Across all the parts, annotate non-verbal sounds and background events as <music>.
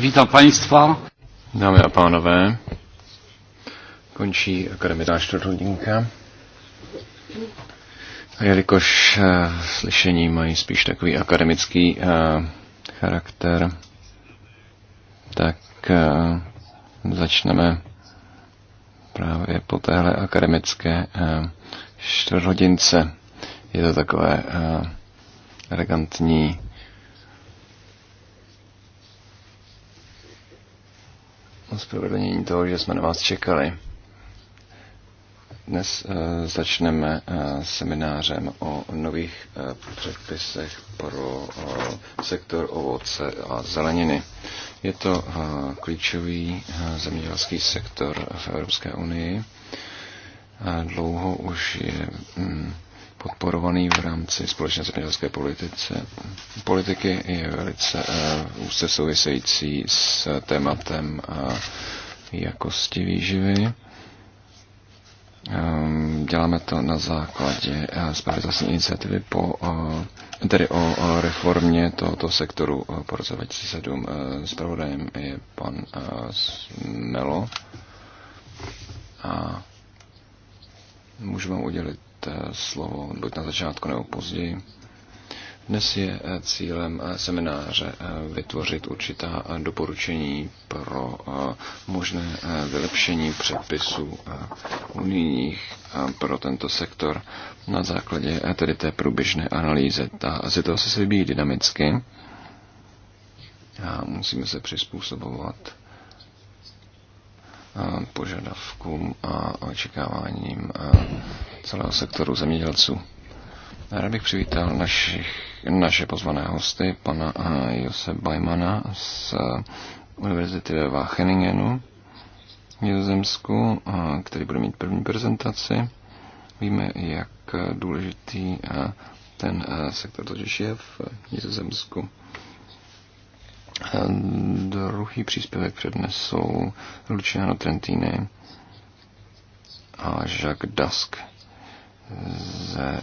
Vítám państwa. Dámy a pánové, končí akademická čtvrthodinka. A jelikož uh, slyšení mají spíš takový akademický uh, charakter, tak uh, začneme právě po téhle akademické uh, čtvrthodince. Je to takové uh, elegantní ospravedlnění toho, že jsme na vás čekali. Dnes eh, začneme eh, seminářem o nových eh, předpisech pro sektor ovoce a zeleniny. Je to klíčový zemědělský sektor v Evropské unii. Dlouho už je mm, podporovaný v rámci společné zemědělské politice. politiky je velice uh, úzce související s tématem uh, jakosti výživy. Um, děláme to na základě uh, spravedlnostní iniciativy po, uh, tedy o uh, reformě tohoto sektoru uh, po roce 2007. Uh, Zpravodajem je pan uh, Melo. A můžu vám udělit Eh, slovo buď na začátku nebo později. Dnes je eh, cílem eh, semináře vytvořit určitá doporučení pro možné vylepšení předpisů unijních pro tento sektor na základě tedy té průběžné analýzy. Ta situace se vybíjí dynamicky a musíme se přizpůsobovat požadavkům a očekáváním celého sektoru zemědělců. Rád bych přivítal našich, naše pozvané hosty, pana eh, Jose Bajmana z eh, Univerzity ve Wageningenu v Nizozemsku, eh, který bude mít první prezentaci. Víme, jak důležitý ten sektor totiž je v Nizozemsku. Druhý příspěvek přednesou Luciano Trentini a Jacques Dusk ze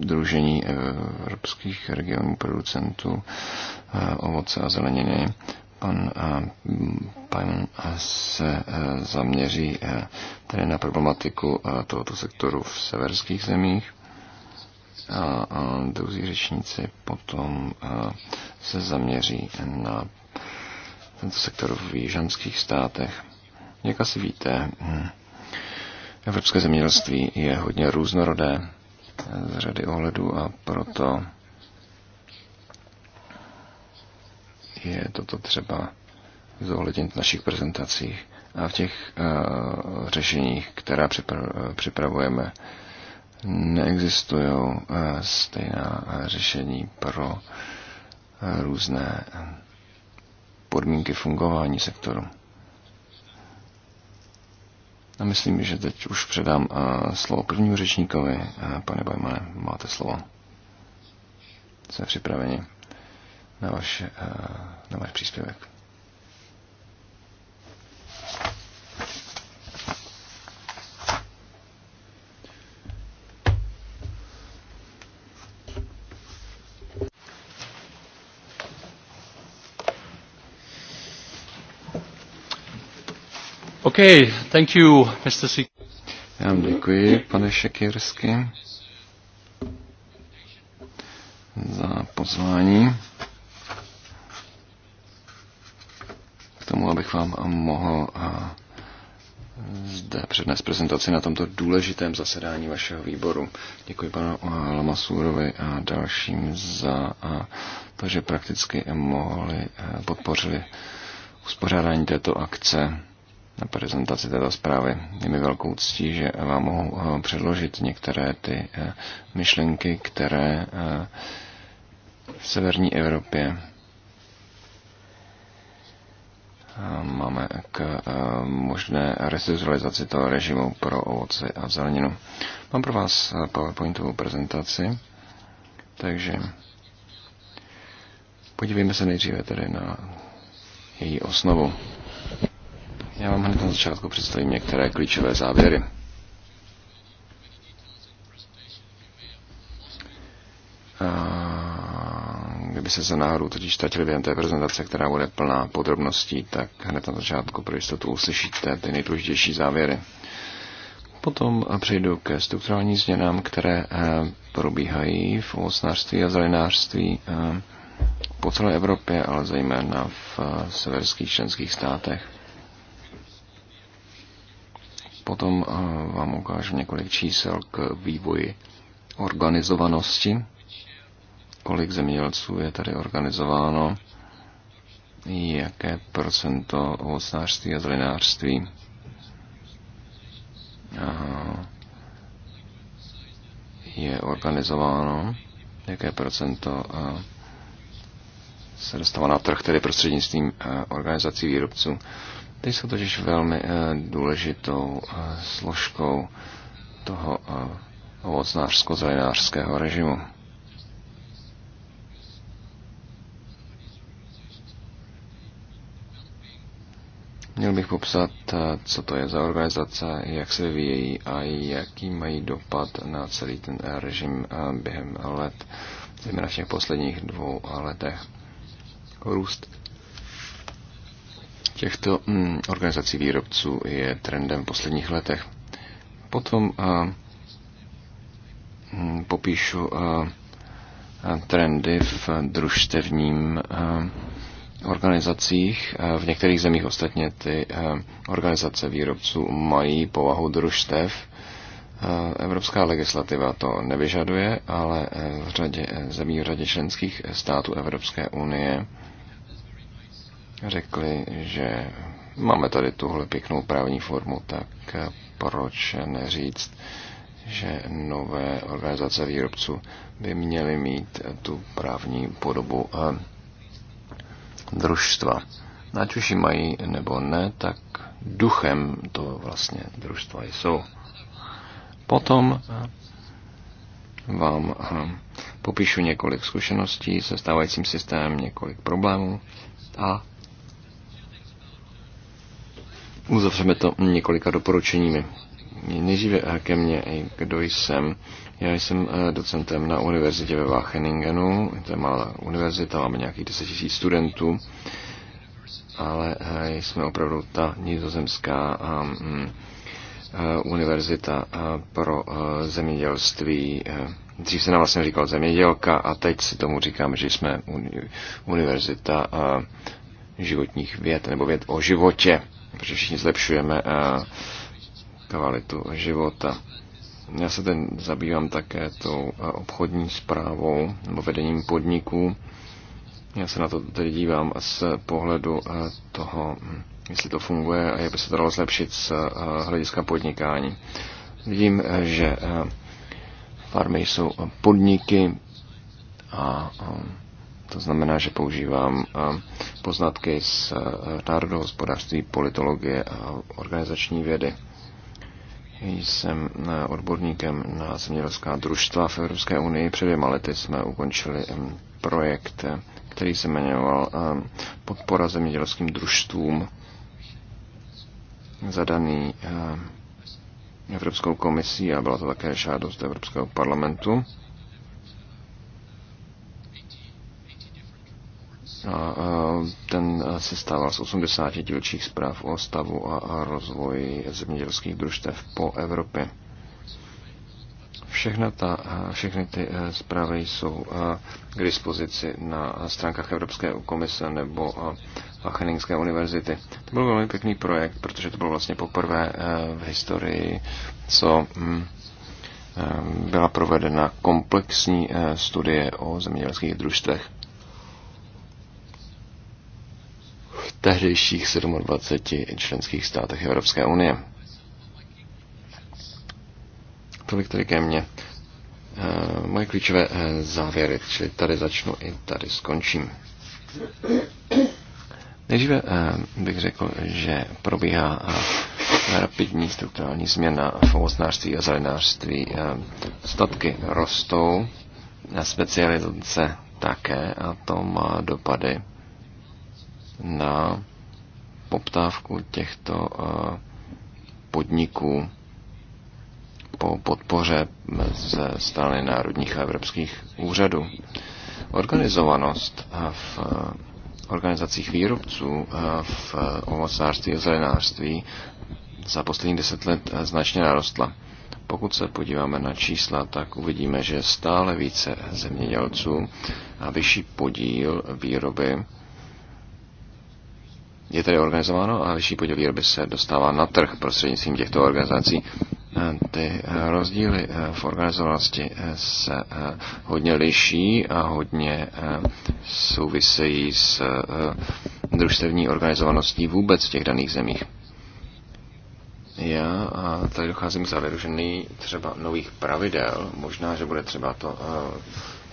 Združení eh, evropských regionů producentů eh, ovoce a zeleniny. Pan eh, pan se zaměří tedy na problematiku tohoto sektoru v severských zemích a druzí řečníci potom se zaměří na tento sektor v jižanských státech. Jak asi víte, hm, Evropské zemědělství je hodně různorodé z řady ohledů a proto je toto třeba zohlednit v našich prezentacích a v těch uh, řešeních, která připra- připravujeme, neexistují uh, stejná řešení pro uh, různé podmínky fungování sektoru. A myslím, že teď už předám eh, slovo prvnímu řečníkovi. Eh, pane Bajmane, máte slovo. Jsme připraveni na, váš eh, na váš příspěvek. Okay, thank you, Mr. Sik. Já vám děkuji, pane Šekirsky, za pozvání k tomu, abych vám mohl zde přednes prezentaci na tomto důležitém zasedání vašeho výboru. Děkuji panu Lamasurovi a dalším za to, že prakticky mohli podpořili uspořádání této akce na prezentaci této zprávy. Je mi velkou ctí, že vám mohu eh, předložit některé ty eh, myšlenky, které eh, v severní Evropě máme k možné restitucionalizaci toho režimu pro ovoce a zeleninu. Mám pro vás PowerPointovou prezentaci, takže podívejme se nejdříve tedy na její osnovu. Já vám hned na začátku představím některé klíčové závěry. Kdyby se za náhodou totiž ztratili během té prezentace, která bude plná podrobností, tak hned na začátku pro jistotu uslyšíte ty nejdůležitější závěry. Potom přejdu ke strukturálním změnám, které eh, probíhají v ovocnářství a zelenářství eh, po celé Evropě, ale zejména v eh, severských členských státech. Potom eh, vám ukážu několik čísel k vývoji organizovanosti, kolik zemědělců je tady organizováno, jaké procento ovocnářství a zelenářství. je organizováno, jaké procento eh, se dostává na trh, tedy prostřednictvím eh, organizací výrobců. Ty jsou totiž velmi eh, důležitou eh, složkou toho eh, ovocnářsko-zelenářského režimu. Měl bych popsat, co to je za organizace, jak se vyvíjí a jaký mají dopad na celý ten režim během let, zejména v těch posledních dvou letech. Růst těchto mm, organizací výrobců je trendem v posledních letech. Potom eh, mm, popíšu eh, trendy v družstevním eh, organizacích. V některých zemích ostatně ty organizace výrobců mají povahu družstev. Evropská legislativa to nevyžaduje, ale v řadě zemí, v řadě členských států Evropské unie řekli, že máme tady tuhle pěknou právní formu, tak proč neříct, že nové organizace výrobců by měly mít tu právní podobu eh, družstva. Ať už ji mají nebo ne, tak duchem to vlastně družstva jsou. Potom eh, vám eh, popíšu několik zkušeností se stávajícím systémem, několik problémů a Uzavřeme to několika doporučeními. Nejdříve ke mně, kdo jsem. Já jsem eh, docentem na univerzitě ve Wacheningenu. to je malá univerzita, máme nějakých 10 000 studentů, ale eh, jsme opravdu ta nizozemská eh, mm, univerzita pro zemědělství. Dřív se nám vlastně říkal zemědělka a teď si tomu říkám, že jsme univerzita životních věd nebo věd o životě protože všichni zlepšujeme eh, kvalitu života. Já se ten zabývám také tou eh, obchodní zprávou nebo vedením podniků. Já se na to tedy dívám z pohledu eh, toho, hm, jestli to funguje a jak by se to dalo zlepšit z hlediska podnikání. Vidím, že farmy jsou podniky a to znamená, že používám eh, poznatky z eh, národního hospodářství, politologie a organizační vědy. Jsem eh, odborníkem na zemědělská družstva v Evropské unii. Před dvěma lety jsme ukončili projekt, který se jmenoval Podpora zemědělským družstvům, zadaný Evropskou komisí a byla to také žádost Evropského parlamentu. a ten se stával z 80 dílčích zpráv o stavu a rozvoji zemědělských družstev po Evropě. Všechna ta, všechny ty e, zprávy jsou k dispozici na stránkách Evropské komise nebo Wageningské univerzity. To byl velmi pěkný projekt, protože to bylo vlastně poprvé e, v historii, co mm, e, byla provedena komplexní studie o zemědělských družstvech. tehdejších 27 členských státech Evropské unie. Tolik tedy ke mně. Eh, moje klíčové eh, závěry, čili tady začnu i tady skončím. Nejdříve eh, bych řekl, že probíhá rapidní strukturální změna v ovocnářství a zelenářství. Statky rostou, specializace také a to má dopady na poptávku těchto eh, podniků po podpoře ze strany národních a evropských úřadů. Organizovanost eh, v eh, organizacích výrobců v ovocnářství a zelenářství za posledních deset let značně narostla. Pokud se podíváme na čísla, tak uvidíme, že stále více zemědělců a vyšší podíl výroby je tedy organizováno a vyšší podíl výroby se dostává na trh prostřednictvím těchto organizací. Eh, ty eh, rozdíly eh, v organizovanosti se hodně liší a hodně souvisejí s družstevní organizovaností vůbec v těch daných zemích. Já a tady docházím k závěru, že třeba nových pravidel. Možná, že bude třeba to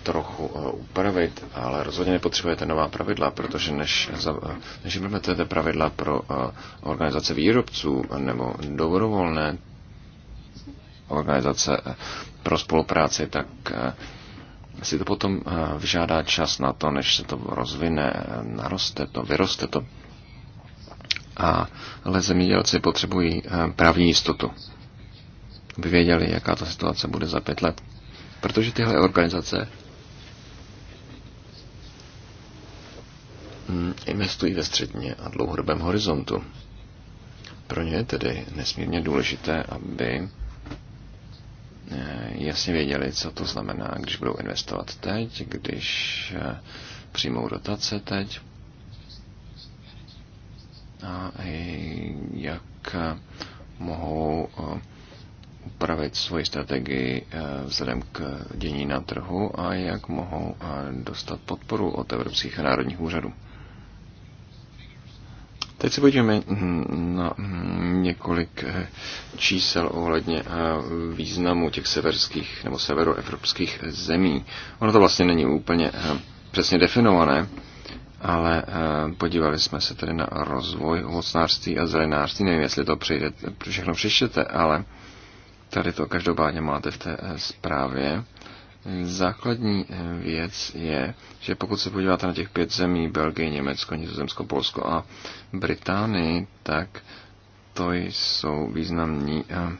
trochu eh, upravit, ale rozhodně nepotřebujete nová pravidla, protože než, než implementujete pravidla pro eh, organizace výrobců nebo dobrovolné organizace eh, pro spolupráci, tak si to potom vyžádá čas na to, než se to rozvine, naroste to, vyroste to. A, ale zemědělci potřebují právní jistotu, aby věděli, jaká ta situace bude za pět let. Protože tyhle organizace Mm, investují ve středně a dlouhodobém horizontu. Pro ně je tedy nesmírně důležité, aby eh, jasně věděli, co to znamená, když budou investovat teď, když eh, přijmou dotace teď a jak eh, mohou upravit svoji strategii vzhledem k dění na trhu a jak mohou dostat podporu od evropských a národních úřadů. Teď se podíváme na několik eh, čísel ohledně eh, významu těch severských nebo severoevropských eh, zemí. Ono to vlastně není úplně přesně definované, ale podívali jsme se tedy na rozvoj ovocnářství a zelenářství. Nevím, jestli to přijde, všechno přečtete, ale tady to každopádně máte v té zprávě. Základní eh, věc je, že pokud se podíváte na těch pět zemí, Belgii, Německo, Nizozemsko, Polsko a Británii, tak to jsou významní eh,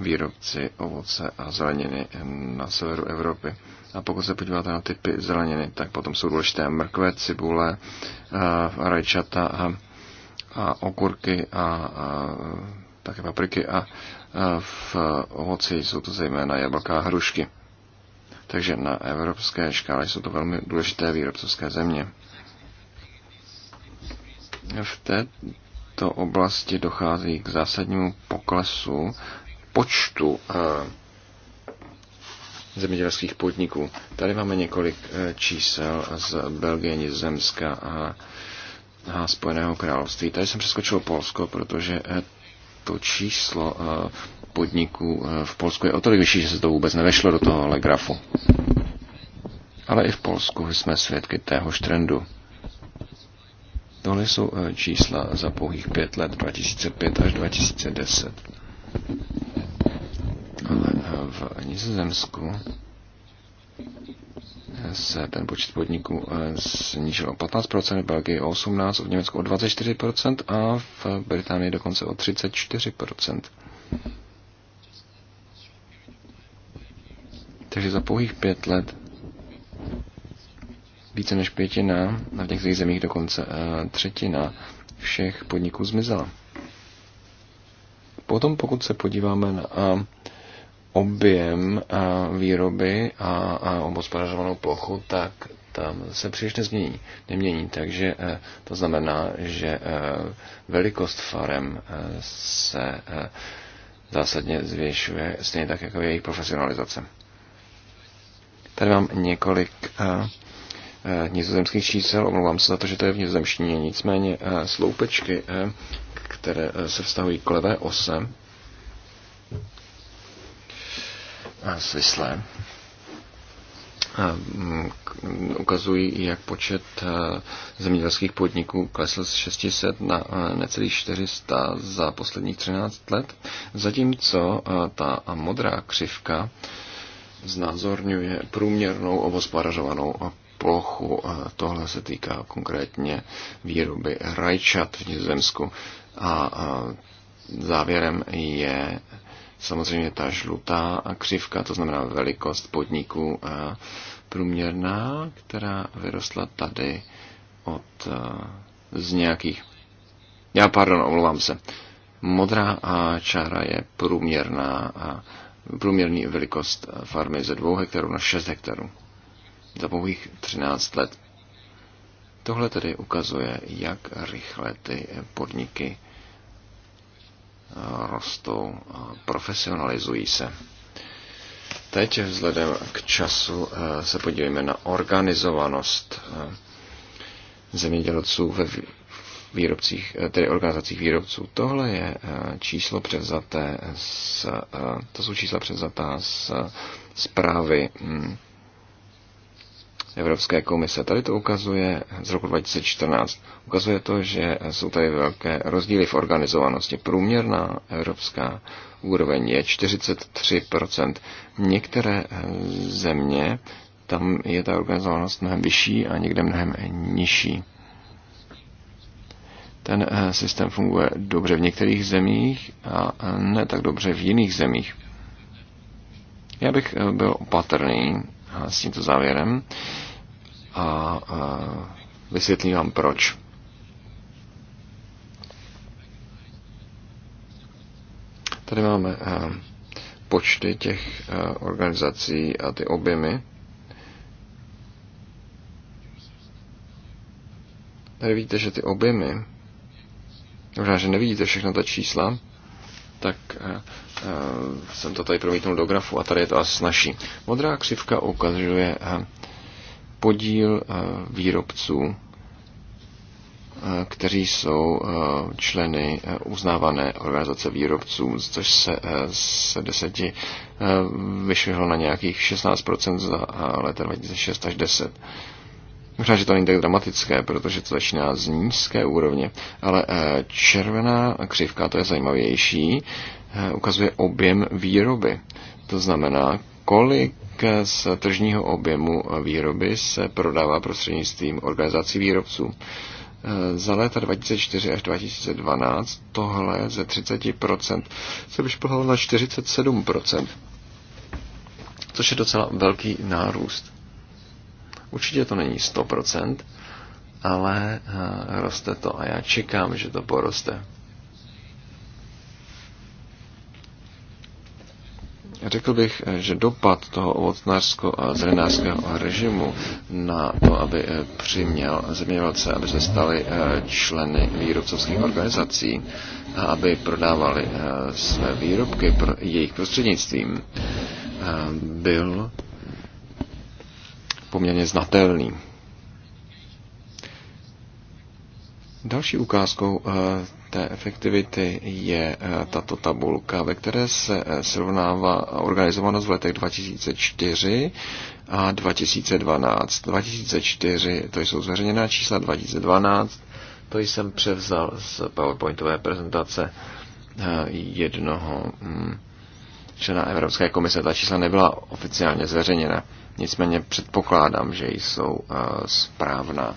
výrobci ovoce a zeleniny eh, na severu Evropy. A pokud se podíváte na typy zeleniny, tak potom jsou důležité mrkve, cibule, rajčata a, a okurky a, a také papriky a v ovoci jsou to zejména jablka a hrušky. Takže na evropské škále jsou to velmi důležité výrobcovské země. V této oblasti dochází k zásadnímu poklesu počtu eh, zemědělských podniků. Tady máme několik eh, čísel z Belgie, Nizozemska a, a Spojeného království. Tady jsem přeskočil Polsko, protože eh, to číslo podniků eh, v Polsku je o tolik vyšší, že se to vůbec nevešlo do ale grafu. Ale i v Polsku jsme svědky téhož trendu. Tohle jsou eh, čísla za pouhých pět let, 2005 až 2010. Ale eh, v Nizozemsku se ten počet podniků snížil o 15%, v Belgii o 18%, v Německu o 24% a v Británii dokonce o 34%. Takže za pouhých pět let více než pětina, a v některých zemích dokonce eh, třetina všech podniků zmizela. Potom, pokud se podíváme na eh, objem eh, výroby a obospodařovanou plochu, tak tam se příliš nezmění, nemění. Takže to znamená, že velikost farem se zásadně zvětšuje, stejně tak jako jejich profesionalizace. Tady mám několik eh, eh, nizozemských čísel, omlouvám se za to, že to je v nizozemštině, nicméně eh, sloupečky, které se vztahují k levé ose, svislé, ukazují, jak počet zemědělských podniků klesl z 600 na necelých 400 za posledních 13 let, zatímco ta modrá křivka znázorňuje průměrnou obospodařovanou plochu. A tohle se týká konkrétně výroby rajčat v Nizozemsku. A závěrem je samozřejmě ta žlutá křivka, to znamená velikost podniků průměrná, která vyrostla tady od z nějakých. Já pardon, omlouvám se. Modrá čára je průměrná průměrný velikost farmy ze 2 hektarů na 6 hektarů za pouhých 13 let. Tohle tedy ukazuje, jak rychle ty podniky eh, rostou, profesionalizují se. Teď vzhledem k času eh, se podívejme na organizovanost eh, zemědělců ve výrobcích, eh, tedy organizacích výrobců. Tohle je eh, číslo převzaté z, eh, to jsou čísla převzatá z zprávy hm, Evropské komise. Tady to ukazuje z roku 2014. Ukazuje to, že jsou tady velké rozdíly v organizovanosti. Průměrná evropská úroveň je 43%. Některé země, tam je ta organizovanost mnohem vyšší a někde mnohem nižší. Ten eh, systém funguje dobře v některých zemích a eh, ne tak dobře v jiných zemích. Já bych eh, byl opatrný s tímto závěrem a vysvětlím vám proč. Tady máme počty těch organizací a ty objemy. Tady vidíte, že ty objemy možná, že nevidíte všechna ta čísla, tak eh, eh, jsem to tady promítnul do grafu a tady je to asi snažší. Modrá křivka ukazuje eh, podíl výrobců, kteří jsou členy uznávané organizace výrobců, což se z deseti vyšvihlo na nějakých 16% za leta 2006 až 10. Možná, že to není tak dramatické, protože to začíná z nízké úrovně, ale eh, červená křivka, to je zajímavější, eh, ukazuje objem výroby. To znamená, kolik z tržního objemu výroby se prodává prostřednictvím organizací výrobců. Eh, za léta 2004 až 2012 tohle ze 30% se vyšplhalo na 47%, což je docela velký nárůst. Určitě to není 100%, ale eh, roste to a já čekám, že to poroste. Řekl bych, eh, že dopad toho ovocnářského a zelenářského režimu na to, aby eh, přiměl zemědělce, aby se stali členy výrobcovských organizací a aby prodávali své výrobky pro jejich prostřednictvím, byl poměrně znatelný. Další ukázkou eh, té efektivity je eh, tato tabulka, ve které se eh, srovnává organizovanost v letech 2004 a 2012. 2004 to jsou zveřejněná čísla, 2012 to jsem převzal z PowerPointové prezentace jednoho mm, člena Evropské komise. Ta čísla nebyla oficiálně zveřejněna. Nicméně předpokládám, že jsou eh, správná.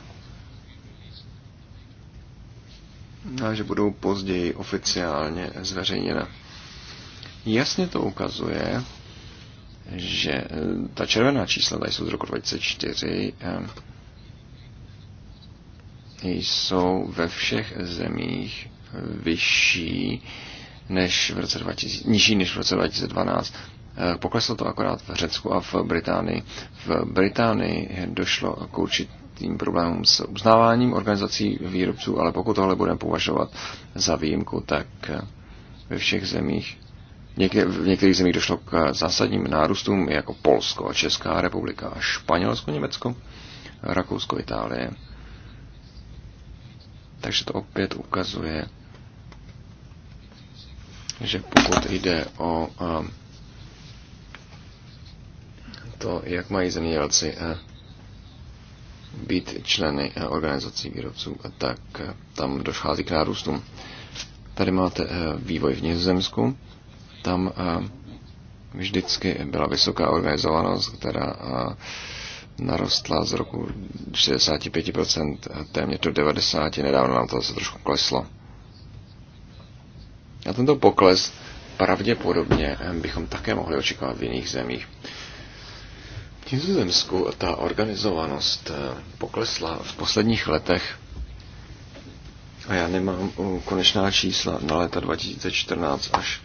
A že budou později oficiálně zveřejněna. Jasně to ukazuje, že eh, ta červená čísla, tady jsou z roku 2004, eh, jsou ve všech zemích vyšší než v roce 2000, nižší než v roce 2012. Eh, pokleslo to akorát v Řecku a v Británii. V Británii došlo k určitým problémům s uznáváním organizací výrobců, ale pokud tohle budeme považovat za výjimku, tak eh, ve všech zemích v některých zemích došlo k eh, zásadním nárůstům, jako Polsko, Česká republika, Španělsko, Německo, Rakousko, Itálie. Takže to opět ukazuje, že pokud jde o to, jak mají zemědělci eh, být členy eh, organizací výrobců, eh, tak tam dochází k nárůstům. Tady máte vývoj v Nizozemsku. Tam vždycky byla vysoká organizovanost, která narostla z roku 65% téměř do 90%, nedávno nám to zase trošku kleslo. A tento pokles pravděpodobně bychom také mohli očekávat v jiných zemích. V Nizozemsku ta organizovanost eh, poklesla v posledních letech a já nemám eh, konečná čísla na léta 2014 až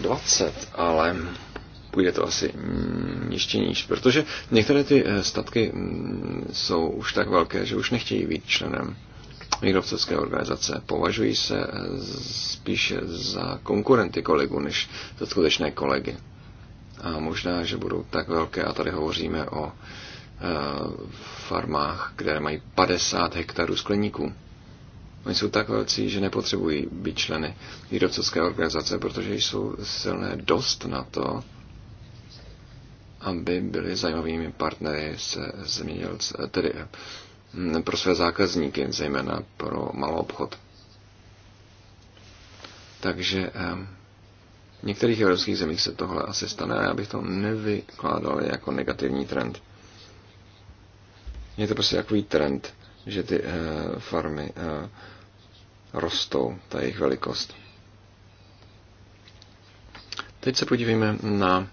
20, eh, ale půjde to asi ještě níž, protože některé ty statky mm, jsou už tak velké, že už nechtějí být členem migrovcovské organizace. Považují se spíše za konkurenty kolegů, než za skutečné kolegy a možná, že budou tak velké, a tady hovoříme o e, farmách, které mají 50 hektarů skleníků. Oni jsou tak velcí, že nepotřebují být členy výrobcovské organizace, protože jsou silné dost na to, aby byli zajímavými partnery se zemědělce, tedy pro své zákazníky, zejména pro malou obchod. Takže e, v některých evropských zemích se tohle asi stane a já bych to nevykládal jako negativní trend. Je to prostě takový trend, že ty e, farmy e, rostou, ta jejich velikost. Teď se podívejme na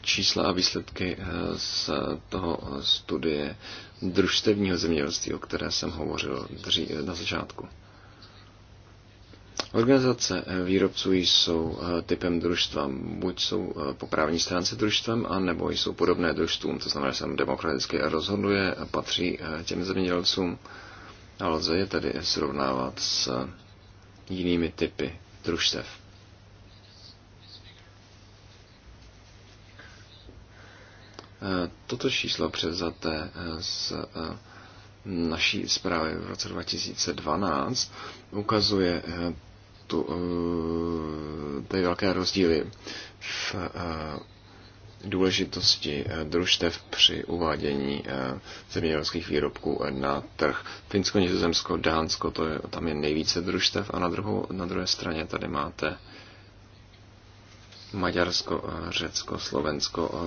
čísla a výsledky eh, z toho studie družstevního zemědělství, o které jsem hovořil na začátku. Organizace eh, výrobců jsou eh, typem družstva, buď jsou eh, po právní stránce družstvem, anebo jsou podobné družstvům, to znamená, že se demokraticky rozhoduje a patří těm zemědělcům a lze je tedy srovnávat s jinými typy družstev. Toto číslo převzaté z naší zprávy v roce 2012 ukazuje tu, eh, tady velké rozdíly v eh, důležitosti eh, družstev při uvádění zemědělských výrobků na trh. Finsko, Nizozemsko, Dánsko, to je, tam je nejvíce družstev a na, druhou, na druhé straně tady máte Maďarsko, Řecko, Slovensko,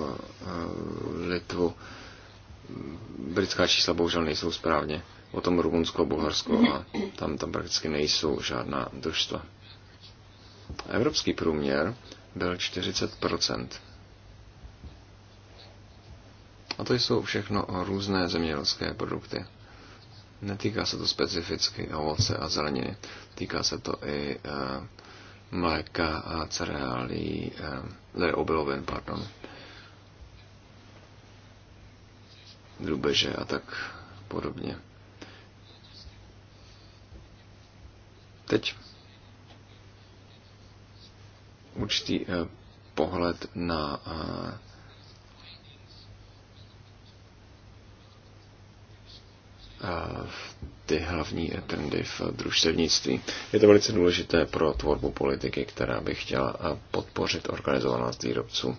Litvu. Britská čísla bohužel nejsou správně o tom Rumunsko, Bulharsko a tam, tam prakticky nejsou žádná družstva. Evropský průměr byl 40%. A to jsou všechno různé zemědělské produkty. Netýká se to specificky ovoce a zeleniny. Týká se to i e, mléka a cereálí, e, tedy obilovin, pardon. Drubeže a tak podobně. Teď určitý eh, pohled na eh, eh, ty hlavní trendy v družstevnictví. Je to velice důležité pro tvorbu politiky, která by chtěla podpořit organizovanost výrobců.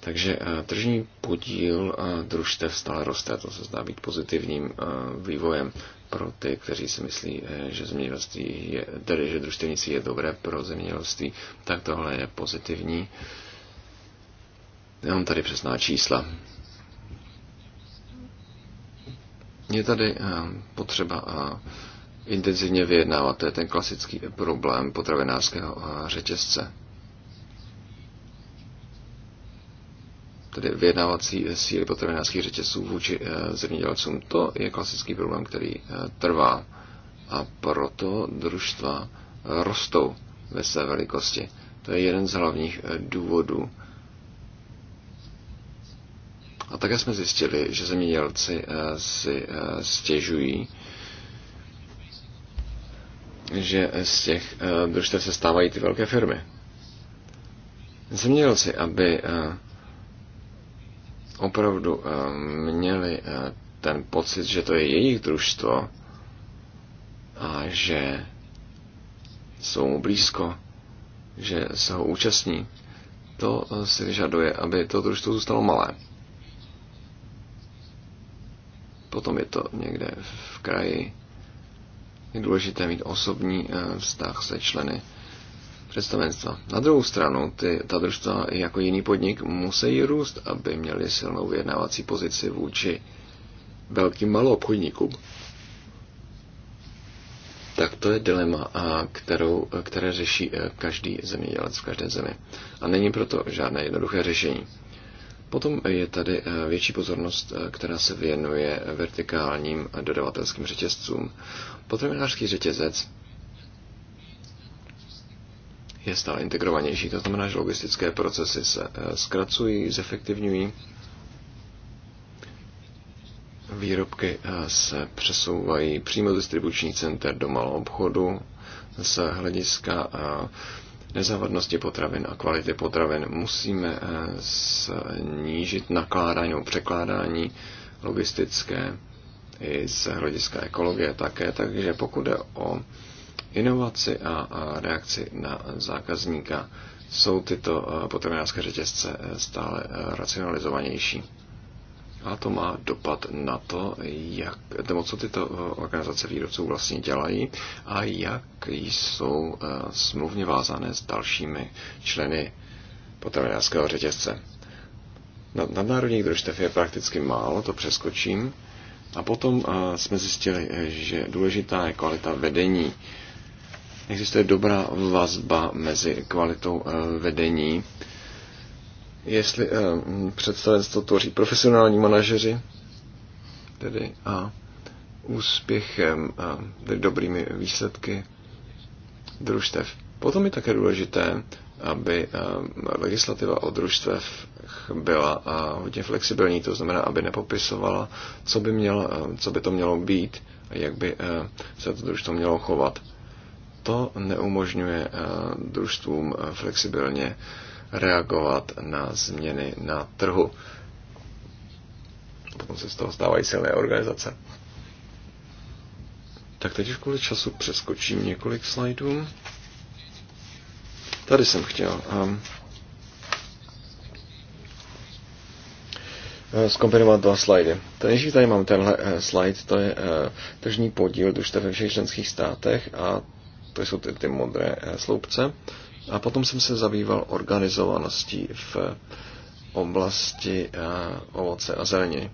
Takže tržní podíl družstev stále roste, to se zdá být pozitivním vývojem pro ty, kteří si myslí, eh, že zemědělství je, tedy, že družstevnictví je dobré pro zemědělství, tak tohle je pozitivní. Já mám tady přesná čísla. Je tady eh, potřeba eh, intenzivně vyjednávat, to je ten klasický problém potravinářského řetězce. tedy vyjednávací síly potravinářských řetězců vůči eh, zemědělcům. To je klasický problém, který eh, trvá. A proto družstva eh, rostou ve své velikosti. To je jeden z hlavních důvodů. A také jsme zjistili, že zemědělci si stěžují, že z těch družstev se stávají ty velké firmy. Zemědělci, aby opravdu eh, měli eh, ten pocit, že to je jejich družstvo a že jsou mu blízko, že se ho účastní, to eh, si vyžaduje, aby to družstvo zůstalo malé. Potom je to někde v kraji. Je důležité mít osobní vztah se členy představenstva. Na druhou stranu, ty, ta družstva jako jiný podnik musí růst, aby měli silnou vyjednávací pozici vůči velkým maloobchodníkům. Tak to je dilema, a kterou, které řeší eh, každý zemědělec v každé zemi. A není proto žádné jednoduché řešení. Potom je tady eh, větší pozornost, eh, která se věnuje vertikálním dodavatelským řetězcům. Potravinářský řetězec je stále integrovanější. To znamená, že logistické procesy se eh, zkracují, zefektivňují, výrobky eh, se přesouvají přímo z distribuční center do malou obchodu z hlediska eh, nezávadnosti potravin a kvality potravin. Musíme snížit nakládání nebo překládání logistické i z hlediska ekologie také, takže pokud je o inovaci a reakci na zákazníka jsou tyto eh, potravinářské řetězce eh, stále eh, racionalizovanější. A to má dopad na to, jak, nebo co tyto organizace výrobců vlastně dělají a jak jsou smluvně vázané s dalšími členy potravinářského řetězce. Nadnárodních družstev je prakticky málo, to přeskočím. A potom jsme zjistili, že důležitá je kvalita vedení existuje dobrá vazba mezi kvalitou eh, vedení. Jestli eh, představenstvo tvoří profesionální manažeři, tedy a úspěchem, a eh, tedy dobrými výsledky družstev. Potom je také důležité, aby legislativa o družstvech byla hodně flexibilní, to znamená, aby nepopisovala, co by, mělo, co by to mělo být a jak by se to družstvo mělo chovat to neumožňuje eh, družstvům eh, flexibilně reagovat na změny na trhu. Potom se z toho stávají silné organizace. Tak teď už kvůli času přeskočím několik slajdů. Tady jsem chtěl um, zkombinovat dva slajdy. Tady, tady mám tenhle slide, to je tržní podíl družstev ve všech členských státech a to jsou ty, ty modré eh, sloupce. A potom jsem se zabýval organizovaností v eh, oblasti eh, ovoce a zeleniny.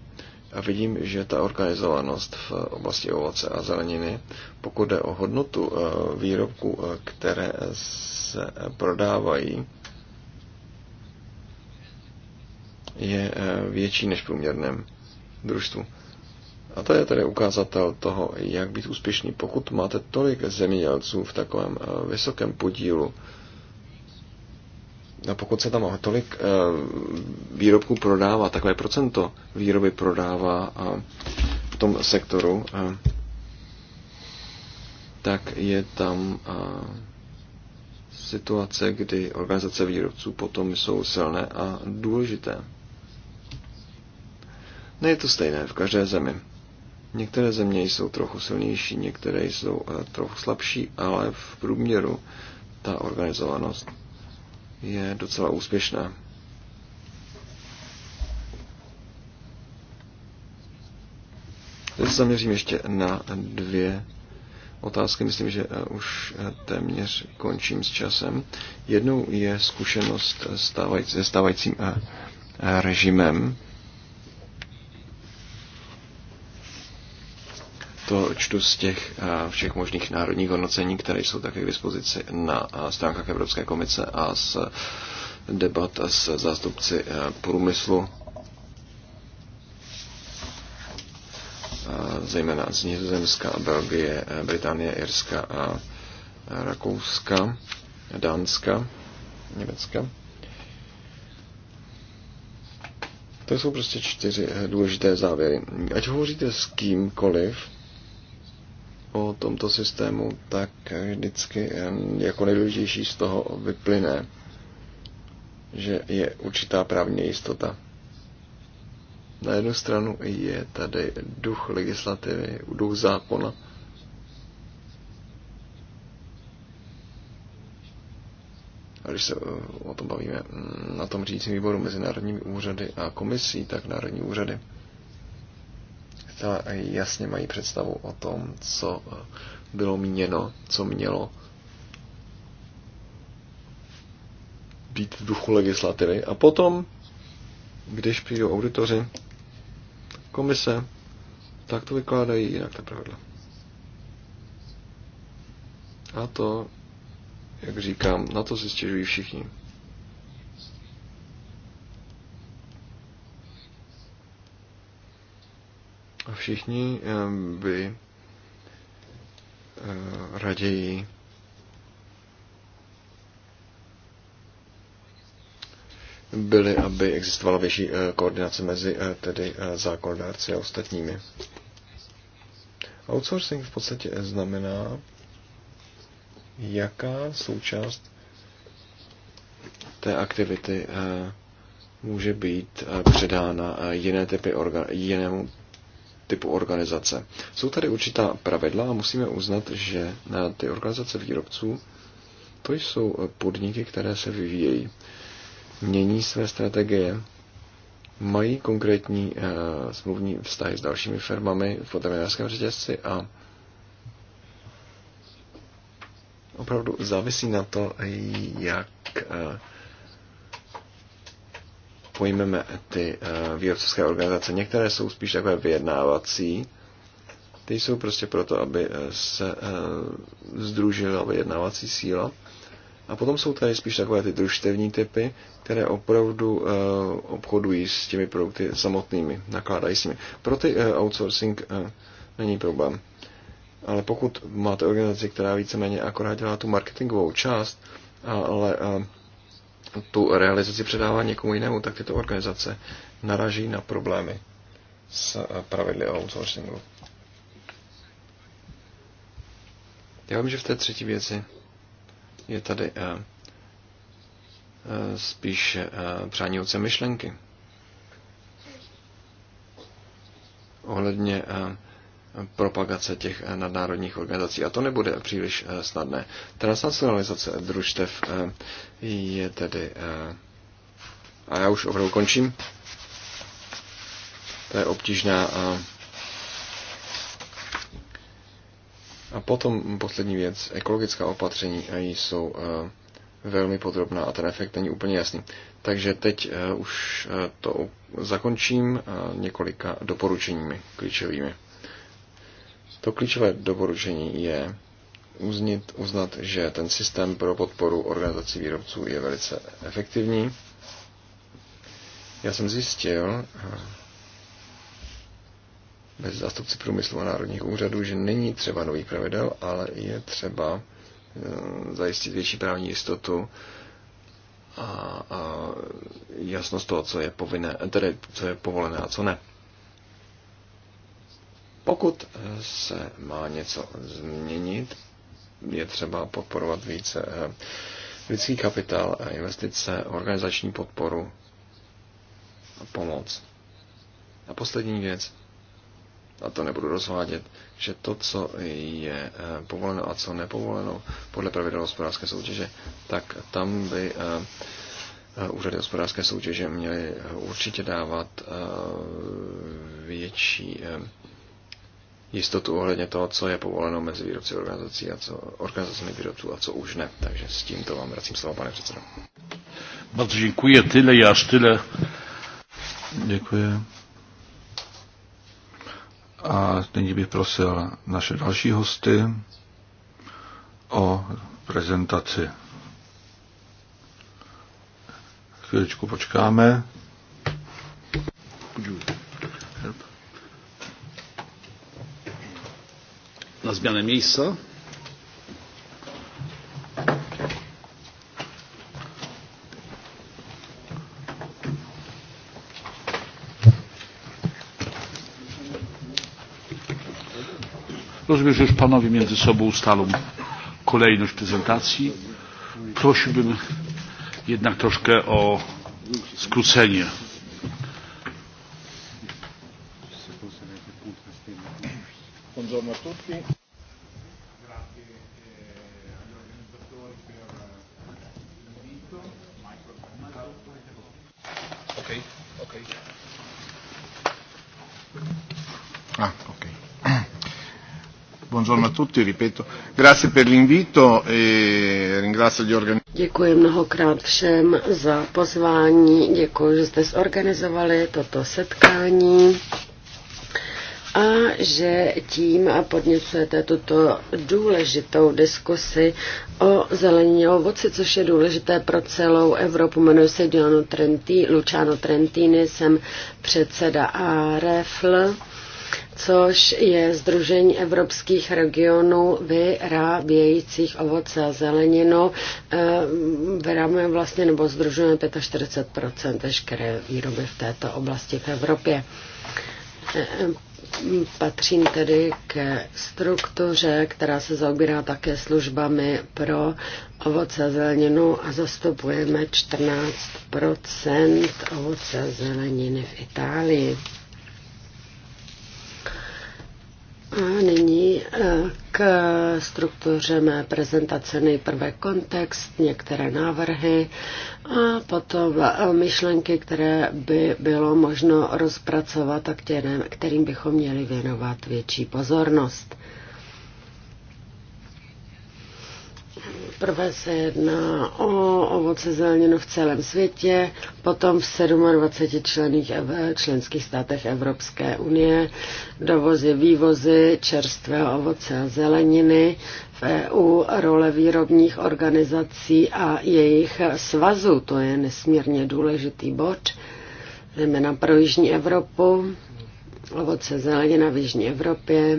A vidím, že ta organizovanost v oblasti ovoce a zeleniny, pokud jde o hodnotu výrobků, které se prodávají, je větší než průměrném družstvu. A to je tedy ukázatel toho, jak být úspěšný, pokud máte tolik zemědělců v takovém eh, vysokém podílu. A pokud se tam tolik eh, výrobků prodává, takové procento výroby prodává v tom sektoru, eh, tak je tam situace, kdy organizace výrobců potom jsou silné a důležité. Ne je to stejné v každé zemi. Některé země jsou trochu silnější, některé jsou eh, trochu slabší, ale v průměru ta organizovanost je docela úspěšná. Teď se zaměřím ještě na dvě otázky. Myslím, že eh, už eh, téměř končím s časem. Jednou je zkušenost se stávajícím režimem to čtu z těch eh, všech možných národních hodnocení, které jsou také k dispozici na eh, stránkách Evropské komise a z debat s zástupci eh, průmyslu, zejména z Nizozemska, Belgie, Británie, Irska a Rakouska, Dánska, Německa. To jsou prostě čtyři důležité závěry. Ať hovoříte s kýmkoliv, o tomto systému, tak vždycky jako nejdůležitější z toho vyplyne, že je určitá právní jistota. Na jednu stranu je tady duch legislativy, duch zákona, A když se eh, o tom bavíme mm, na tom řídícím výboru mezi národními úřady a komisí, tak národní úřady zcela jasně mají představu o tom, co eh, bylo míněno, co mělo být v duchu legislativy. A potom, když přijdou auditoři, komise, tak to vykládají jinak ta pravidla. A to, jak říkám, na to si stěžují všichni. Všichni by eh, raději byly, aby existovala větší eh, koordinace mezi eh, tedy zákonodárci a ostatními. Outsourcing v podstatě znamená, jaká součást té aktivity může být předána jiné typy orga, jinému typu organizace. Jsou tady určitá pravidla a musíme uznat, že ty organizace výrobců to jsou podniky, které se vyvíjejí, mění své strategie, mají konkrétní uh, smluvní vztahy s dalšími firmami v potravinářském řetězci a opravdu závisí na to, jak uh, pojmeme ty eh, výrobcovské organizace. Některé jsou spíš takové vyjednávací, ty jsou prostě proto, aby eh, se eh, združila vyjednávací síla. A potom jsou tady spíš takové ty družstevní typy, které opravdu obchodují s těmi produkty samotnými, nakládají s nimi. Pro ty outsourcing není problém. Ale pokud máte organizaci, která víceméně akorát dělá tu marketingovou část, ale tu realizaci předává někomu jinému, tak tyto organizace naraží na problémy s eh, pravidly o outsourcingu. Já vím, že v té třetí věci je tady eh, eh, spíš přání oce myšlenky. Ohledně propagace těch eh, nadnárodních organizací. A to nebude příliš eh, snadné. Transnacionalizace družstev eh, je tedy... A já už opravdu končím. To je obtížná. A, a potom poslední věc. Ekologická opatření jsou velmi podrobná a ten efekt není úplně jasný. Takže teď už to zakončím několika doporučeními klíčovými. To klíčové doporučení je uznit, uznat, že ten systém pro podporu organizací výrobců je velice efektivní. Já jsem zjistil bez eh, zástupci průmyslu a národních úřadů, že není třeba nových pravidel, ale je třeba eh, zajistit větší právní jistotu a, a jasnost toho, co je, povinné, eh, tedy co je povolené a co ne. Pokud eh, se má něco změnit, je třeba podporovat více eh, lidský kapitál, investice, organizační podporu a pomoc. A poslední věc, a to nebudu rozvádět, že to, co je eh, povoleno a co nepovoleno podle pravidel hospodářské soutěže, tak tam by úřady hospodářské soutěže měly určitě dávat větší jistotu ohledně toho, co je povoleno mezi výrobci organizací a co, organizacemi výrobců a co už ne. Takže s tímto vám vracím slovo, pane předsedo. Bardzo děkuji, tyle, já tyle. Děkuji. A nyní bych prosil naše další hosty o prezentaci. Chvíličku počkáme. na zmianę miejsca. Rozumiem, że już panowie między sobą ustalą kolejność prezentacji. Prosiłbym jednak troszkę o skrócenie. Buongiorno a tutti. tutti, ripeto. Grazie per l'invito e ringrazio gli organizzatori. Děkuji mnohokrát všem za pozvání, děkuji, že jste zorganizovali toto setkání a že tím podněcujete tuto důležitou diskusi o zelení ovoci, což je důležité pro celou Evropu. Jmenuji se Diano Trentini, Luciano Trentini, jsem předseda AREFL což je Združení evropských regionů vyrábějících ovoce a zeleninu. Eh, Vyrábujeme vlastně nebo združujeme 45 veškeré výroby v této oblasti v Evropě. Eh, patřím tedy ke struktuře, která se zaobírá také službami pro ovoce a zeleninu a zastupujeme 14 ovoce a zeleniny v Itálii. A nyní e, k struktuře mé prezentace nejprve kontext, některé návrhy a potom e, myšlenky, které by bylo možno rozpracovat a kterým, kterým bychom měli věnovat větší pozornost. Nejprve se jedná o ovoce zeleninu v celém světě, potom v 27 člených, členských státech Evropské unie, dovozy, vývozy čerstvého ovoce a zeleniny, v EU role výrobních organizací a jejich svazů. To je nesmírně důležitý bod, zejména pro Jižní Evropu ovoce zelenina v Jižní Evropě,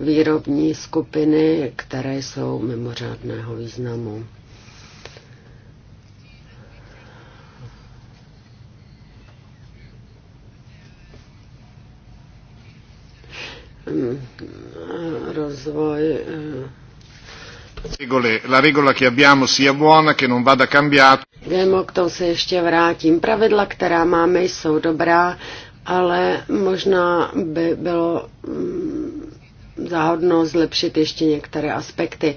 výrobní skupiny, které jsou mimořádného významu. Mm, rozvoj eh, la regola che abbiamo sia buona, che non vada cambiata. Vím, k tomu se ještě vrátím. Pravidla, která máme, jsou dobrá ale možná by bylo mm, záhodno zlepšit ještě některé aspekty.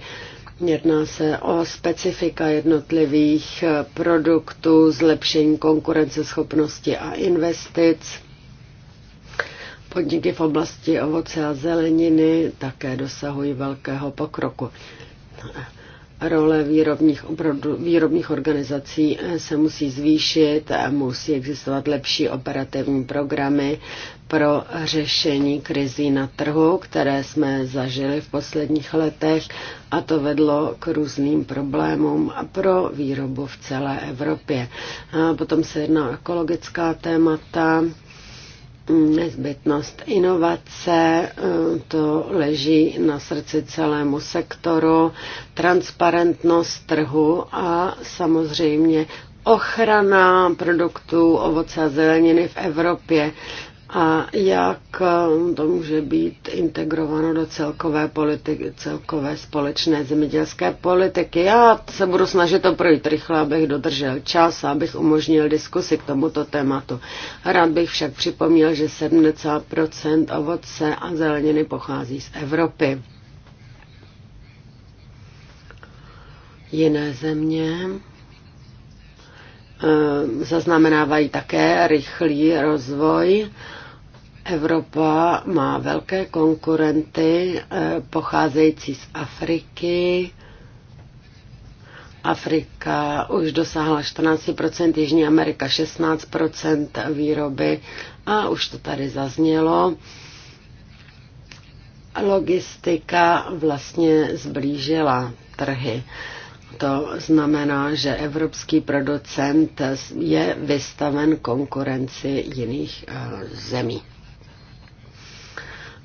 Jedná se o specifika jednotlivých eh, produktů, zlepšení konkurenceschopnosti a investic. Podniky v oblasti ovoce a zeleniny také dosahují velkého pokroku role výrobních, výrobních organizací eh, se musí zvýšit, musí existovat lepší operativní programy pro řešení krizí na trhu, které jsme zažili v posledních letech a to vedlo k různým problémům pro výrobu v celé Evropě. A potom se jedná o ekologická témata, nezbytnost inovace, eh, to leží na srdci celému sektoru, transparentnost trhu a samozřejmě ochrana produktů ovoce a zeleniny v Evropě a jak um, to může být integrováno do celkové, politiky, celkové společné zemědělské politiky. Já se budu snažit to projít rychle, abych dodržel čas a abych umožnil diskusi k tomuto tématu. Rád bych však připomněl, že 70% ovoce a zeleniny pochází z Evropy. Jiné země eh, zaznamenávají také rychlý rozvoj Evropa má velké konkurenty eh, pocházející z Afriky. Afrika už dosáhla 14%, Jižní Amerika 16% výroby a už to tady zaznělo. Logistika vlastně zblížila trhy. To znamená, že evropský producent je vystaven konkurenci jiných eh, zemí.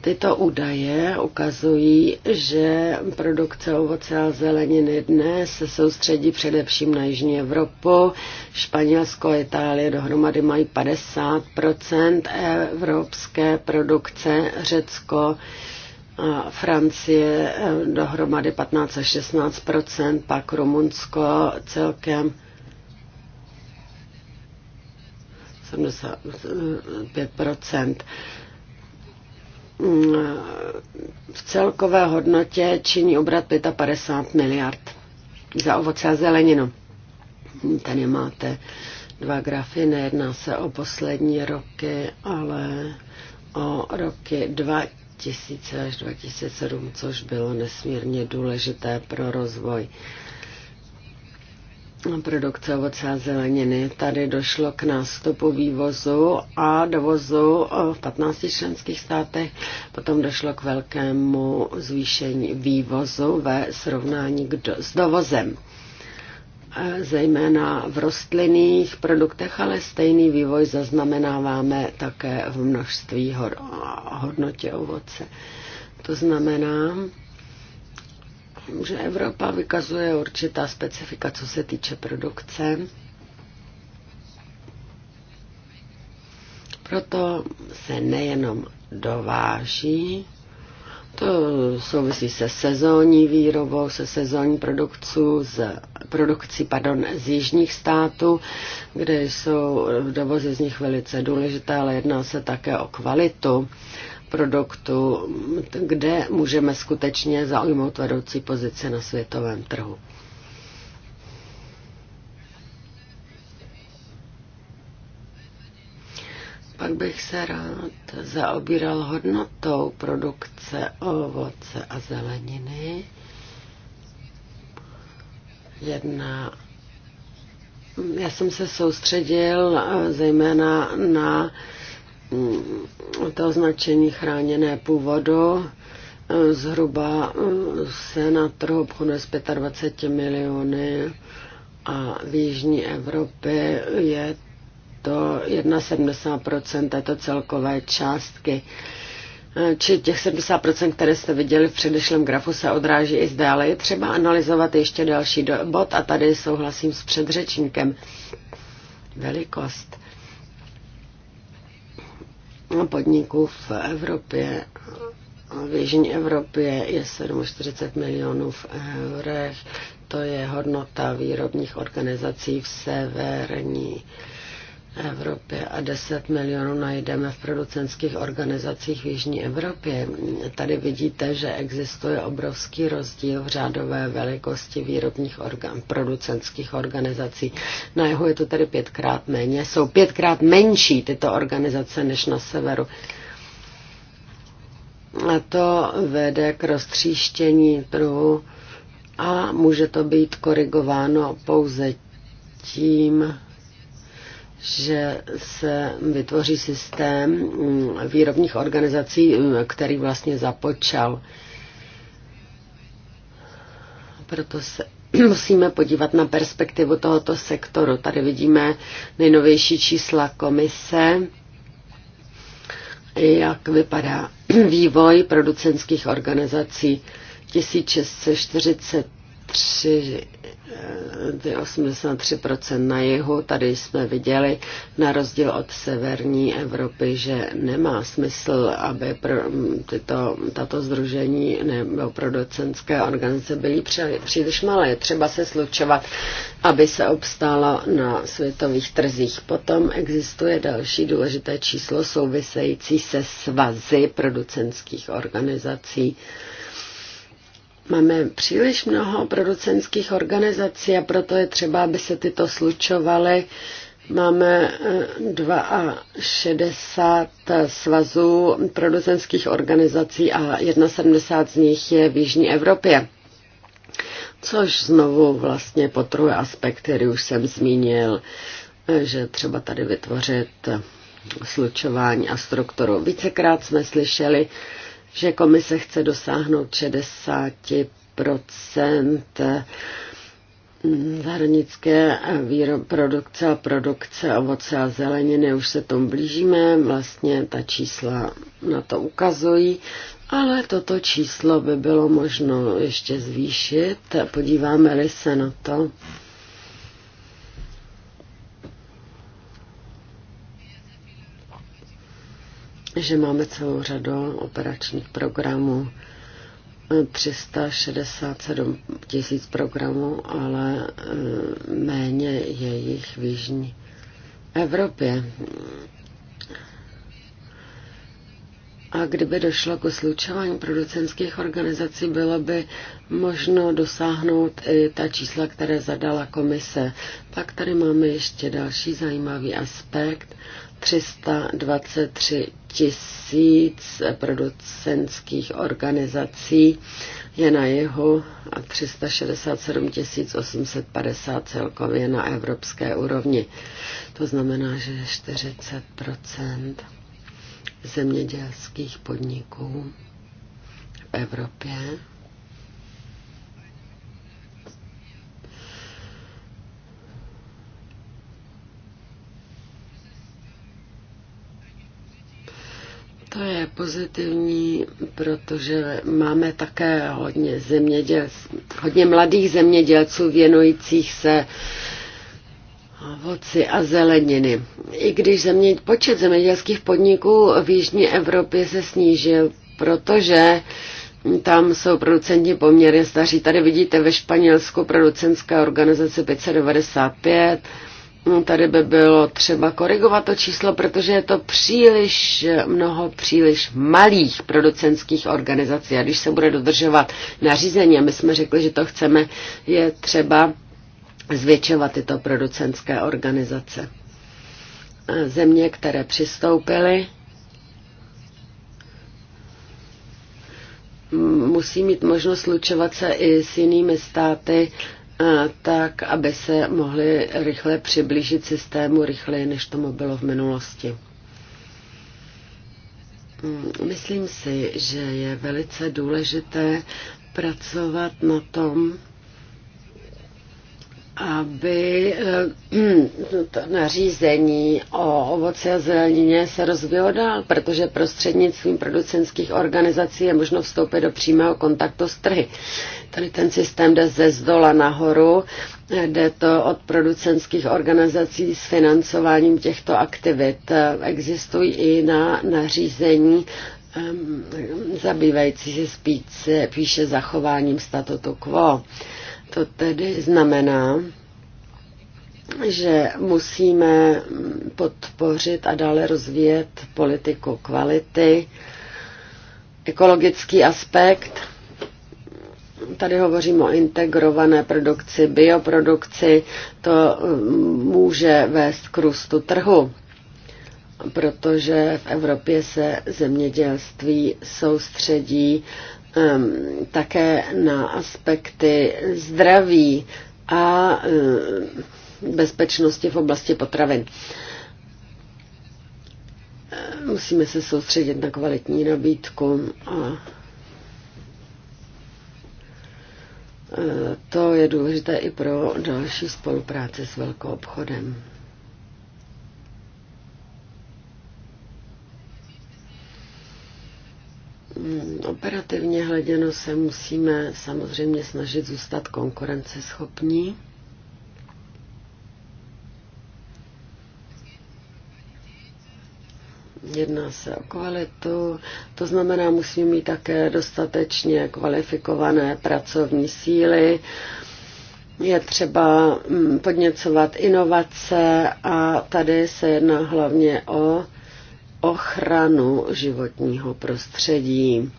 Tyto údaje ukazují, že produkce ovoce a zeleniny dnes se soustředí především na Jižní Evropu. Španělsko a Itálie dohromady mají 50 evropské produkce, Řecko a Francie eh, dohromady 15 až 16 pak Rumunsko celkem 75 v celkové hodnotě činí obrat 55 miliard za ovoce a zeleninu. Tady máte dva grafy, nejedná se o poslední roky, ale o roky 2000 až 2007, což bylo nesmírně důležité pro rozvoj produkce ovoce a zeleniny. Tady došlo k nástupu vývozu a dovozu v 15 členských státech. Potom došlo k velkému zvýšení vývozu ve srovnání s dovozem zejména v rostlinných produktech, ale stejný vývoj zaznamenáváme také v množství hodnotě ovoce. To znamená, že Evropa vykazuje určitá specifika, co se týče produkce. Proto se nejenom dováží, to souvisí se sezónní výrobou, se sezónní produkcí z, produkcí pardon, z jižních států, kde jsou dovozy z nich velice důležité, ale jedná se také o kvalitu produktu, kde můžeme skutečně zaujmout vedoucí pozici na světovém trhu. Pak bych se rád zaobíral hodnotou produkce ovoce a zeleniny. Jedna. Já jsem se soustředil eh, zejména na Mm, to označení chráněné původu eh, zhruba eh, se na trhu obchoduje s 25 miliony a v Jižní Evropě je to 170 této celkové částky. Eh, či těch 70%, které jste viděli v předešlém grafu, se odráží i zde, ale je třeba analyzovat ještě další bod a tady souhlasím s předřečníkem. Velikost podniků v Evropě. V Jižní Evropě je 47 milionů v eurech, to je hodnota výrobních organizací v severní Evropě a 10 milionů najdeme v producentských organizacích v Jižní Evropě. Tady vidíte, že existuje obrovský rozdíl v řádové velikosti výrobních organ, producentských organizací. Na jihu je to tedy pětkrát méně. Jsou pětkrát menší tyto organizace než na severu. A to vede k roztříštění trhu a může to být korigováno pouze tím, že se vytvoří systém mm, výrobních organizací, mm, který vlastně započal. Proto se <clears throat> musíme podívat na perspektivu tohoto sektoru. Tady vidíme nejnovější čísla komise, jak vypadá <clears throat> vývoj producentských organizací. 1640 3, 83% eh, na jihu. Tady jsme viděli, na rozdíl od severní Evropy, že nemá smysl, aby pro mm, tyto, tato združení nebo producentské organizace byly příliš malé. třeba se slučovat, aby se obstálo na světových trzích. Potom existuje další důležité číslo související se svazy producentských organizací. Máme příliš mnoho producentských organizací a proto je třeba, aby se tyto slučovaly. Máme 62 eh, svazů producentských organizací a 71 z nich je v Jižní Evropě. Což znovu vlastně potruje aspekt, který už jsem zmínil, eh, že třeba tady vytvořit slučování a strukturu. Vícekrát jsme slyšeli, že komise chce dosáhnout 60 mm, zahranické produkce a produkce ovoce a zeleniny. Už se tomu blížíme, vlastně ta čísla na to ukazují, ale toto číslo by bylo možno ještě zvýšit. Podíváme-li se na to. že máme celou řadu operačních programů, 367 tisíc programů, ale eh, méně je jich v Jižní Evropě. A kdyby došlo k slučování producentských organizací, bylo by možno dosáhnout i ta čísla, které zadala komise. Pak tady máme ještě další zajímavý aspekt. 323 tisíc producentských organizací je na jihu a 367 850 celkově na evropské úrovni. To znamená, že 40 zemědělských podniků v Evropě To je pozitivní, protože máme také hodně, zeměděl, hodně mladých zemědělců věnujících se ovoci a zeleniny. I když země, počet zemědělských podniků v Jižní Evropě se snížil, protože tam jsou producenti poměrně staří. Tady vidíte ve Španělsku producentská organizace 595, Hmm, tady by bylo třeba korigovat to číslo, protože je to příliš mnoho příliš malých producentských organizací. A když se bude dodržovat nařízení, a my jsme řekli, že to chceme, je třeba zvětšovat tyto producentské organizace. Země, které přistoupily, musí mít možnost slučovat se i s jinými státy E, tak, aby se mohli rychle přiblížit systému, rychleji, než tomu bylo v minulosti. Mm, myslím si, že je velice důležité pracovat na tom, aby eh, hm, to nařízení o ovoci a zelenině se rozvíjelo dál, protože prostřednictvím producentských organizací je možno vstoupit do přímého kontaktu s trhy. Tady ten systém jde ze zdola nahoru, eh, jde to od producentských organizací s financováním těchto aktivit. Eh, existují i na nařízení ehm, zabývající se spíše zachováním statutu quo. To tedy znamená, že musíme podpořit a dále rozvíjet politiku kvality, ekologický aspekt. Tady hovořím o integrované produkci, bioprodukci. To mm, může vést k růstu trhu, protože v Evropě se zemědělství soustředí Ehm, také na aspekty zdraví a ehm, bezpečnosti v oblasti potravin. Ehm, musíme se soustředit na kvalitní nabídku a to je důležité i pro další spolupráci s velkou obchodem. Mm, operativně hleděno se musíme samozřejmě snažit zůstat konkurenceschopní. Jedná se o kvalitu, to znamená, musíme mít také dostatečně kvalifikované pracovní síly. Je třeba mm, podněcovat inovace a tady se jedná hlavně o ochranu životního prostředí.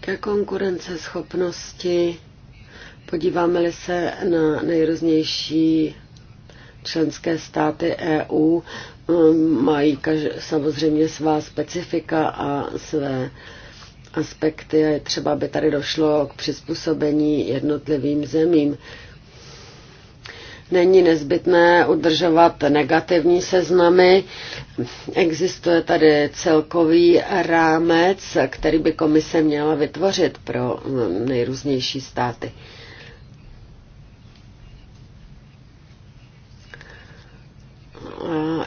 Ke konkurenceschopnosti podíváme-li se na nejrůznější členské státy EU, um, mají kaž- samozřejmě svá specifika a své aspekty a je třeba, aby tady došlo k přizpůsobení jednotlivým zemím. Není nezbytné udržovat negativní seznamy. Existuje tady celkový rámec, který by komise měla vytvořit pro mm, nejrůznější státy.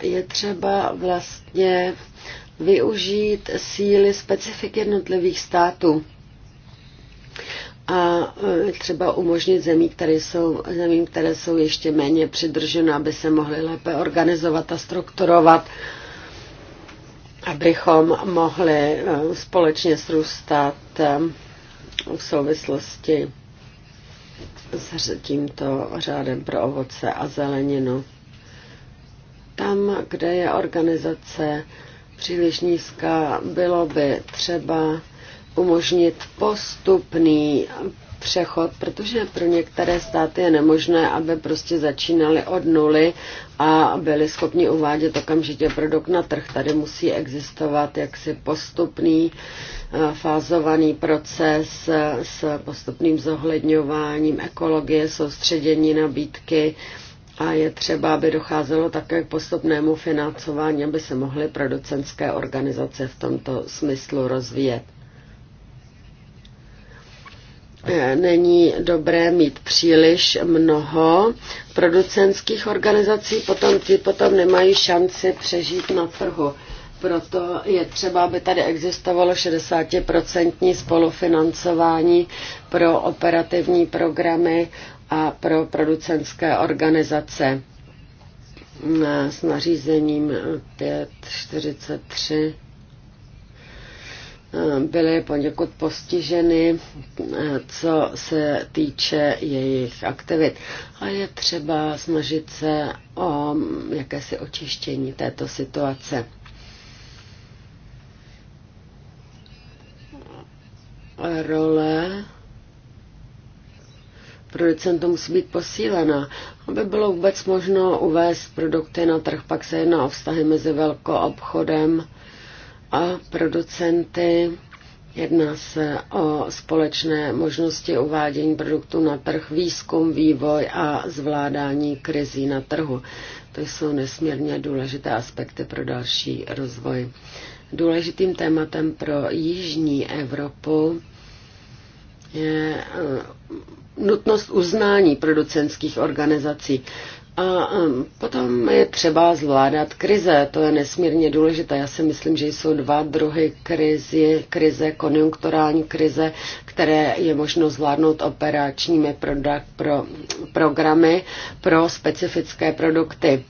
Je třeba vlastně využít síly specifik jednotlivých států a e, třeba umožnit zemí, které jsou, zemím, které jsou ještě méně přidrženy, aby se mohly lépe organizovat a strukturovat, abychom mohli e, společně zrůstat e, v souvislosti s tímto řádem pro ovoce a zeleninu. Tam, kde je organizace příliš nízká, bylo by třeba umožnit postupný přechod, protože pro některé státy je nemožné, aby prostě začínali od nuly a byli schopni uvádět okamžitě produkt na trh. Tady musí existovat jaksi postupný eh, fázovaný proces eh, s postupným zohledňováním ekologie, soustředění nabídky a je třeba, aby docházelo také k postupnému financování, aby se mohly producentské organizace v tomto smyslu rozvíjet není dobré mít příliš mnoho producentských organizací, potom ty potom nemají šanci přežít na trhu. Proto je třeba, aby tady existovalo 60% spolufinancování pro operativní programy a pro producentské organizace s nařízením 543 byly poněkud postiženy, co se týče jejich aktivit. A je třeba snažit se o jakési očištění této situace. Role producentů musí být posílena. Aby bylo vůbec možno uvést produkty na trh, pak se jedná o vztahy mezi velkoobchodem obchodem a producenty. Jedná se o společné možnosti uvádění produktů na trh, výzkum, vývoj a zvládání krizí na trhu. To jsou nesmírně důležité aspekty pro další rozvoj. Důležitým tématem pro jižní Evropu je eh, nutnost uznání producentských organizací. A potom je třeba zvládat krize, to je nesmírně důležité. Já si myslím, že jsou dva druhy krizi, krize, konjunkturální krize, které je možno zvládnout operačními pro, pro, programy pro specifické produkty.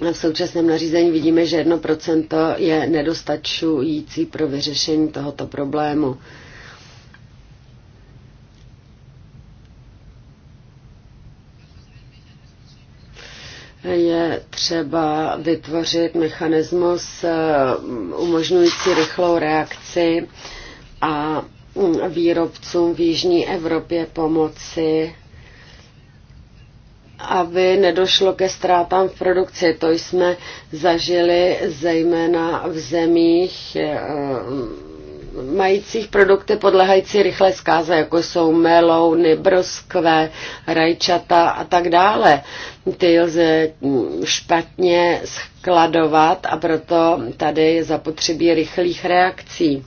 V současném nařízení vidíme, že 1% je nedostačující pro vyřešení tohoto problému. je třeba vytvořit mechanismus eh, umožňující rychlou reakci a mm, výrobcům v Jižní Evropě pomoci, aby nedošlo ke ztrátám v produkci. To jsme zažili zejména v zemích eh, majících produkty podlehající rychlé zkáze, jako jsou melouny, broskve, rajčata a tak dále. Ty lze mm, špatně skladovat a proto tady je zapotřebí rychlých reakcí.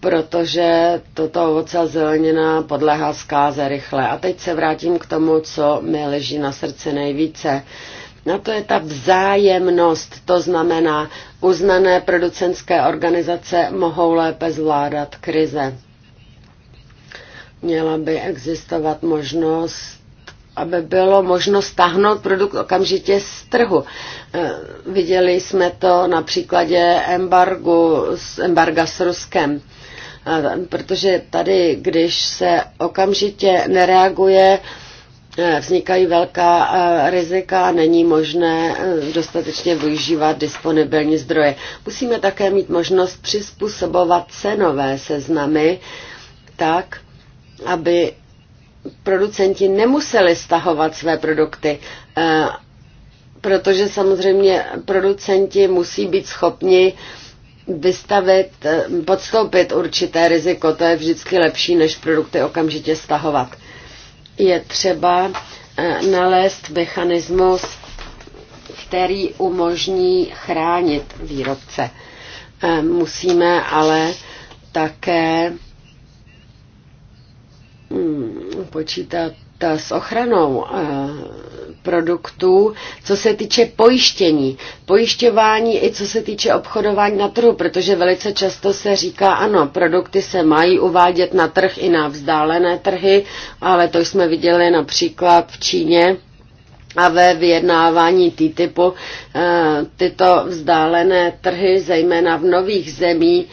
Protože toto ovoce a zelenina podlehá zkáze rychle. A teď se vrátím k tomu, co mi leží na srdci nejvíce No to je ta vzájemnost, to znamená, uznané producenské organizace mohou lépe zvládat krize. Měla by existovat možnost aby bylo možno stáhnout produkt okamžitě z trhu. Eh, viděli jsme to na příkladě embargu, embarga s Ruskem. Eh, protože tady, když se okamžitě nereaguje, Eh, vznikají velká eh, rizika a není možné eh, dostatečně využívat disponibilní zdroje. Musíme také mít možnost přizpůsobovat cenové seznamy tak, aby producenti nemuseli stahovat své produkty, protože samozřejmě producenti musí být schopni vystavit, podstoupit určité riziko. To je vždycky lepší, než produkty okamžitě stahovat je třeba eh, nalézt mechanismus, který umožní chránit výrobce. Eh, musíme ale také mm, počítat Eh, s ochranou eh, produktů, co se týče pojištění, pojišťování i co se týče obchodování na trhu, protože velice často se říká, ano, produkty se mají uvádět na trh i na vzdálené trhy, ale to jsme viděli například v Číně, a ve vyjednávání TTIPu eh, tyto vzdálené trhy, zejména v nových zemích,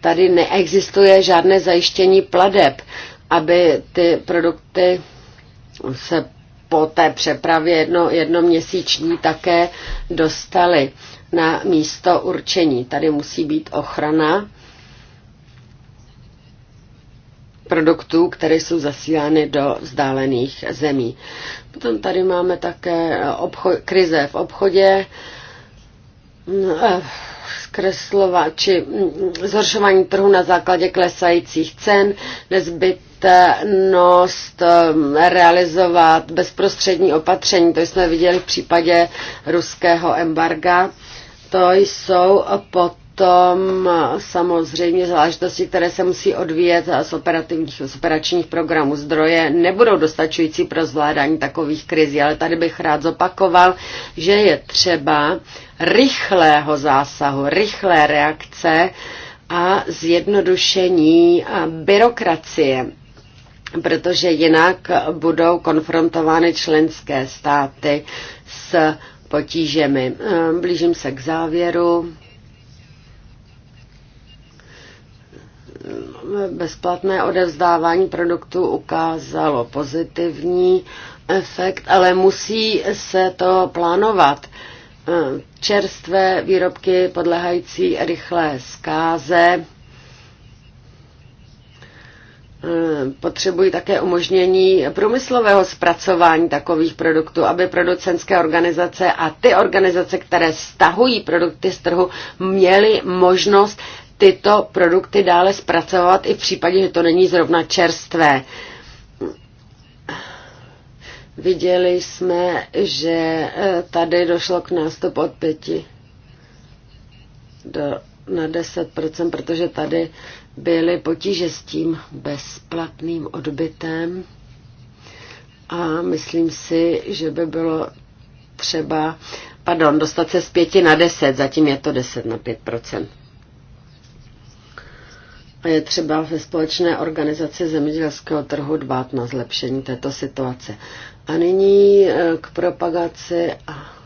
tady neexistuje žádné zajištění pladeb aby ty produkty se po té přepravě jedno, jednoměsíční také dostali na místo určení. Tady musí být ochrana produktů, které jsou zasílány do vzdálených zemí. Potom tady máme také obcho- krize v obchodě, mm, eh, zkreslova, či mm, mm, zhoršování trhu na základě klesajících cen, nezbyt nutnost ehm, realizovat bezprostřední opatření, to jsme viděli v případě ruského embarga, to jsou potom samozřejmě záležitosti, které se musí odvíjet z, operativních, z operačních programů. Zdroje nebudou dostačující pro zvládání takových krizí, ale tady bych rád zopakoval, že je třeba rychlého zásahu, rychlé reakce, a zjednodušení a byrokracie protože jinak budou konfrontovány členské státy s potížemi. Eh, blížím se k závěru. Bezplatné odevzdávání produktů ukázalo pozitivní efekt, ale musí se to plánovat. Eh, čerstvé výrobky podlehající rychlé zkáze Eh, potřebují také umožnění průmyslového zpracování takových produktů, aby producenské organizace a ty organizace, které stahují produkty z trhu, měly možnost tyto produkty dále zpracovat i v případě, že to není zrovna čerstvé. Viděli jsme, že eh, tady došlo k nástupu od pěti do, na 10%, protože tady byly potíže s tím bezplatným odbytem a myslím si, že by bylo třeba, pardon, dostat se z pěti na deset, zatím je to deset na procent. a je třeba ve společné organizaci zemědělského trhu dbát na zlepšení této situace. A nyní eh, k propagaci a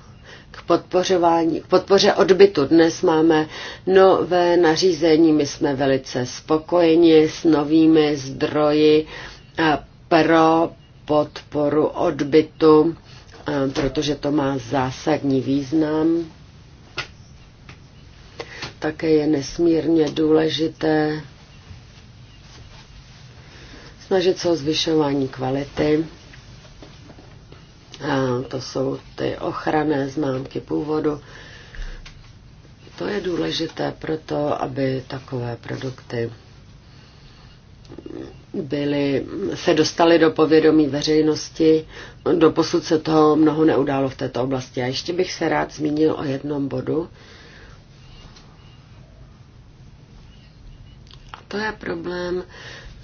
podpořování, podpoře odbytu. Dnes máme nové nařízení, my jsme velice spokojeni s novými zdroji eh, pro podporu odbytu, eh, protože to má zásadní význam. Také je nesmírně důležité snažit se o zvyšování kvality. To jsou ty ochranné známky původu. To je důležité proto, aby takové produkty byly, se dostaly do povědomí veřejnosti. posud se toho mnoho neudálo v této oblasti. A ještě bych se rád zmínil o jednom bodu. A to je problém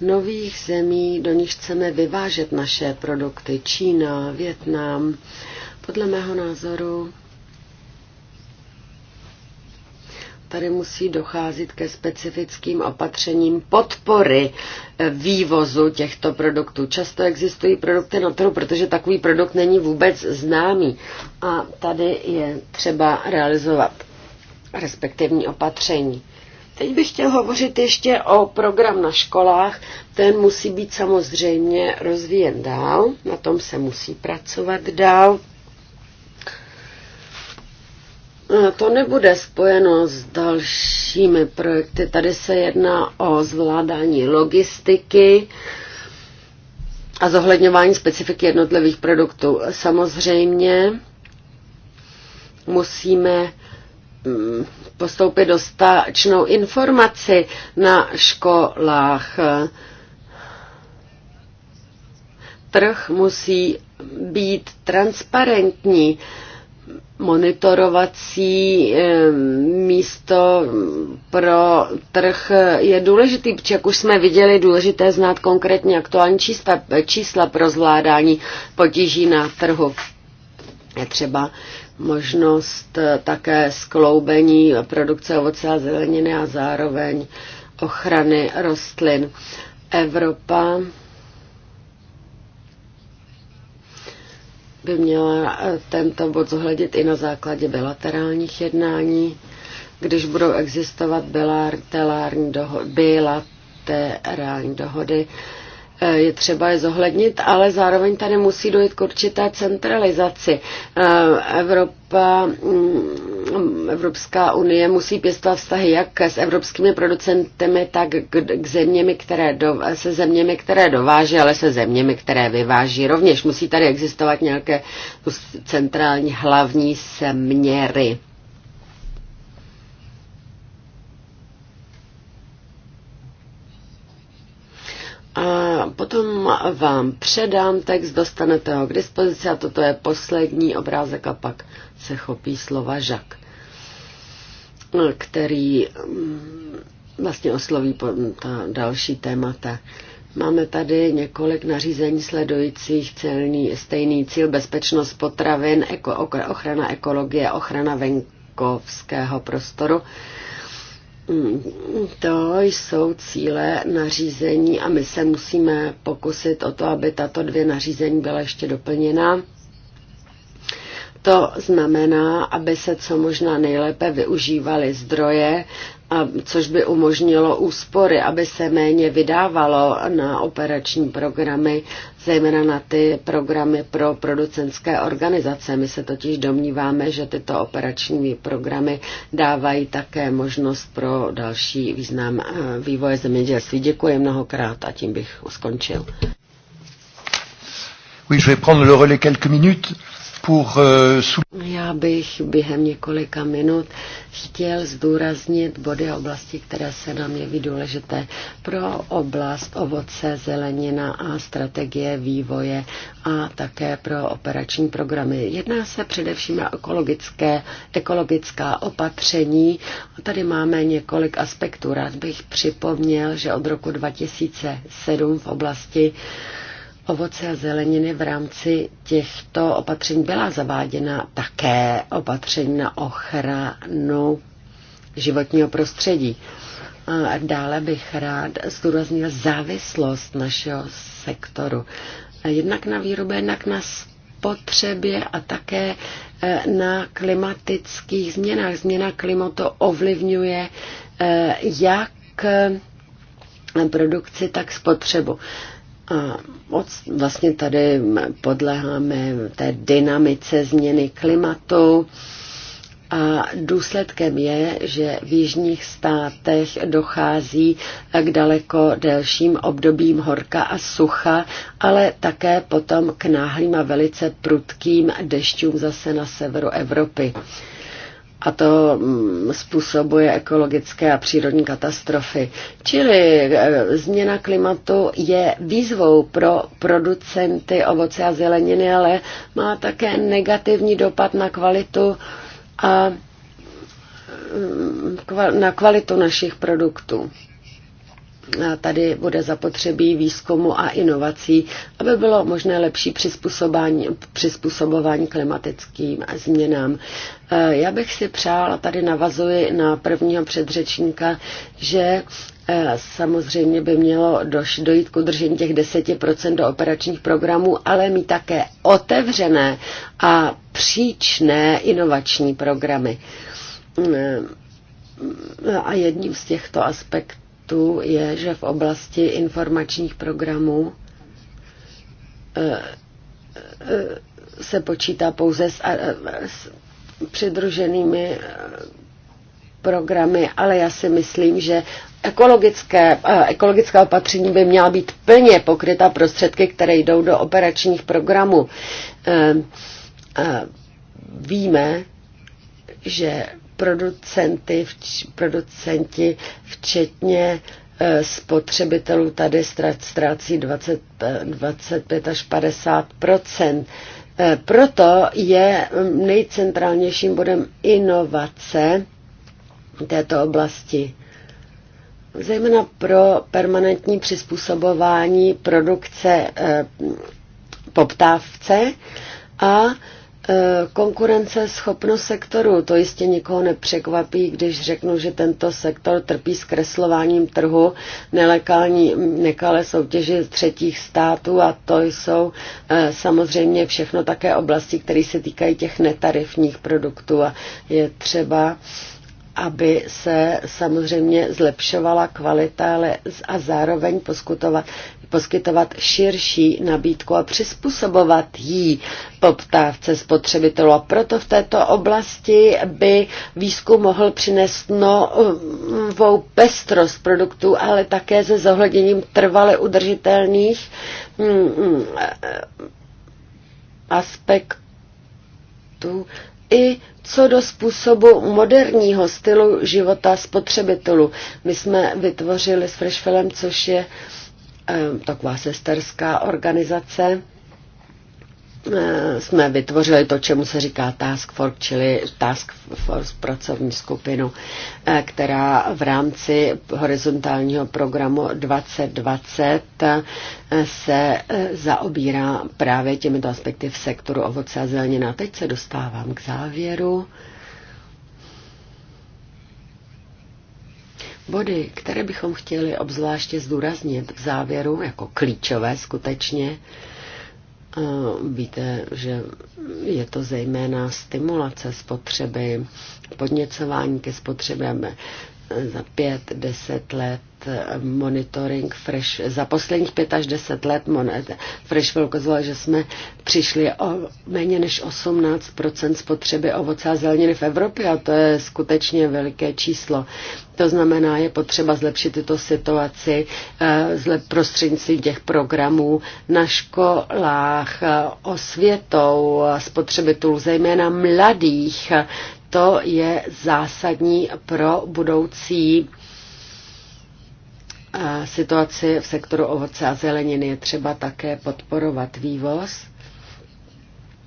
nových zemí, do nich chceme vyvážet naše produkty. Čína, Větnam. Podle mého názoru tady musí docházet ke specifickým opatřením podpory eh, vývozu těchto produktů. Často existují produkty na trhu, protože takový produkt není vůbec známý. A tady je třeba realizovat respektivní opatření. Teď bych chtěl hovořit ještě o program na školách. Ten musí být samozřejmě rozvíjen dál, na tom se musí pracovat dál. To nebude spojeno s dalšími projekty. Tady se jedná o zvládání logistiky a zohledňování specifiky jednotlivých produktů. Samozřejmě musíme Mm, postoupit dostáčnou informaci na školách. Trh musí být transparentní. Monitorovací eh, místo pro trh je důležitý, protože jak už jsme viděli, důležité znát konkrétně aktuální čísla, čísla pro zvládání potíží na trhu. Je třeba možnost eh, také skloubení produkce ovoce a zeleniny a zároveň ochrany rostlin. Evropa by měla eh, tento bod zohlednit i na základě bilaterálních jednání, když budou existovat bilaterální dohody, bilaterální dohody Eh, je třeba je zohlednit, ale zároveň tady musí dojít k určité centralizaci. Eh, Evropa, mm, Evropská unie musí pěstovat vztahy jak s evropskými producentemi, tak k zeměmi, které do, se zeměmi, které dováží, ale se zeměmi, které vyváží. Rovněž musí tady existovat nějaké centrální hlavní směry. A potom vám předám text, dostanete ho k dispozici a toto je poslední obrázek a pak se chopí slova Žak, který mm, vlastně osloví ta další témata. Máme tady několik nařízení sledujících celný, stejný cíl bezpečnost potravin, eko, ochrana ekologie, ochrana venkovského prostoru. To jsou cíle nařízení a my se musíme pokusit o to, aby tato dvě nařízení byla ještě doplněna. To znamená, aby se co možná nejlépe využívaly zdroje a což by umožnilo úspory, aby se méně vydávalo na operační programy, zejména na ty programy pro producenské organizace. My se totiž domníváme, že tyto operační programy dávají také možnost pro další význam eh, vývoje zemědělství. Děkuji mnohokrát a tím bych skončil. Oui, je vais prendre le relais quelques minutes pour, euh, Já bych během několika minut chtěl zdůraznit body a oblasti, které se nám jeví důležité pro oblast ovoce, zelenina a strategie vývoje a také pro operační programy. Jedná se především o ekologické, ekologická opatření. Tady máme několik aspektů. Rád bych připomněl, že od roku 2007 v oblasti ovoce a zeleniny v rámci těchto opatření byla zaváděna také opatření na ochranu životního prostředí. A dále bych rád zdůraznil závislost našeho sektoru. Jednak na výrobě, jednak na spotřebě a také eh, na klimatických změnách. Změna klimatu ovlivňuje eh, jak eh, produkci, tak spotřebu. A moc vlastně tady podleháme té dynamice změny klimatu. A důsledkem je, že v jižních státech dochází k daleko delším obdobím horka a sucha, ale také potom k náhlým a velice prudkým dešťům zase na severu Evropy a to mm, způsobuje ekologické a přírodní katastrofy. Čili e, změna klimatu je výzvou pro producenty ovoce a zeleniny, ale má také negativní dopad na kvalitu a mm, na kvalitu našich produktů tady bude zapotřebí výzkumu a inovací, aby bylo možné lepší přizpůsobování, přizpůsobování klimatickým změnám. E, já bych si přál, a tady navazuji na prvního předřečníka, že e, samozřejmě by mělo doš, dojít k udržení těch 10% do operačních programů, ale mít také otevřené a příčné inovační programy. E, a jedním z těchto aspektů faktů je, že v oblasti informačních programů eh, eh, se počítá pouze s, eh, s přidruženými programy, ale já si myslím, že ekologické, ekologická opatření by měla být plně pokryta prostředky, které jdou do operačních programů. Víme, že producenty, vč, producenti, včetně eh, spotřebitelů tady ztrácí 20, 25 eh, až 50 eh, Proto je mm, nejcentrálnějším bodem inovace této oblasti zejména pro permanentní přizpůsobování produkce poptávce a Eh, Konkurence schopnost sektoru, to jistě nikoho nepřekvapí, když řeknu, že tento sektor trpí zkreslováním trhu, nelekální, nekalé soutěži z třetích států a to jsou eh, samozřejmě všechno také oblasti, které se týkají těch netarifních produktů a je třeba aby se samozřejmě zlepšovala kvalita a zároveň poskutovat, poskytovat širší nabídku a přizpůsobovat jí poptávce spotřebitelů. A proto v této oblasti by výzkum mohl přinést novou pestrost produktů, ale také se zohledněním trvale udržitelných mm, mm, aspektů i co do způsobu moderního stylu života spotřebitelů. My jsme vytvořili s Freshfellem, což je eh, taková sesterská organizace, Eh, jsme vytvořili to, čemu se říká task force, čili task force pracovní skupinu, eh, která v rámci horizontálního programu 2020 eh, se zaobírá právě těmito aspekty v sektoru ovoce a zelenina. Teď se dostávám k závěru. Body, které bychom chtěli obzvláště zdůraznit v závěru, jako klíčové skutečně, Víte, že je to zejména stimulace spotřeby, podněcování ke spotřebě. Za pět, deset let Eh, monitoring Fresh. Za posledních pět až deset let monet eh, Fresh ukazoval, že jsme přišli o méně než 18 spotřeby ovoce a zeleniny v Evropě a to je skutečně veliké číslo. To znamená, je potřeba zlepšit tyto situaci eh, zlep prostřednictvím těch programů na školách, osvětou spotřebitelů, zejména mladých. To je zásadní pro budoucí situaci v sektoru ovoce a zeleniny je třeba také podporovat vývoz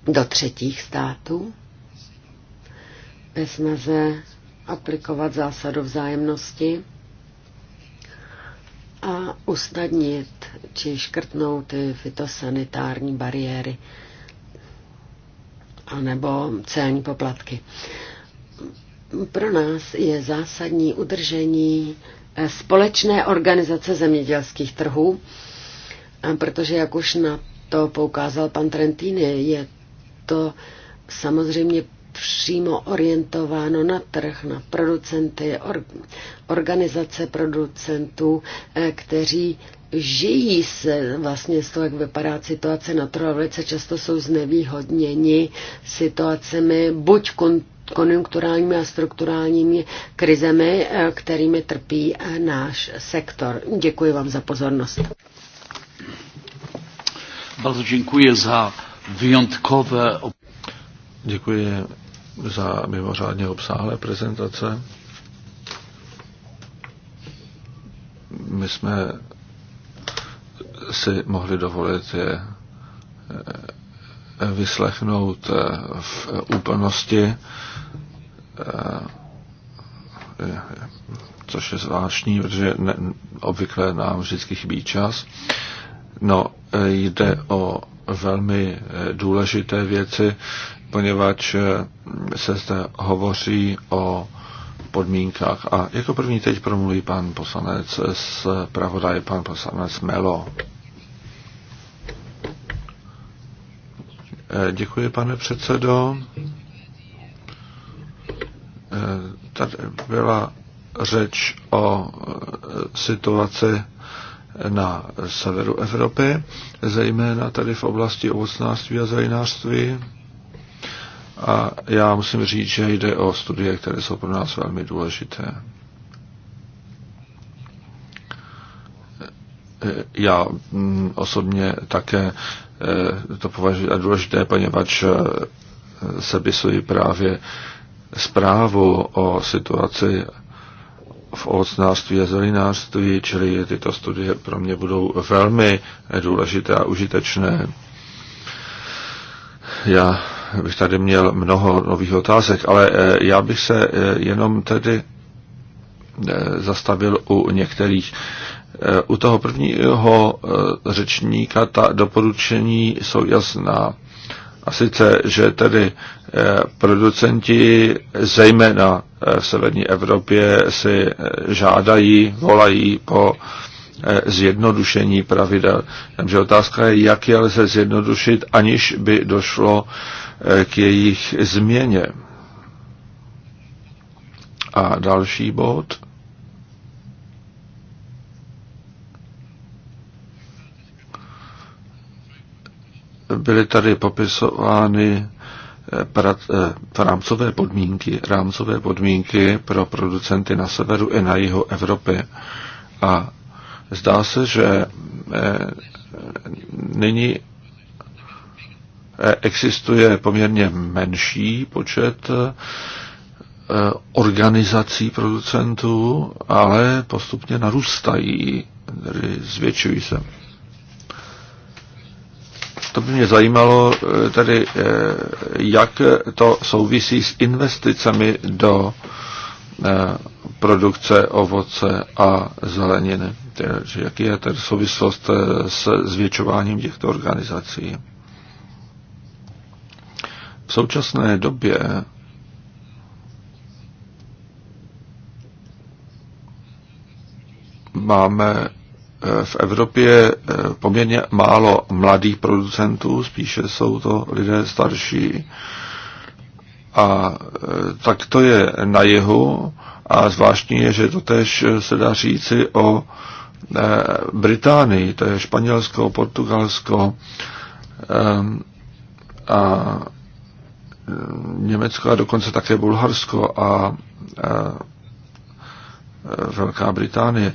do třetích států ve snaze aplikovat zásadu vzájemnosti a usnadnit či škrtnout ty fitosanitární bariéry anebo celní poplatky. Pro nás je zásadní udržení společné organizace zemědělských trhů, protože jak už na to poukázal pan Trentini, je to samozřejmě přímo orientováno na trh, na producenty, or, organizace producentů, eh, kteří žijí se vlastně z toho, jak vypadá situace na trhu velice často jsou znevýhodněni situacemi buď kon, konjunkturálními a strukturálními krizemi, eh, kterými trpí eh, náš sektor. Děkuji vám za pozornost. Bardzo dziękuję za wyjątkowe Děkuji za mimořádně obsáhlé prezentace. My jsme si mohli dovolit je eh, vyslechnout eh, v úplnosti, eh, což je zvláštní, protože ne, obvykle nám vždycky chybí čas. No, jde o velmi důležité věci poněvadž eh, se zde hovoří o podmínkách. A jako první teď promluví pan poslanec z pravodaje, pan poslanec Melo. Eh, děkuji, pane předsedo. Eh, tady byla řeč o situaci na severu Evropy, zejména tady v oblasti ovocnářství a zelenářství. A já musím říct, že jde o studie, které jsou pro nás velmi důležité. Já mm, osobně také eh, to považuji za důležité, poněvadž eh, sepisuji právě zprávu o situaci v ovocnářství a zelinářství, čili tyto studie pro mě budou velmi důležité a užitečné. Já bych tady měl mnoho nových otázek, ale eh, já bych se eh, jenom tedy eh, zastavil u některých. U toho prvního řečníka ta doporučení jsou jasná. A sice, že tedy producenti zejména v severní Evropě si žádají, volají po Eh, zjednodušení pravidel. Takže otázka je, jak je lze zjednodušit, aniž by došlo eh, k jejich změně. A další bod. Byly tady popisovány eh, rámcové podmínky, rámcové podmínky pro producenty na severu i na jihu Evropy. A Zdá se, že eh, nyní eh, existuje poměrně menší počet eh, organizací producentů, ale postupně narůstají, tedy zvětšují se. To by mě zajímalo, tedy jak to souvisí s investicemi do produkce ovoce a zeleniny. Takže jaký je tedy souvislost eh, s zvětšováním těchto organizací? V současné době máme eh, v Evropě eh, poměrně málo mladých producentů, spíše jsou to lidé starší. A tak to je na jihu a zvláštní je, že to tež eh, se dá říci o eh, Británii, to je Španělsko, Portugalsko ehm, a eh, Německo a dokonce také Bulharsko a Velká Británie.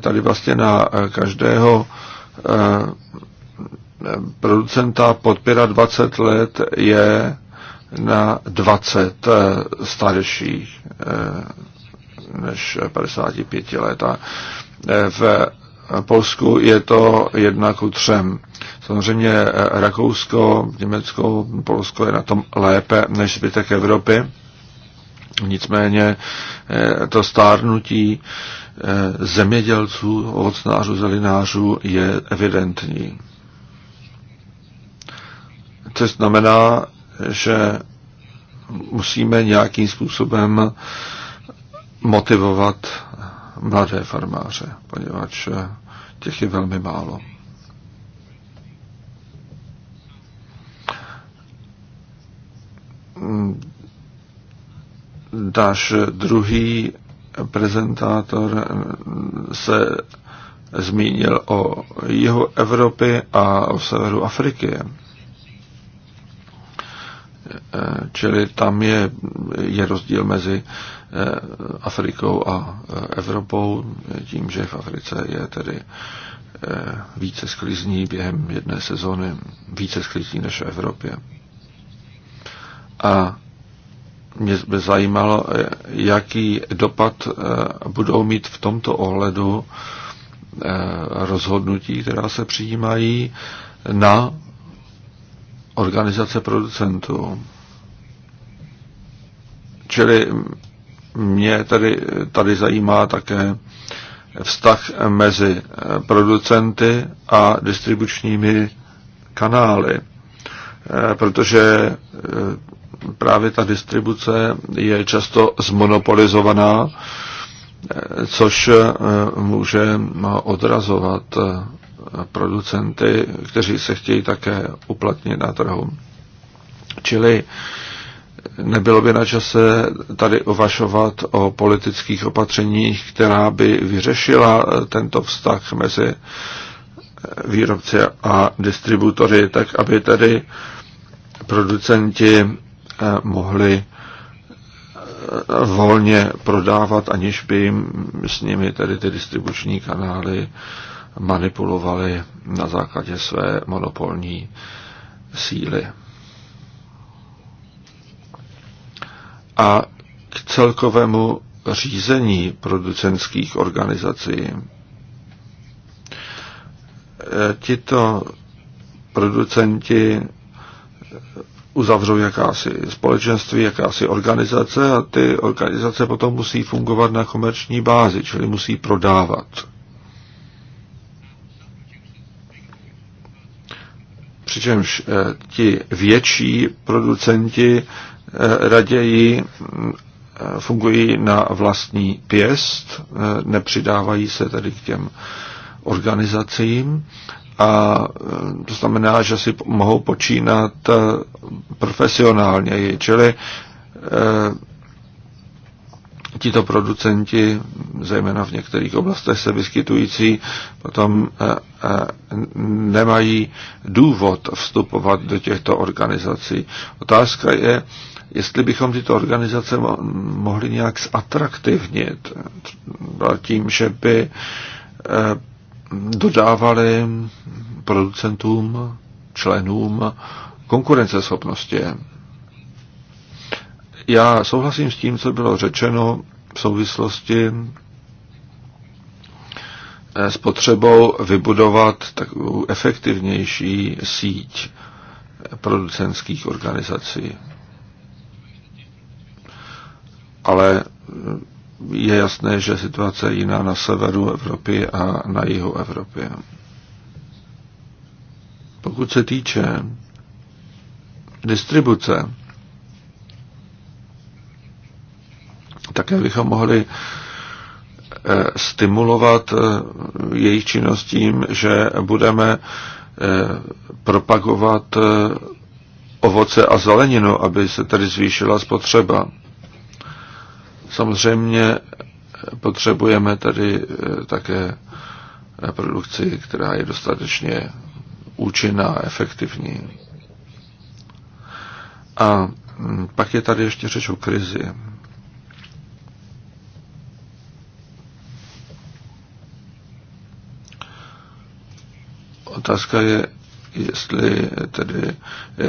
Tady vlastně na každého producenta pod 25 let je na 20 starších než 55 let. A e, v Polsku je to jedna ku třem. Samozřejmě e, Rakousko, Německo, Polsko je na tom lépe než zbytek Evropy. Nicméně e, to stárnutí zemědělců, ovocnářů, zelinářů je evidentní. To znamená, že musíme nějakým způsobem motivovat mladé farmáře, poněvadž těch je velmi málo. Dáš druhý prezentátor se zmínil o jihu Evropy a o severu Afriky. Čili tam je, je rozdíl mezi eh, Afrikou a eh, Evropou, tím, že v Africe je tedy eh, více sklizní během jedné sezóny, více sklizní než v Evropě. A mě by zajímalo, jaký dopad budou mít v tomto ohledu rozhodnutí, která se přijímají na organizace producentů. Čili mě tady, tady zajímá také vztah mezi producenty a distribučními kanály, protože eh, právě ta distribuce je často zmonopolizovaná, eh, což eh, může odrazovat producenty, kteří se chtějí také uplatnit na trhu. Čili nebylo by na čase tady uvažovat o politických opatřeních, která by vyřešila tento vztah mezi výrobci a distributory, tak aby tedy producenti eh, mohli eh, volně prodávat, aniž by jim s nimi tedy ty distribuční kanály manipulovali na základě své monopolní síly. A k celkovému řízení producentských organizací. Eh, tito producenti eh, uzavřou jakási společenství, jakási organizace a ty organizace potom musí fungovat na komerční bázi, čili musí prodávat. Přičemž eh, ti větší producenti eh, raději mm, eh, fungují na vlastní pěst, nepřidávají se tedy k těm organizacím a to znamená, že si mohou počínat profesionálně, čili tito producenti, zejména v některých oblastech se vyskytující, potom eh, eh, nemají důvod vstupovat do těchto organizací. Otázka je, jestli bychom tyto organizace mohli nějak zatraktivnit tím, že by eh, dodávali producentům, členům konkurenceschopnosti. Já souhlasím s tím, co bylo řečeno v souvislosti eh, s potřebou vybudovat takovou efektivnější síť producentských organizací. Ale eh, je jasné, že situace je jiná na severu Evropy a na jihu Evropy. Pokud se týče distribuce, Také bychom mohli eh, stimulovat eh, jejich činnost tím, že budeme eh, propagovat ovoce a zeleninu, aby se tady zvýšila spotřeba. Samozřejmě potřebujeme tady také produkci, která je dostatečně účinná a efektivní. A mm, pak je tady ještě řeč o krizi. otázka je, jestli tedy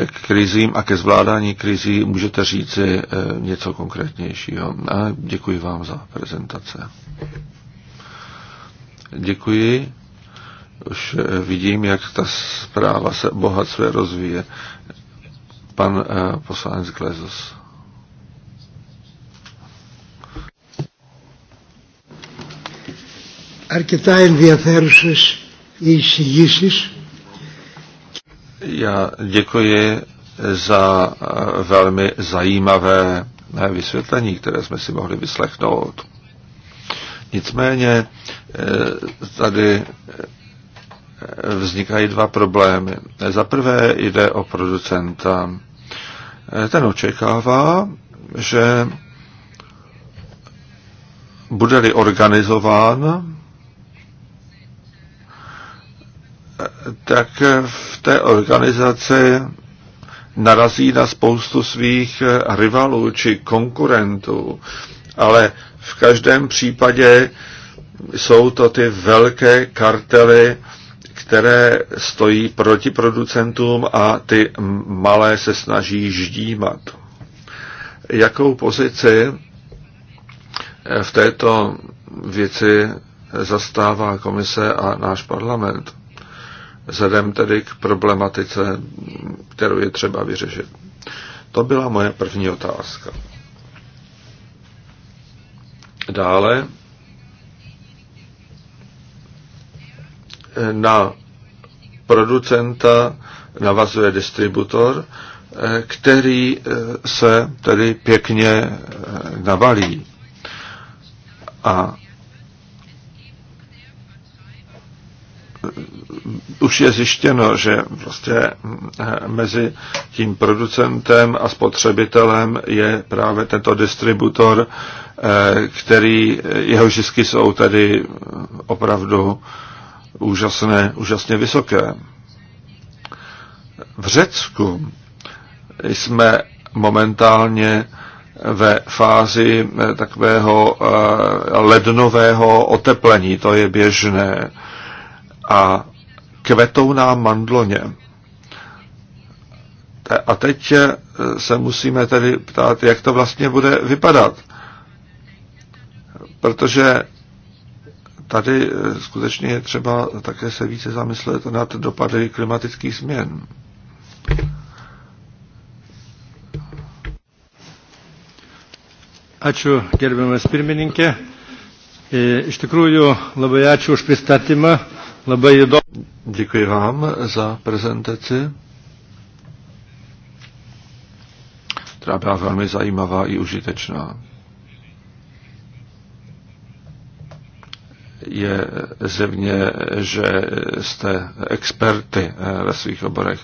k krizím a ke zvládání krizí můžete říci eh, něco konkrétnějšího. A děkuji vám za prezentace. Děkuji. Už eh, vidím, jak ta zpráva se bohatce rozvíje. Pan eh, poslanec Glezos. Αρκετά ενδιαφέρουσες εισηγήσεις. Já děkuji za velmi zajímavé vysvětlení, které jsme si mohli vyslechnout. Nicméně eh, tady eh, vznikají dva problémy. Za prvé jde o producenta. Eh, ten očekává, že bude-li organizován tak v té organizaci narazí na spoustu svých eh, rivalů či konkurentů, ale v každém případě jsou to ty velké kartely, které stojí proti producentům a ty malé se snaží ždímat. Jakou pozici eh, v této věci zastává komise a náš parlament? vzhledem tedy k problematice, kterou je třeba vyřešit. To byla moje první otázka. Dále na producenta navazuje distributor, který se tedy pěkně navalí. A už je zjištěno, že vlastně eh, mezi tím producentem a spotřebitelem je právě tento distributor, eh, který, eh, jeho zisky jsou tedy opravdu úžasné, úžasně vysoké. V Řecku jsme momentálně ve fázi takového lednového oteplení, to je běžné. A kvetou nám mandloně. A teď eh, se musíme tedy ptát, jak to vlastně bude vypadat. Protože tady eh, skutečně je třeba také se více zamyslet nad dopady klimatických změn. Ačiū, gerbiamas pirmininkė. E, iš tikrųjų, labai ačiū už pristatymą. Děkuji vám za prezentaci, která byla velmi zajímavá i užitečná. Je zevně, že jste experty eh, ve svých oborech.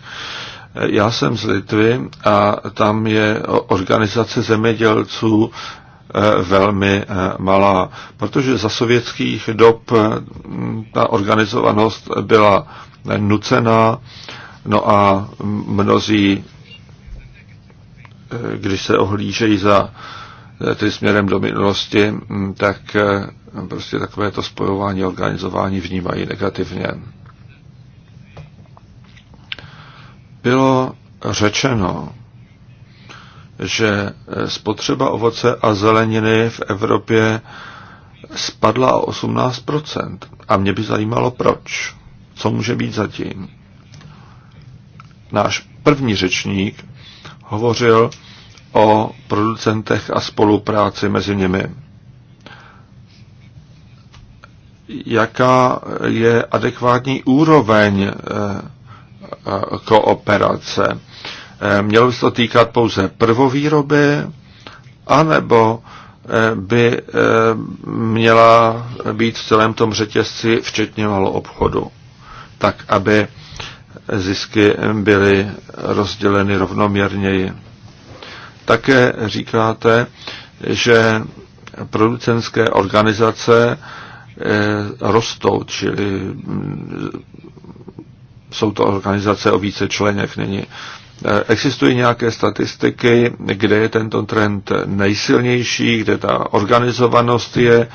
Já jsem z Litvy a tam je organizace zemědělců Eh, velmi eh, malá, protože za sovětských dob eh, ta organizovanost byla nucená, no a mnozí, když se ohlížejí za tedy směrem do minulosti, hm, tak prostě takové to spojování, organizování vnímají negativně. Bylo řečeno, že eh, spotřeba ovoce a zeleniny v Evropě spadla o 18%. A mě by zajímalo, proč. Co může být zatím? Náš první řečník hovořil o producentech a spolupráci mezi nimi. Jaká je adekvátní úroveň eh, eh, kooperace? Eh, mělo by se to týkat pouze prvovýroby, anebo eh, by eh, měla být v celém tom řetězci, včetně malou obchodu, tak aby zisky byly rozděleny rovnoměrněji. Také říkáte, že producenské organizace rostou, čili jsou to organizace o více členech není Eh, existují nějaké statistiky, kde je tento trend nejsilnější, kde ta organizovanost je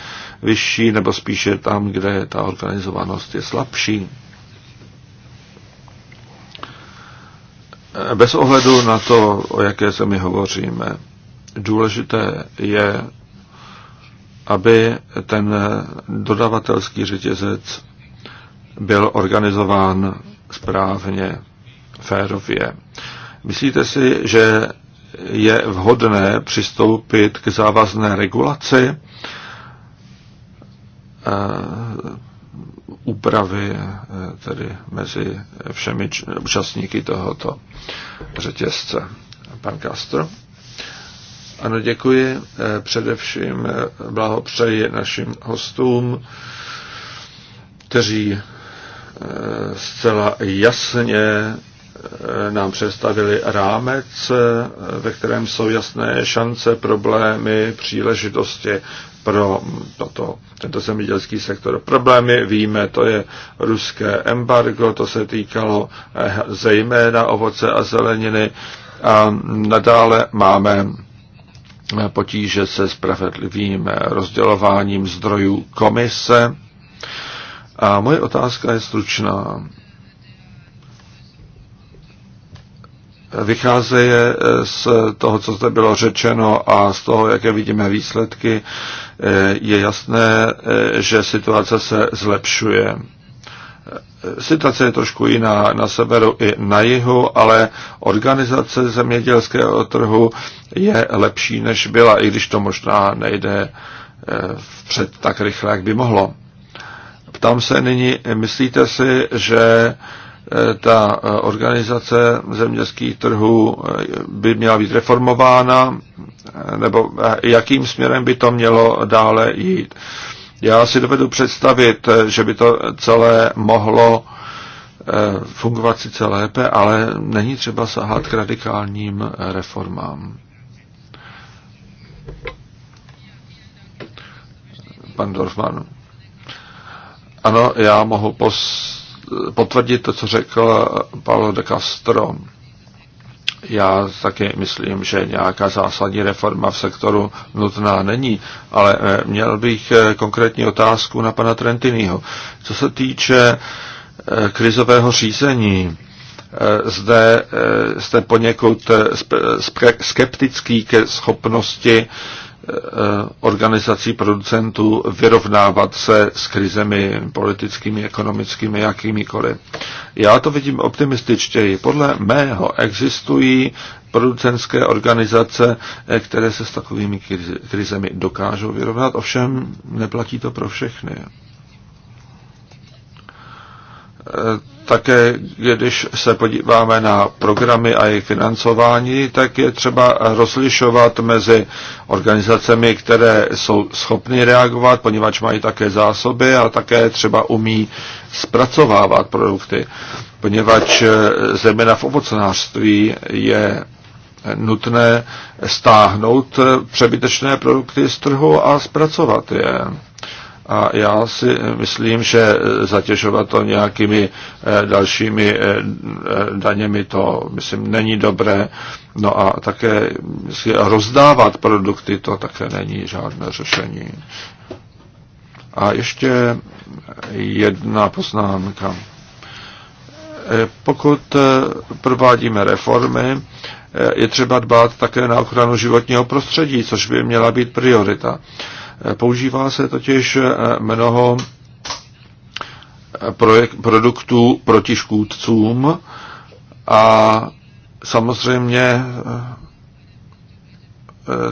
vyšší, nebo spíše tam, kde ta organizovanost je slabší? Eh, bez ohledu na to, o jaké se my hovoříme, důležité je, aby ten dodavatelský řetězec byl organizován správně, férově. Myslíte si, že je vhodné přistoupit k závazné regulaci eh, úpravy eh, tedy mezi všemi účastníky tohoto řetězce? Pan Castro? Ano, děkuji. Eh, především blahopřeji našim hostům, kteří zcela jasně nám představili rámec, ve kterém jsou jasné šance, problémy, příležitosti pro toto, tento zemědělský sektor. Problémy víme, to je ruské embargo, to se týkalo eh, zejména ovoce a zeleniny a nadále máme eh, potíže se spravedlivým eh, rozdělováním zdrojů komise. A moje otázka je stručná. vycházeje eh, z toho, co zde bylo řečeno a z toho, jaké vidíme výsledky, eh, je jasné, eh, že situace se zlepšuje. Situace je trošku jiná na severu i na jihu, ale organizace zemědělského trhu je lepší, než byla, i když to možná nejde vpřed tak rychle, jak by mohlo. Ptám se nyní, myslíte si, že Eh, ta eh, organizace zemědělských trhů eh, by měla být reformována, nebo jakým směrem by to mělo dále jít. Já si dovedu představit, že by to celé mohlo fungovat sice lépe, ale není třeba sahat k radikálním reformám. Pan Dorfman. Ano, já mohu pos potvrdit to, co řekl Paulo de Castro. Já taky myslím, že nějaká zásadní reforma v sektoru nutná není, ale eh, měl bych eh, konkrétní otázku na pana Trentinyho. Co se týče eh, krizového řízení, zde jste poněkud skeptický ke schopnosti Eh, organizací producentů vyrovnávat se s krizemi politickými, ekonomickými, jakýmikoliv. Já to vidím optimističtěji. Podle mého existují producentské organizace, eh, které se s takovými krizemi dokážou vyrovnat, ovšem neplatí to pro všechny eh, také když se podíváme na programy a jejich financování, tak je třeba rozlišovat mezi organizacemi, které jsou schopny reagovat, poněvadž mají také zásoby a také třeba umí zpracovávat produkty, poněvadž eh, zejména v ovocnářství je nutné stáhnout eh, přebytečné produkty z trhu a zpracovat je a já si myslím, že eh, zatěžovat to nějakými eh, dalšími eh, daněmi, to myslím není dobré. No a také rozdávat produkty, to také není žádné řešení. A ještě jedna poznámka. Pokud provádíme reformy, je třeba dbát také na ochranu životního prostředí, což by měla být priorita. Používá se totiž eh, mnoho eh, projekt, produktů proti škůdcům a samozřejmě eh,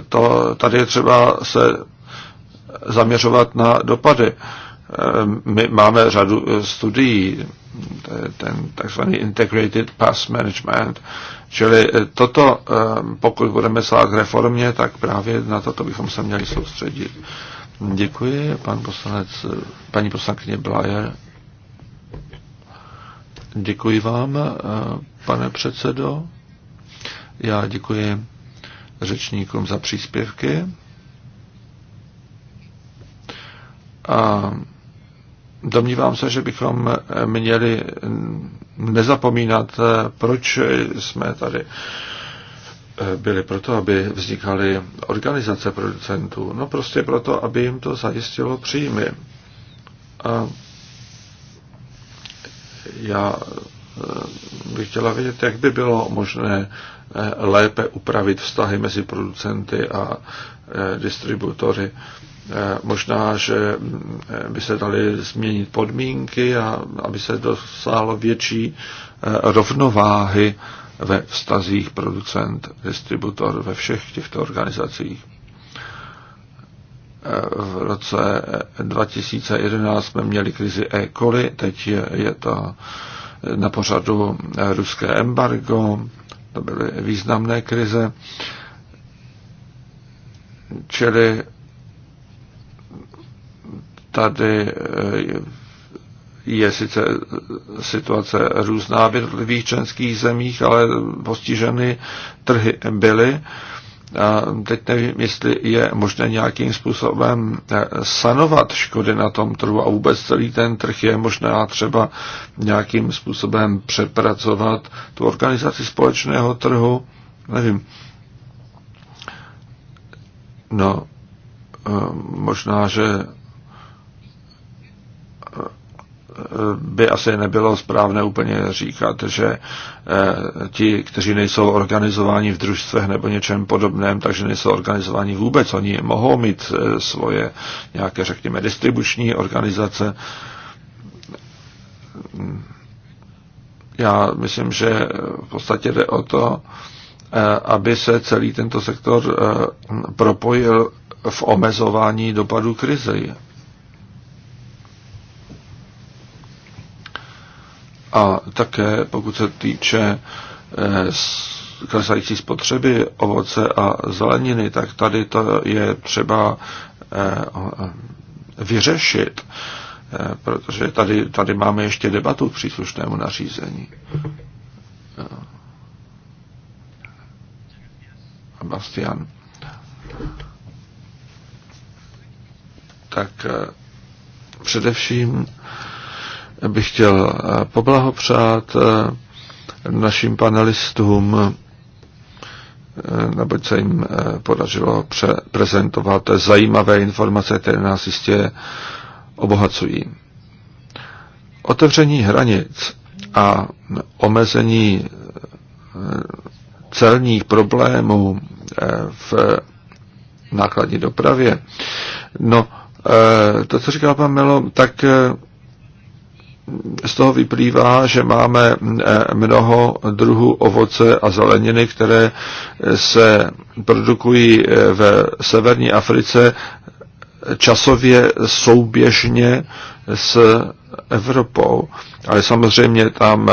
to, tady je třeba se zaměřovat na dopady. My máme řadu studií, ten takzvaný Integrated Pass Management, Čili eh, toto, eh, pokud budeme slát k reformě, tak právě na toto bychom se měli soustředit. Děkuji, pan poslanec, eh, paní poslankyně Blajer. Děkuji vám, pane předsedo. Já děkuji řečníkům za příspěvky. A domnívám se, že bychom měli nezapomínat, eh, proč jsme tady eh, byli proto, aby vznikaly organizace producentů. No prostě proto, aby jim to zajistilo příjmy. A já eh, bych chtěla vědět, jak by bylo možné lépe upravit vztahy mezi producenty a distributory. Eh, možná, že eh, by se daly změnit podmínky a aby se dosáhlo větší eh, rovnováhy ve vztazích producent-distributor ve všech těchto organizacích. V roce 2011 jsme měli krizi E. coli, teď je, je to na pořadu ruské embargo, to byly významné krize, čili Tady eh, je sice situace různá v jednotlivých členských zemích, ale postiženy trhy byly. A teď nevím, jestli je možné nějakým způsobem eh, sanovat škody na tom trhu a vůbec celý ten trh je možné třeba nějakým způsobem přepracovat tu organizaci společného trhu. Nevím. No, eh, možná, že by asi nebylo správné úplně říkat, že eh, ti, kteří nejsou organizováni v družstvech nebo něčem podobném, takže nejsou organizováni vůbec. Oni mohou mít eh, svoje nějaké, řekněme, distribuční organizace. Já myslím, že v podstatě jde o to, eh, aby se celý tento sektor propojil v omezování dopadů krize. A také pokud se týče eh, klesající spotřeby ovoce a zeleniny, tak tady to je třeba eh, vyřešit, eh, protože tady, tady máme ještě debatu k příslušnému nařízení. Bastian. Tak především bych chtěl eh, poblahopřát eh, našim panelistům, eh, neboť se jim podařilo prezentovat zajímavé informace, které nás jistě obohacují. Otevření hranic a omezení celních problémů v nákladní dopravě. No, to, co říkal pan Melo, tak z toho vyplývá, že máme eh, mnoho druhů ovoce a zeleniny, které eh, se produkují eh, v severní Africe časově souběžně s Evropou. Ale samozřejmě tam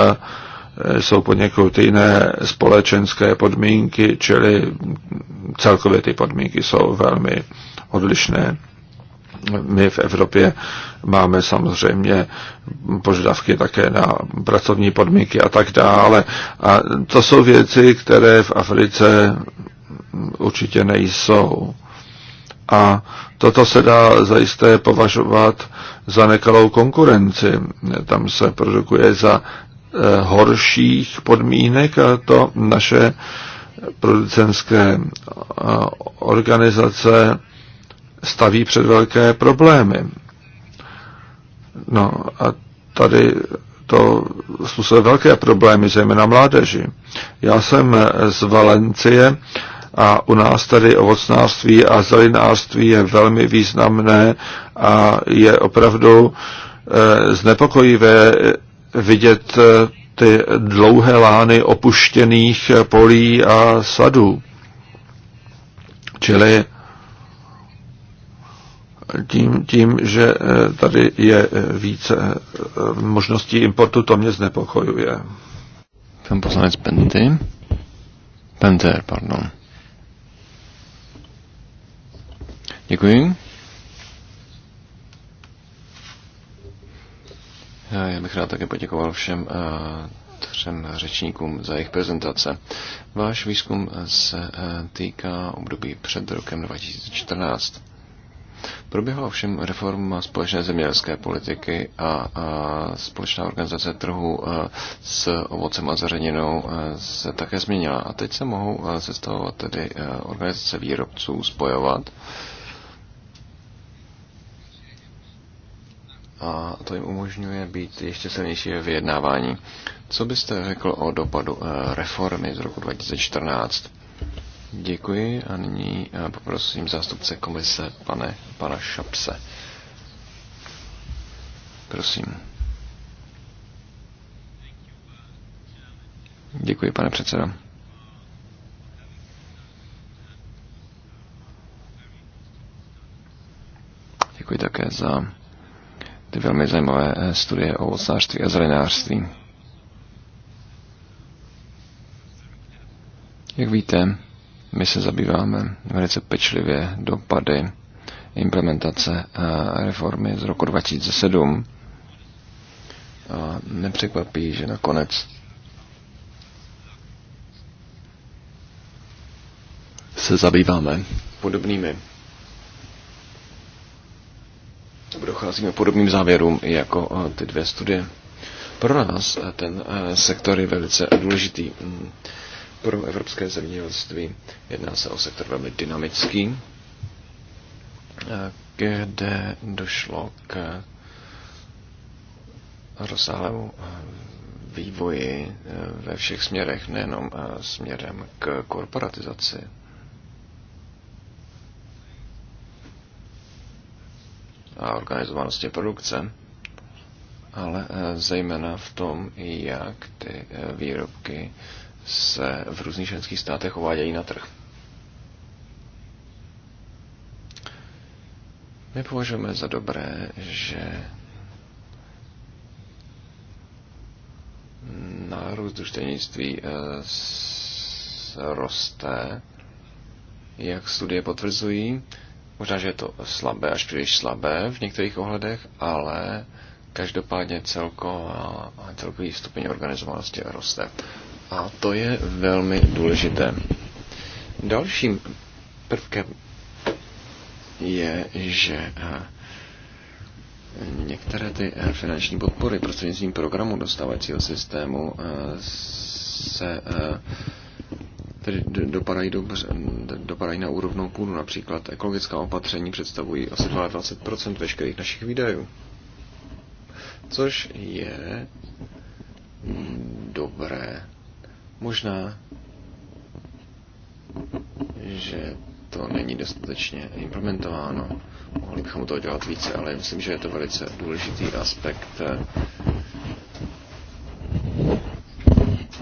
jsou poněkud jiné společenské podmínky, čili celkově ty podmínky jsou velmi odlišné my v Evropě máme samozřejmě požadavky také na pracovní podmínky a tak dále. A to jsou věci, které v Africe určitě nejsou. A toto se dá zajisté považovat za nekalou konkurenci. Tam se produkuje za eh, horších podmínek a to naše producenské eh, organizace staví před velké problémy. No a tady to způsobuje velké problémy, zejména mládeži. Já jsem z Valencie a u nás tady ovocnářství a zelinářství je velmi významné a je opravdu e, znepokojivé eh, vidět eh, ty dlouhé lány opuštěných polí a sadů. Čili tím, tím, že eh, tady je eh, více eh, možností importu, to mě znepokojuje. Pan poslanec Penty. Penter, pardon. Děkuji. Já bych rád také poděkoval všem třem řečníkům za jejich prezentace. Váš výzkum se týká období před rokem 2014. Proběhla ovšem reforma společné zemědělské politiky a, a společná organizace trhu s ovocem a zařeninou se také změnila. A teď se mohou sestavovat tedy organizace výrobců, spojovat. a to jim umožňuje být ještě silnější ve vyjednávání. Co byste řekl o dopadu e, reformy z roku 2014? Děkuji a nyní eh, poprosím zástupce komise, pane, pana Šapse. Prosím. Děkuji, pane předsedo. Děkuji také za ty velmi zajímavé eh, studie o ovocnářství a zelenářství. Jak víte, my se zabýváme velice pečlivě dopady implementace eh, reformy z roku 2007. A nepřekvapí, že nakonec se zabýváme podobnými docházíme podobným závěrům jako eh, ty dvě studie. Pro nás eh, ten sektor je velice důležitý. Mm pro evropské zemědělství. Jedná se o sektor velmi dynamický, kde došlo k rozsáhlému vývoji ve všech směrech, nejenom směrem k korporatizaci. a organizovanosti produkce, ale eh, zejména v tom, jak ty eh, výrobky se v různých ženských státech uvádějí na trh. My považujeme za dobré, že nárůst družstevnictví eh, roste, jak studie potvrzují. Možná, že je to slabé, až příliš slabé v některých ohledech, ale každopádně a celkový stupeň organizovanosti roste. A to je velmi důležité. Dalším prvkem je, že eh, některé ty eh, finanční podpory prostřednictvím programu dostávacího systému eh, se tedy dopadají, dobře, dopadají na úrovnou půdu. Například ekologická opatření představují asi 20% veškerých našich výdajů. Což je mm, dobré Možná, že to není dostatečně implementováno. Mohli bychom to dělat více, ale myslím, že je to velice důležitý aspekt eh,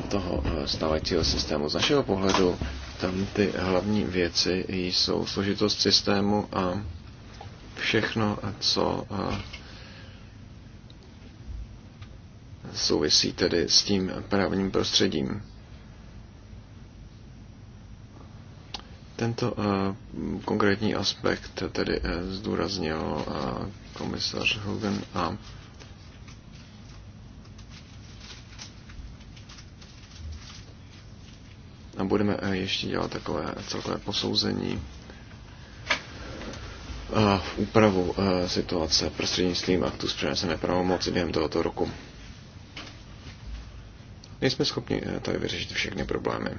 toho eh, stávajícího systému. Z našeho pohledu tam ty hlavní věci jsou složitost systému a všechno, co eh, souvisí tedy s tím právním prostředím. Tento eh, konkrétní aspekt tedy eh, zdůraznil eh, komisař Hogan a a budeme ještě dělat takové celkové posouzení a úpravu situace prostřednictvím aktu z přenesené pravomoci během tohoto roku. Nejsme schopni tady vyřešit všechny problémy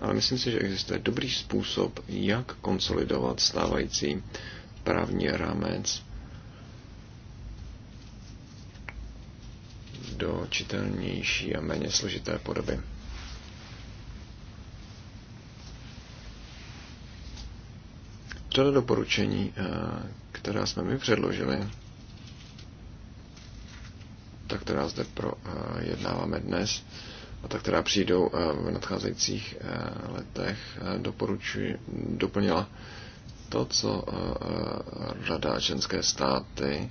ale myslím si, že existuje dobrý způsob, jak konsolidovat stávající právní rámec do čitelnější a méně složité podoby. Toto doporučení, eh, která jsme mi předložili, ta, která zde projednáváme dnes, a ta, která přijdou eh, v nadcházejících eh, letech, eh, doporučuji, doplnila to, co řada členské státy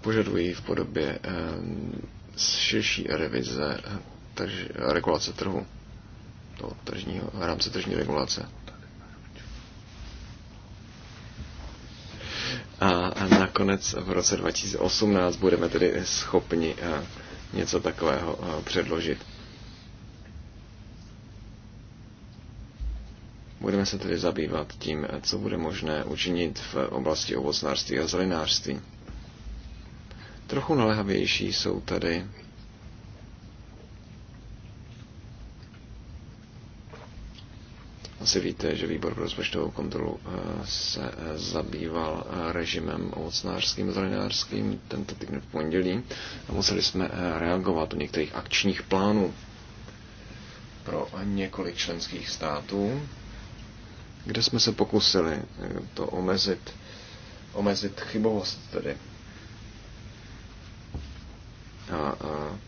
požadují v podobě širší revize takže regulace trhu, toho tržního, rámce tržní regulace. a nakonec v roce 2018 budeme tedy schopni něco takového předložit. Budeme se tedy zabývat tím, co bude možné učinit v oblasti ovocnářství a zelenářství. Trochu naléhavější jsou tady Asi víte, že výbor pro rozpočtovou kontrolu eh, se eh, zabýval eh, režimem ovocnářským a zelenářským tento týden v pondělí a museli jsme reagovat u některých akčních plánů pro několik členských států, kde jsme se pokusili to omezit, omezit chybovost tedy. A, a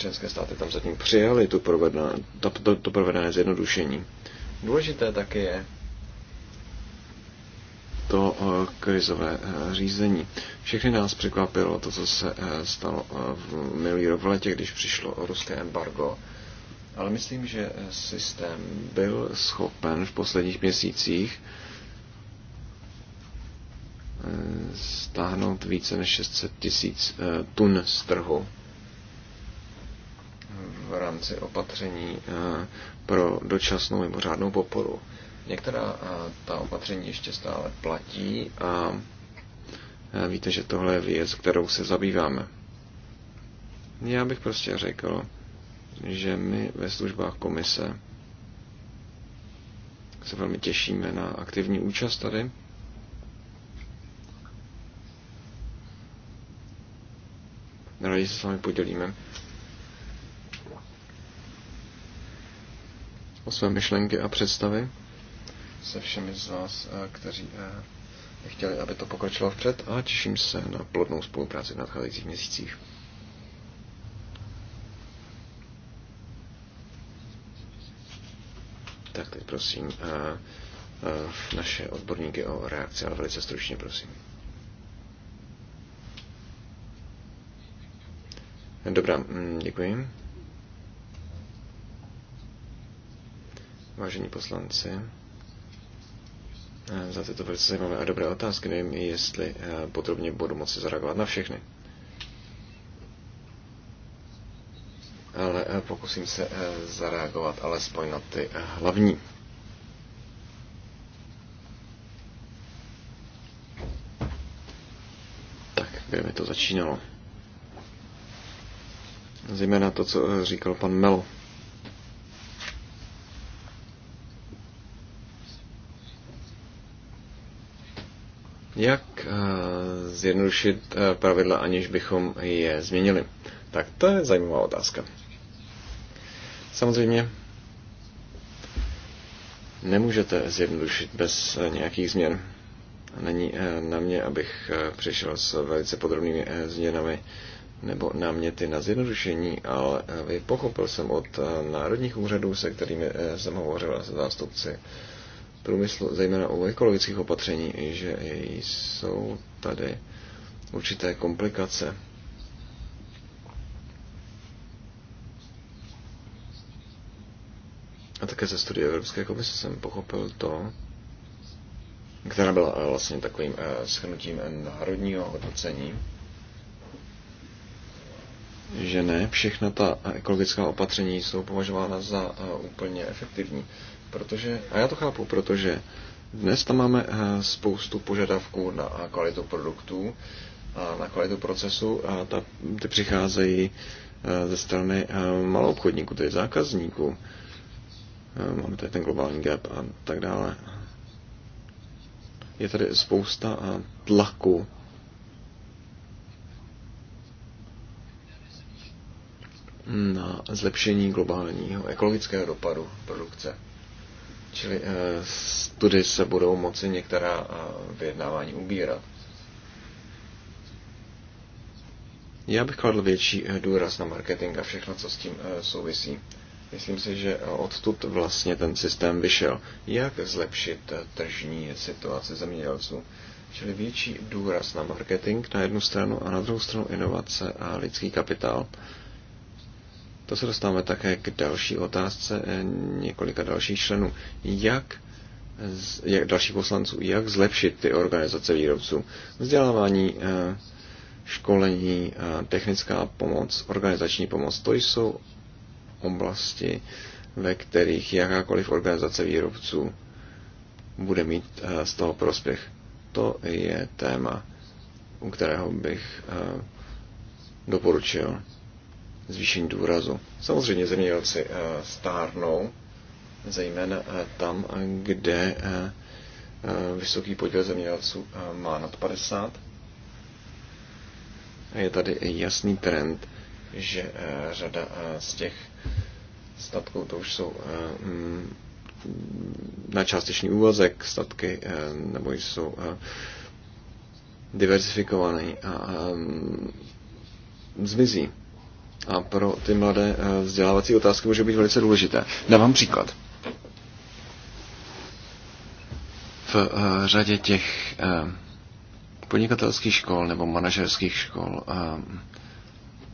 členské státy tam zatím přijali tu provedené, to, to, to provedené zjednodušení. Důležité také je to eh, krizové eh, řízení. Všechny nás překvapilo to, co se eh, stalo v minulý rok v letě, když přišlo ruské embargo. Ale myslím, že systém byl schopen v posledních měsících stáhnout více než 600 tisíc tun z trhu v rámci opatření eh, pro dočasnou mimořádnou poporu. Některá eh, ta opatření ještě stále platí a eh, víte, že tohle je věc, kterou se zabýváme. Já bych prostě řekl, že my ve službách komise se velmi těšíme na aktivní účast tady. Rádi se s vámi podělíme o své myšlenky a představy se všemi z vás, eh, kteří eh, chtěli, aby to pokročilo vpřed a těším se na plodnou spolupráci v nadcházejících měsících. Tak teď prosím eh, naše odborníky o reakci, ale velice stručně prosím. Dobrá, mm, děkuji. vážení poslanci, eh, za tyto velice zajímavé a dobré otázky. Nevím, jestli eh, podrobně budu moci zareagovat na všechny. Ale eh, pokusím se zareagovat alespoň na ty hlavní. Tak, kde mi to začínalo? Zejména to, co říkal pan Melo. Jak eh, zjednodušit eh, pravidla, aniž bychom je změnili? Tak to je zajímavá otázka. Samozřejmě nemůžete zjednodušit bez eh, nějakých změn. Není na mě, abych přišel s velice podrobnými změnami nebo náměty na zjednodušení, ale pochopil jsem od národních úřadů, se kterými jsem hovořil a se zástupci průmysl, zejména u ekologických opatření, že jsou tady určité komplikace. A také ze studie Evropské komise jsem pochopil to, která byla eh, vlastně takovým eh, schrnutím národního hodnocení, že ne všechna ta ekologická opatření jsou považována za eh, úplně efektivní. Protože, a já to chápu, protože dnes tam máme eh, spoustu požadavků na eh, kvalitu produktů a na kvalitu procesu a ta, ty přicházejí eh, ze strany malou obchodníků, tedy zákazníků. Máme tady ten globální gap a tak dále. Je tady spousta tlaku na zlepšení globálního ekologického dopadu produkce. Čili eh, tudy se budou moci některá eh, vyjednávání ubírat. Já bych kladl větší eh, důraz na marketing a všechno, co s tím souvisí. Myslím si, že odtud vlastně ten systém vyšel. Jak zlepšit tržní situaci zemědělců? Čili větší důraz na marketing na jednu stranu a na druhou stranu inovace a lidský kapitál. To se dostáváme také k další otázce eh, několika dalších členů. Jak jak dalších poslanců, jak zlepšit ty organizace výrobců. Vzdělávání, eh, školení, eh, technická pomoc, organizační pomoc, to jsou oblasti, ve kterých jakákoliv organizace výrobců bude mít z toho prospěch. To je téma, u kterého bych doporučil zvýšení důrazu. Samozřejmě zemědělci eh, stárnou, zejména eh, tam, kde eh, vysoký podíl zemědělců má nad 50. Je tady jasný trend, že řada z těch statků, to už jsou mm, na částečný úvazek statky, nebo jsou diversifikované a mm, zmizí. A pro ty mladé eh, vzdělávací otázky může být velice důležité. Dávám příklad. V eh, řadě těch eh, podnikatelských škol nebo manažerských škol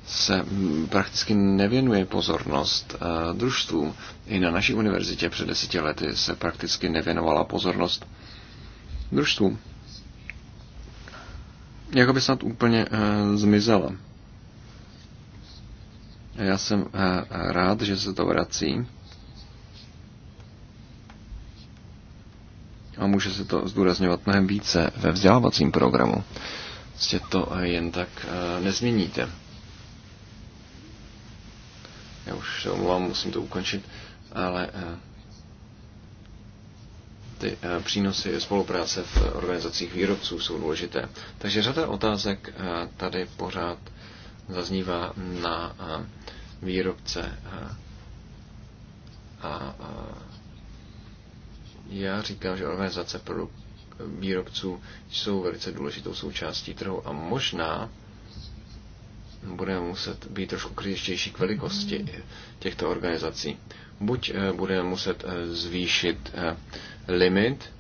se prakticky nevěnuje pozornost družstvům. I na naší univerzitě před deseti lety se prakticky nevěnovala pozornost družstvům. Jakoby snad úplně zmizela. Já jsem eh, rád, že se to vrací. A může se to zdůrazňovat mnohem více ve vzdělávacím programu. Prostě to eh, jen tak eh, nezměníte. Já už se omlouvám, musím to ukončit, ale ty přínosy spolupráce v organizacích výrobců jsou důležité. Takže řada otázek tady pořád zaznívá na eh, výrobce. Eh, a já říkám, že organizace pro výrobců jsou velice důležitou součástí trhu a možná budeme muset být trošku kritičtější k velikosti těchto organizací. Buď eh, budeme muset zvýšit limit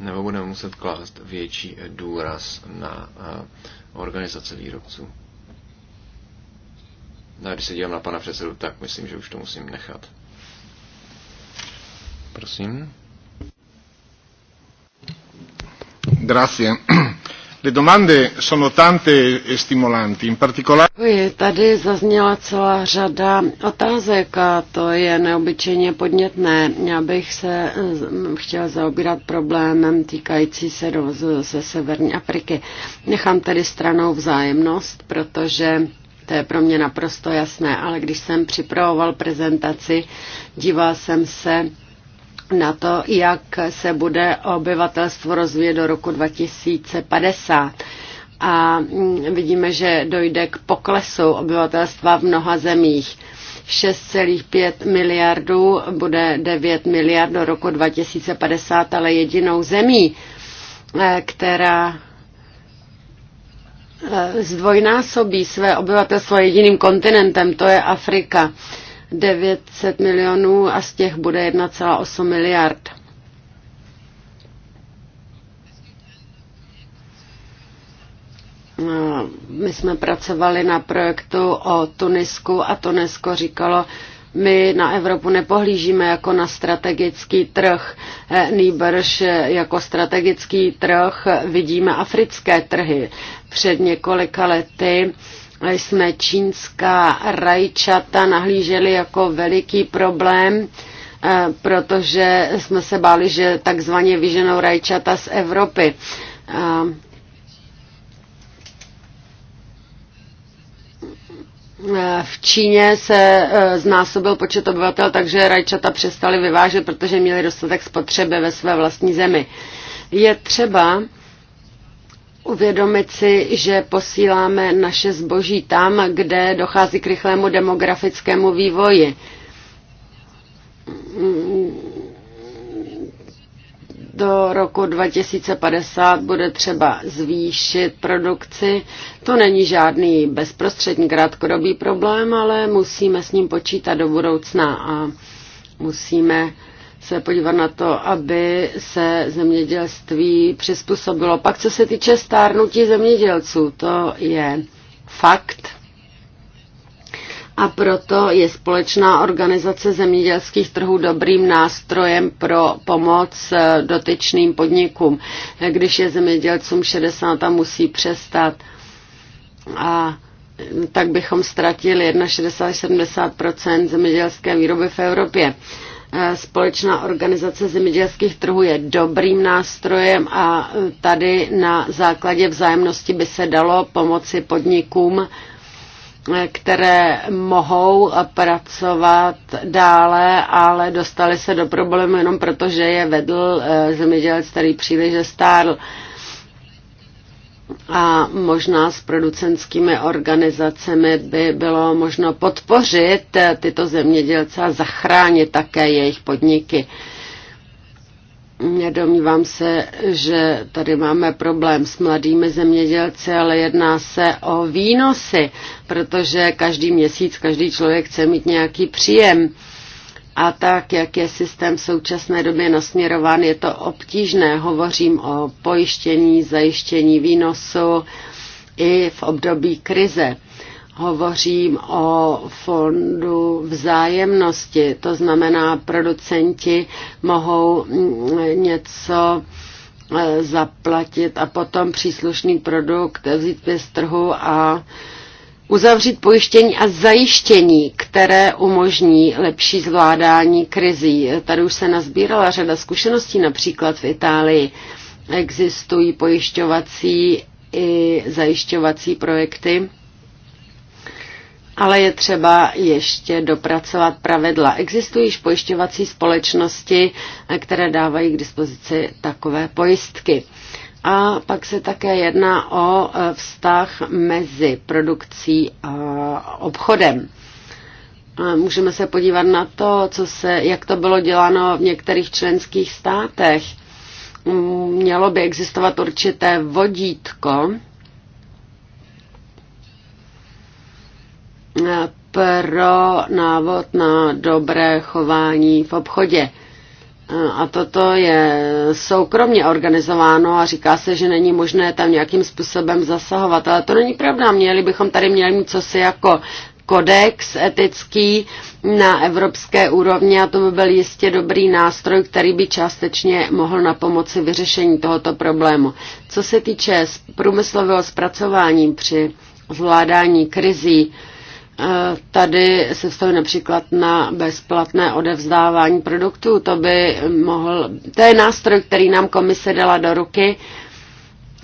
nebo budeme muset klást větší důraz na eh, organizace výrobců. No a když se dívám na pana předsedu, tak myslím, že už to musím nechat. Prosím. Gracias. Le domande sono tante e stimolanti, in particolare... Tady zazněla celá řada otázek a to je neobyčejně podnětné. Já bych se eh, chtěla zaobírat problémem týkající se do, ze Severní Afriky. Nechám tedy stranou vzájemnost, protože to je pro mě naprosto jasné, ale když jsem připravoval prezentaci, díval jsem se na to, jak se bude obyvatelstvo rozvíjet do roku 2050 a mm, vidíme, že dojde k poklesu obyvatelstva v mnoha zemích. 6,5 miliardů bude 9 miliard do roku 2050, ale jedinou zemí, eh, která eh, zdvojnásobí své obyvatelstvo jediným kontinentem, to je Afrika. 900 milionů a z těch bude 1,8 miliard. No, my jsme pracovali na projektu o Tunisku a Tunisko říkalo, my na Evropu nepohlížíme jako na strategický trh, eh, nýbrž eh, jako strategický trh vidíme africké trhy. Před několika lety jsme čínská rajčata nahlíželi jako veliký problém, eh, protože jsme se báli, že takzvaně vyženou rajčata z Evropy. Eh, v Číně se eh, znásobil počet obyvatel, takže rajčata přestali vyvážet, protože měli dostatek spotřeby ve své vlastní zemi. Je třeba Uvědomit si, že posíláme naše zboží tam, kde dochází k rychlému demografickému vývoji. Do roku 2050 bude třeba zvýšit produkci. To není žádný bezprostřední krátkodobý problém, ale musíme s ním počítat do budoucna a musíme se podívat na to, aby se zemědělství přizpůsobilo. Pak co se týče stárnutí zemědělců, to je fakt. A proto je společná organizace zemědělských trhů dobrým nástrojem pro pomoc eh, dotyčným podnikům, když je zemědělcům 60 a musí přestat. A tak bychom ztratili 61-70 zemědělské výroby v Evropě. Eh, společná organizace zemědělských trhů je dobrým nástrojem a eh, tady na základě vzájemnosti by se dalo pomoci podnikům, eh, které mohou pracovat dále, ale dostali se do problému jenom proto, že je vedl zemědělec, který příliš stárl a možná s producentskými organizacemi by bylo možno podpořit tyto zemědělce a zachránit také jejich podniky. Domnívám se, že tady máme problém s mladými zemědělci, ale jedná se o výnosy, protože každý měsíc každý člověk chce mít nějaký příjem a tak, jak je systém v současné době nasměrován, je to obtížné. Hovořím o pojištění, zajištění výnosu i v období krize. Hovořím o fondu vzájemnosti, to znamená, producenti mohou něco eh, zaplatit a potom příslušný produkt vzít z trhu a uzavřít pojištění a zajištění, které umožní lepší zvládání krizí. Tady už se nazbírala řada zkušeností, například v Itálii existují pojišťovací i zajišťovací projekty, ale je třeba ještě dopracovat pravidla. Existují již pojišťovací společnosti, které dávají k dispozici takové pojistky. A pak se také jedná o e, vztah mezi produkcí a obchodem. Můžeme se podívat na to, co se, jak to bylo děláno v některých členských státech. Mělo by existovat určité vodítko e, pro návod na dobré chování v obchodě. A toto je soukromně organizováno a říká se, že není možné tam nějakým způsobem zasahovat. Ale to není pravda. Měli bychom tady měli mít cosi jako kodex etický na evropské úrovni a to by byl jistě dobrý nástroj, který by částečně mohl na pomoci vyřešení tohoto problému. Co se týče průmyslového zpracování při zvládání krizí, Eh, tady se vztahuje například na bezplatné odevzdávání produktů. To by mohl, to je nástroj, který nám komise dala do ruky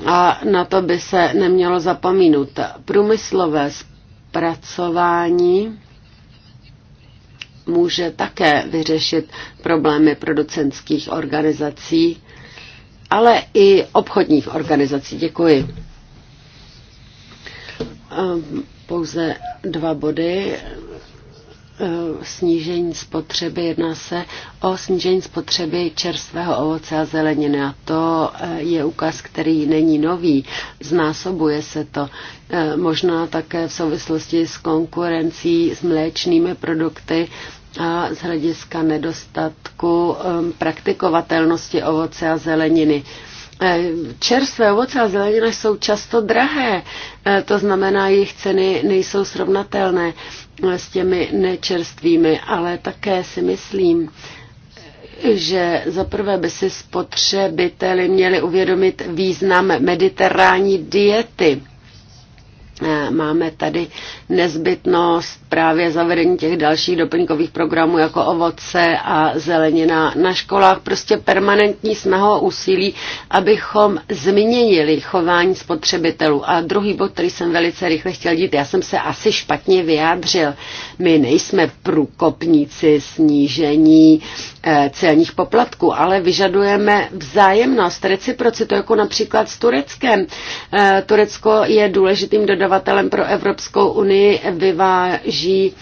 a na to by se nemělo zapomínat. Průmyslové zpracování může také vyřešit problémy producentských organizací, ale i obchodních organizací. Děkuji. Eh, pouze dva body eh, snížení spotřeby. Jedná se o snížení spotřeby čerstvého ovoce a zeleniny. A to eh, je ukaz, který není nový. Znásobuje se to. Možná také v souvislosti s konkurencí s mléčnými produkty a z hlediska nedostatku praktikovatelnosti ovoce a zeleniny. E, čerstvé ovoce a zelenina jsou často drahé, e, to znamená, jejich ceny nejsou srovnatelné e, s těmi nečerstvými, ale také si myslím, že zaprvé by si spotřebiteli měli uvědomit význam mediterální diety Eh, máme tady nezbytnost právě zavedení těch dalších doplňkových programů jako ovoce a zelenina na školách. Prostě permanentní snaha úsilí, abychom změnili chování spotřebitelů. A druhý bod, který jsem velice rychle chtěl dít, já jsem se asi špatně vyjádřil. My nejsme průkopníci snížení eh, celních poplatků, ale vyžadujeme vzájemnost, reciprocitu, jako například s Tureckem. Eh, Turecko je důležitým dodavatelem dodavatelem pro Evropskou unii vyváží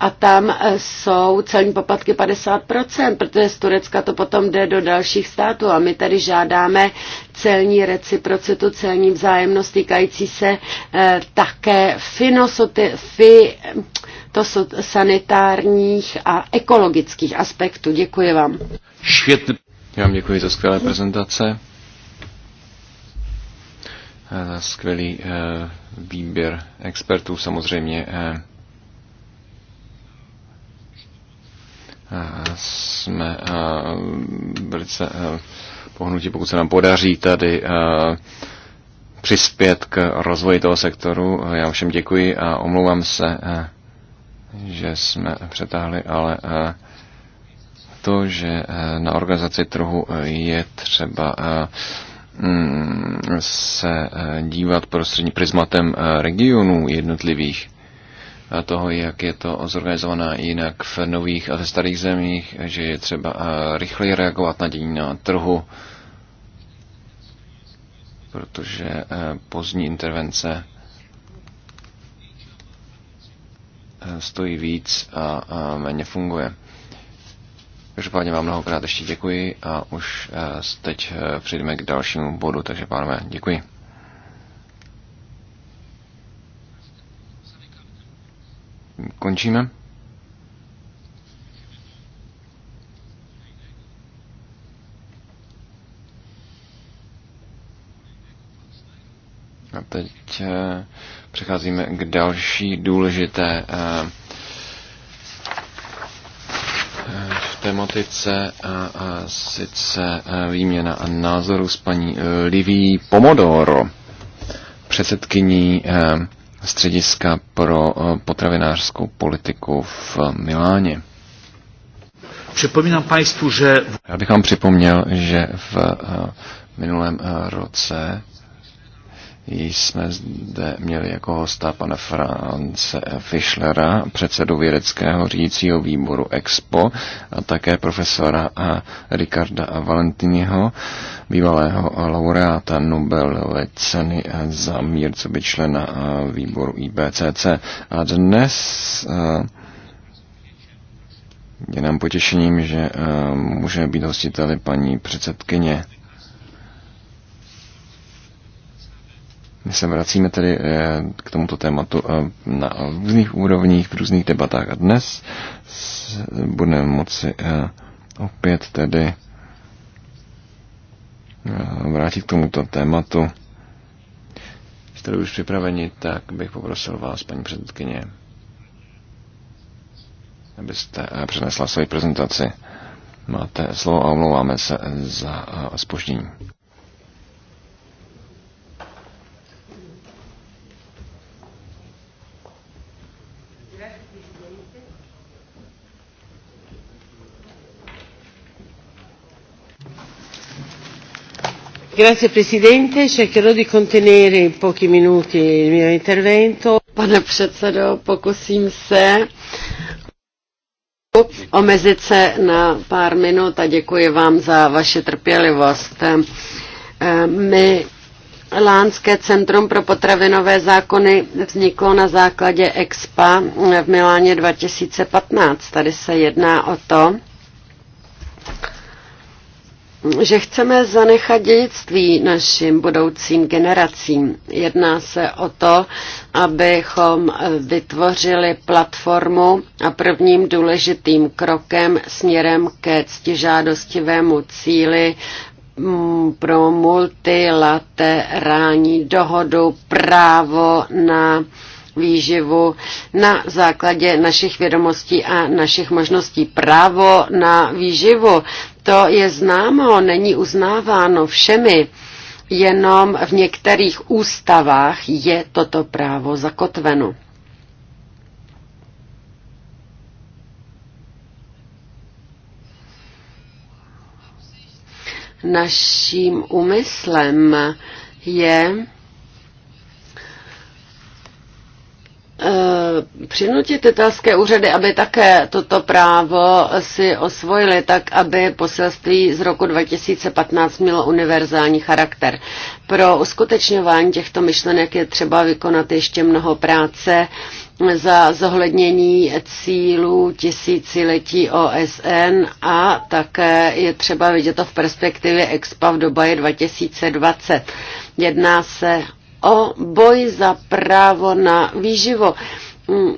a tam jsou celní poplatky 50%, protože z Turecka to potom jde do dalších států a my tady žádáme celní reciprocitu, celní vzájemnost týkající se eh, také finosoty, fi, to jsou sanitárních a ekologických aspektů. Děkuji vám. Švětný. Já vám děkuji za skvělé prezentace. Eh, skvělý eh, výběr expertů samozřejmě eh, jsme velice pohnutí, pokud se nám podaří tady přispět k rozvoji toho sektoru. Já všem děkuji a omlouvám se, že jsme přetáhli, ale to, že na organizaci trhu je třeba Mm, se eh, dívat prostřední prismatem eh, regionů jednotlivých a toho, jak je to zorganizované jinak v nových a ve starých zemích, že je třeba eh, rychleji reagovat na dění na trhu, protože pozdní intervence stojí víc a méně funguje. Každopádně vám mnohokrát ještě děkuji a už eh, teď eh, přejdeme k dalšímu bodu, takže pánové, děkuji. Končíme. A teď eh, přecházíme k další důležité tematice, a sice e, výměna názoru s paní e, Liví Pomodoro, předsedkyní e, Střediska pro potravinářskou politiku v Miláně. Připomínám Państwu, že... Já bych vám připomněl, že v minulém roce jsme zde měli jako hosta pana France Fischlera, předsedu vědeckého řídícího výboru Expo a také profesora a Ricarda a Valentiniho, bývalého laureáta Nobelové ceny za mír, co by člena výboru IBCC. A dnes je nám potěšením, že můžeme být hostiteli paní předsedkyně My se vracíme tedy eh, k tomuto tématu eh, na eh, různých úrovních, v různých debatách a dnes budeme moci opět tedy vrátit k tomuto tématu. Jste už připraveni, tak bych poprosil vás, paní předsedkyně, abyste přenesla svoji prezentaci. Máte slovo a omlouváme se za spoždění. Grazie Presidente, cercherò di contenere in pochi minuti il mio intervento. Pane předsedo, pokusím se omezit se na pár minut a děkuji vám za vaši trpělivost. Eh, my Lánské centrum pro potravinové zákony vzniklo na základě EXPA v Miláně 2015. Tady se jedná o to, že chceme zanechat dědictví našim budoucím generacím. Jedná se o to, abychom vytvořili platformu a prvním důležitým krokem směrem ke ctižádostivému cíli mm, pro multilaterální dohodu právo na výživu na základě našich vědomostí a našich možností. Právo na výživu to je známo, není uznáváno všemi, jenom v některých ústavách je toto právo zakotveno. Naším úmyslem je Eh, přinutit italské úřady, aby také toto právo si osvojili tak, aby poselství z roku 2015 mělo univerzální charakter. Pro uskutečňování těchto myšlenek je třeba vykonat ještě mnoho práce za zohlednění cílů tisíciletí OSN a také je třeba vidět to v perspektivě EXPA v dobaje 2020. Jedná se o boj za právo na výživo mm,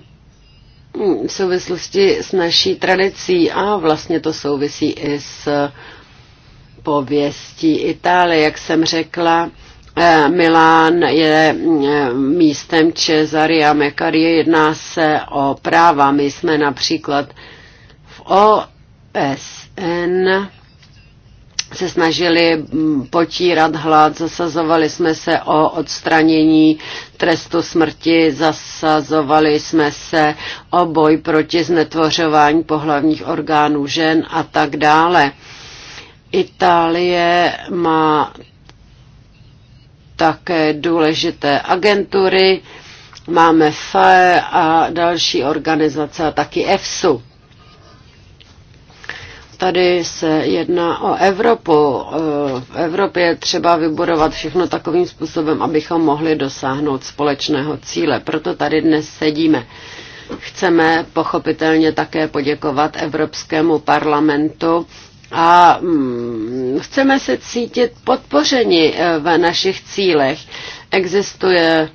mm, v souvislosti s naší tradicí a vlastně to souvisí i s pověstí Itálie. Jak jsem řekla, eh, Milán je mm, místem a Mekarie, jedná se o práva. My jsme například v OSN se snažili mm, potírat hlad, zasazovali jsme se o odstranění trestu smrti, zasazovali jsme se o boj proti znetvořování pohlavních orgánů žen a tak dále. Itálie má také důležité agentury, máme FAE a další organizace a taky EFSU. Tady se jedná o Evropu. Eh, v Evropě je třeba vybudovat všechno takovým způsobem, abychom mohli dosáhnout společného cíle. Proto tady dnes sedíme. Chceme pochopitelně také poděkovat Evropskému parlamentu a mm, chceme se cítit podpořeni eh, v našich cílech. Existuje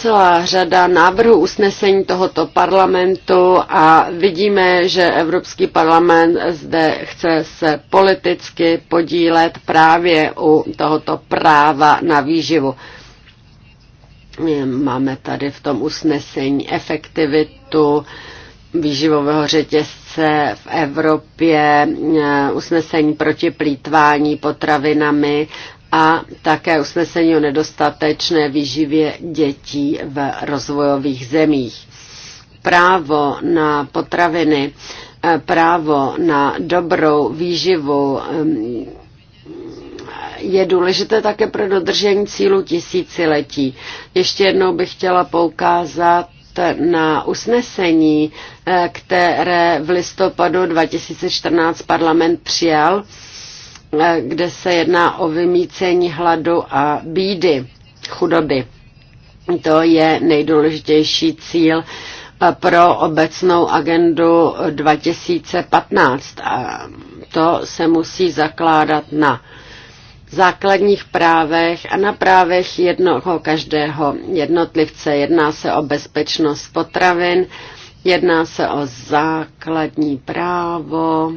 celá řada návrhů usnesení tohoto parlamentu a vidíme, že Evropský parlament zde chce se politicky podílet právě u tohoto práva na výživu. Máme tady v tom usnesení efektivitu výživového řetězce v Evropě, usnesení proti plítvání potravinami a také usnesení o nedostatečné výživě dětí v rozvojových zemích. Právo na potraviny, eh, právo na dobrou výživu eh, je důležité také pro dodržení cílu tisíciletí. Ještě jednou bych chtěla poukázat na usnesení, eh, které v listopadu 2014 parlament přijal Eh, kde se jedná o vymícení hladu a bídy, chudoby. To je nejdůležitější cíl eh, pro obecnou agendu 2015. A to se musí zakládat na základních právech a na právech jednoho každého jednotlivce. Jedná se o bezpečnost potravin, jedná se o základní právo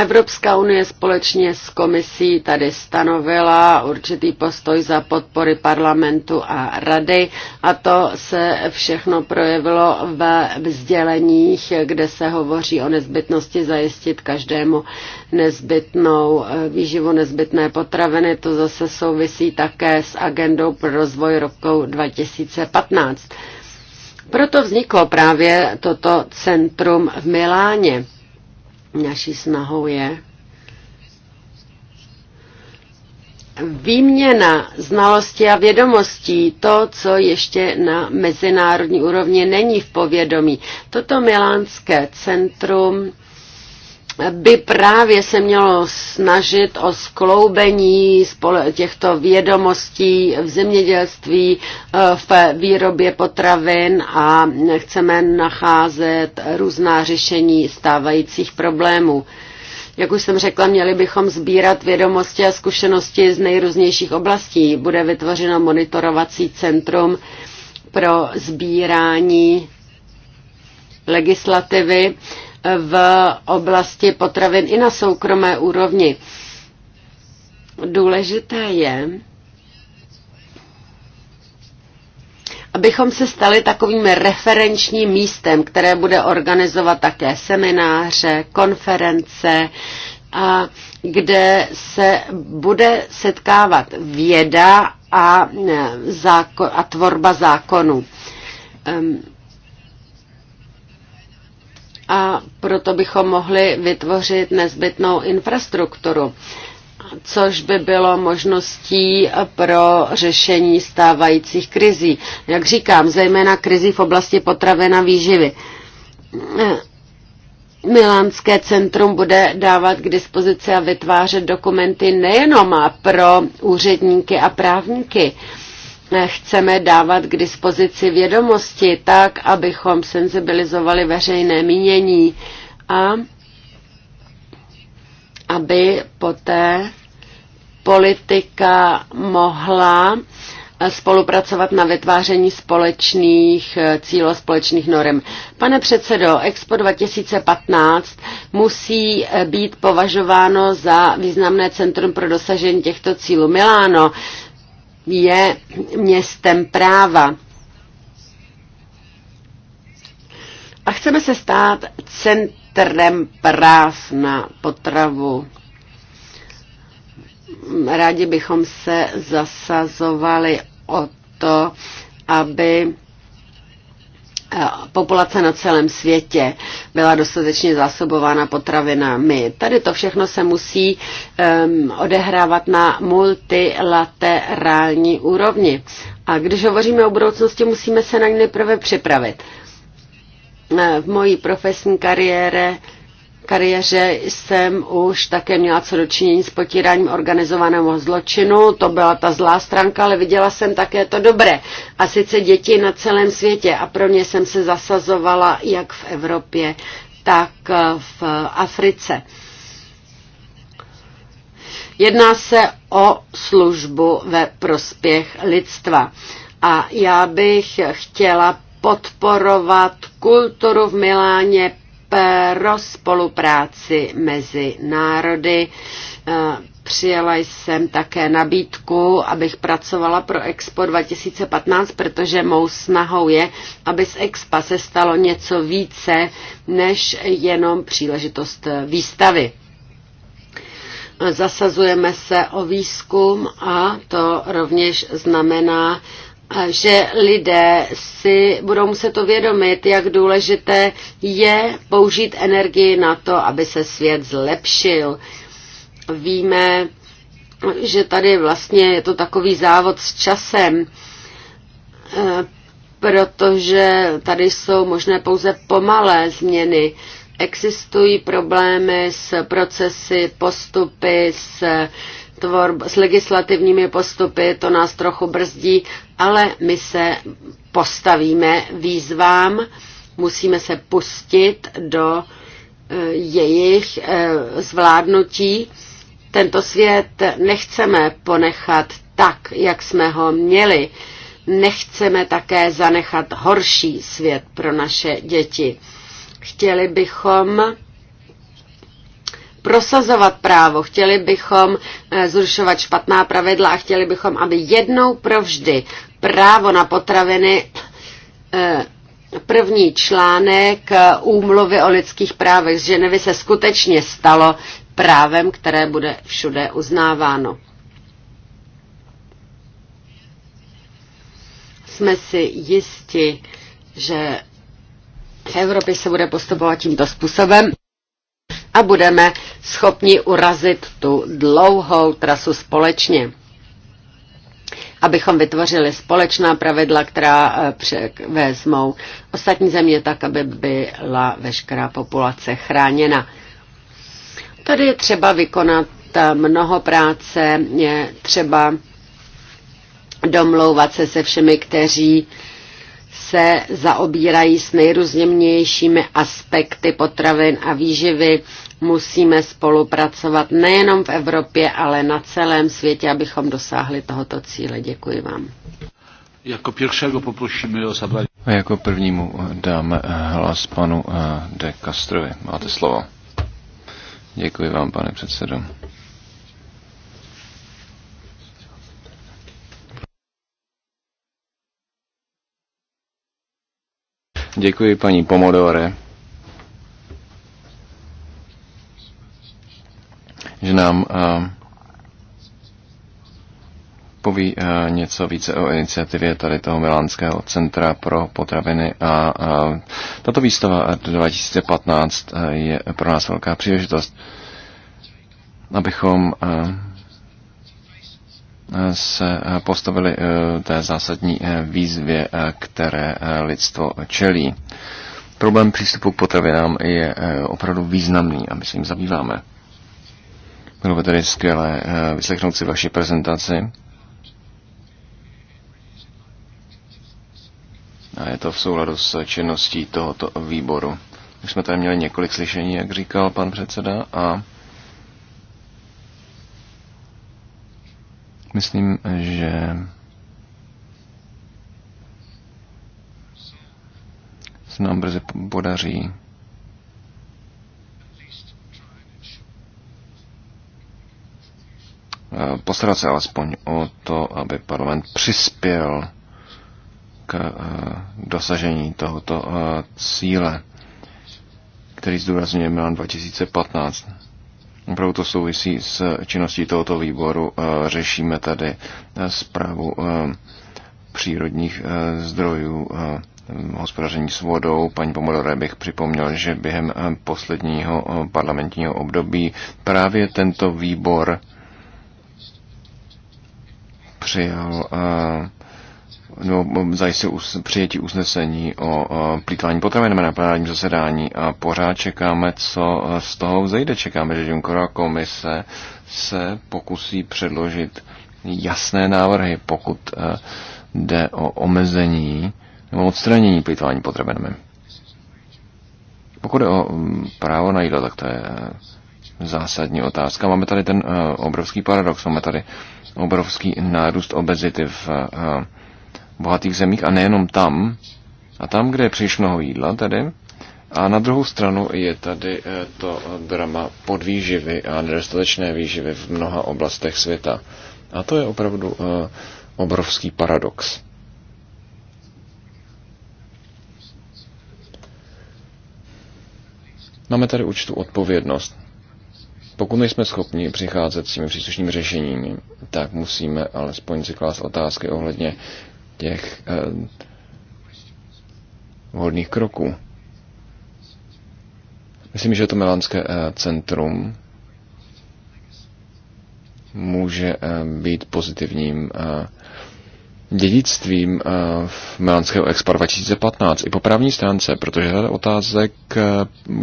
Evropská unie společně s komisí tady stanovila určitý postoj za podpory parlamentu a rady a to se všechno projevilo ve vzděleních, kde se hovoří o nezbytnosti zajistit každému nezbytnou eh, výživu, nezbytné potraviny. To zase souvisí také s agendou pro rozvoj roku 2015. Proto vzniklo právě toto centrum v Miláně Naší snahou je výměna znalostí a vědomostí, to, co ještě na mezinárodní úrovni není v povědomí. Toto Milánské centrum by právě se mělo snažit o skloubení těchto vědomostí v zemědělství, eh, v výrobě potravin a chceme nacházet různá řešení stávajících problémů. Jak už jsem řekla, měli bychom sbírat vědomosti a zkušenosti z nejrůznějších oblastí. Bude vytvořeno monitorovací centrum pro sbírání legislativy v oblasti potravin i na soukromé úrovni. Důležité je, abychom se stali takovým referenčním místem, které bude organizovat také semináře, konference, a kde se bude setkávat věda a, e, a tvorba zákonů a proto bychom mohli vytvořit nezbytnou infrastrukturu což by bylo možností pro řešení stávajících krizí. Jak říkám, zejména krizí v oblasti potravin a výživy. Milánské centrum bude dávat k dispozici a vytvářet dokumenty nejenom pro úředníky a právníky, chceme dávat k dispozici vědomosti tak, abychom senzibilizovali veřejné mínění a aby poté politika mohla spolupracovat na vytváření společných eh, cílů, společných norm. Pane předsedo, Expo 2015 musí eh, být považováno za významné centrum pro dosažení těchto cílů. Miláno je městem práva. A chceme se stát centrem práv na potravu. Rádi bychom se zasazovali o to, aby Eh, populace na celém světě byla dostatečně zásobována potravinami. Tady to všechno se musí um, odehrávat na multilaterální úrovni. A když hovoříme o budoucnosti, musíme se na ně nejprve připravit. Eh, v mojí profesní kariére kariéře jsem už také měla co dočinění s potíráním organizovaného zločinu, to byla ta zlá stránka, ale viděla jsem také to dobré. A sice děti na celém světě a pro ně jsem se zasazovala jak v Evropě, tak v Africe. Jedná se o službu ve prospěch lidstva. A já bych chtěla podporovat kulturu v Miláně pro spolupráci mezi národy. E, přijela jsem také nabídku, abych pracovala pro Expo 2015, protože mou snahou je, aby z Expa se stalo něco více než jenom příležitost výstavy zasazujeme se o výzkum a to rovněž znamená že lidé si budou muset uvědomit, jak důležité je použít energii na to, aby se svět zlepšil. Víme, že tady vlastně je to takový závod s časem, eh, protože tady jsou možné pouze pomalé změny. Existují problémy s procesy, postupy, s tvorb, s legislativními postupy, to nás trochu brzdí, ale my se postavíme výzvám, musíme se pustit do eh, jejich eh, zvládnutí. Tento svět nechceme ponechat tak, jak jsme ho měli. Nechceme také zanechat horší svět pro naše děti. Chtěli bychom prosazovat právo, chtěli bychom eh, zrušovat špatná pravidla a chtěli bychom, aby jednou provždy právo na potraviny eh, první článek eh, úmluvy o lidských právech z Ženevy se skutečně stalo právem, které bude všude uznáváno. Jsme si jisti, že v Evropě se bude postupovat tímto způsobem a budeme schopni urazit tu dlouhou trasu společně abychom vytvořili společná pravidla, která eh, vezmou ostatní země tak, aby byla veškerá populace chráněna. Tady je třeba vykonat eh, mnoho práce, je třeba domlouvat se se všemi, kteří se zaobírají s nejrůznějšími aspekty potravin a výživy. Musíme spolupracovat nejenom v Evropě, ale na celém světě, abychom dosáhli tohoto cíle. Děkuji vám. Jako prvního poprosíme o zabraní. A jako prvnímu dáme eh, hlas panu eh, De Castrovi. Máte slovo. Děkuji vám, pane předsedo. Děkuji paní Pomodore, že nám uh, poví uh, něco více o iniciativě tady toho Milánského centra pro potraviny a uh, tato výstava 2015 je pro nás velká příležitost, abychom uh, se eh, postavili eh, té zásadní eh, výzvě, které lidstvo čelí. Problém přístupu k potravinám je opravdu významný a my se jim zabýváme. Bylo by tedy skvělé vyslechnout si vaši prezentaci. A je to v souladu s činností tohoto výboru. Už jsme tady měli několik slyšení, jak říkal pan předseda, a myslím, že se nám brzy podaří postarat se alespoň o to, aby parlament přispěl k eh, dosažení tohoto eh, cíle, který zdůrazňuje Milan 2015. Opravdu to souvisí s činností tohoto výboru. Eh, řešíme tady zprávu eh, eh, přírodních zdrojů hospodaření s vodou. Paní Pomodore bych připomněl, že během posledního parlamentního období právě tento výbor přijal nebo zajistil us, přijetí usnesení o, o plítvání potravinami na plenárním zasedání a pořád čekáme, co e, z toho vzejde. Čekáme, že Junckerova komise se pokusí předložit jasné návrhy, pokud e, jde o omezení nebo odstranění plítvání potravinami. Pokud jde o právo na jídlo, tak to je e, zásadní otázka. Máme tady ten obrovský paradox, máme tady obrovský nárůst obezity v bohatých zemích a nejenom tam. A tam, kde je příliš mnoho jídla tady. A na druhou stranu je tady eh, to drama podvýživy a nedostatečné výživy v mnoha oblastech světa. A to je opravdu eh, obrovský paradox. Máme tady určitou odpovědnost. Pokud nejsme schopni přicházet s těmi příslušnými řešeními, tak musíme alespoň si klást otázky ohledně těch eh, vhodných kroků. Myslím, že to Milánské eh, centrum může eh, být pozitivním dědictvím v Milánského Expo 2015 i po právní stránce, protože řada otázek,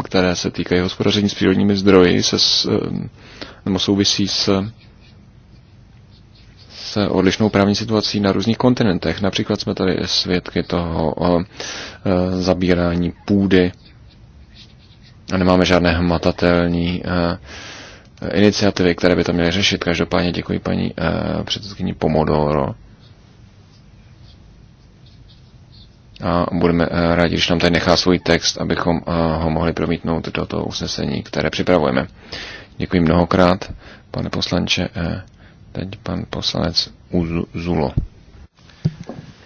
které se týkají hospodaření s přírodními zdroji, se s, nebo souvisí s se odlišnou právní situací na různých kontinentech. Například jsme tady svědky toho o e, zabírání půdy a nemáme žádné hmatatelní e, iniciativy, které by to měly řešit. Každopádně děkuji paní e, předsedkyni Pomodoro. a budeme rádi, když nám tady nechá svůj text, abychom ho mohli promítnout do toho usnesení, které připravujeme. Děkuji mnohokrát, pane poslanče teď pan poslanec Zulo.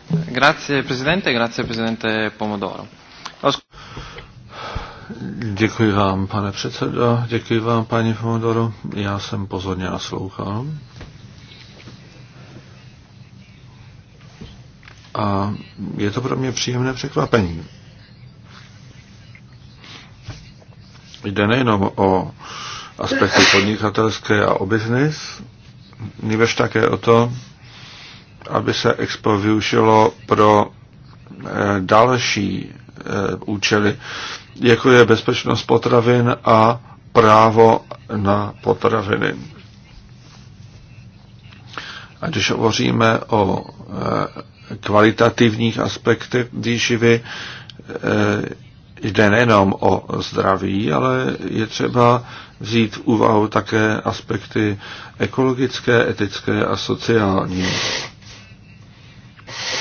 Grazie prezidente, grazie prezidente Pomodoro. Děkuji vám, pane předsedo, děkuji vám, paní Pomodoro. Já jsem pozorně naslouchal. A je to pro mě příjemné překvapení. Jde nejenom o aspekty podnikatelské a o biznis, Nýbrž také o to, aby se Expo využilo pro eh, další eh, účely, jako je bezpečnost potravin a právo na potraviny. A když hovoříme o eh, kvalitativních aspektech výživy, jde nejenom o zdraví, ale je třeba vzít v úvahu také aspekty ekologické, etické a sociální.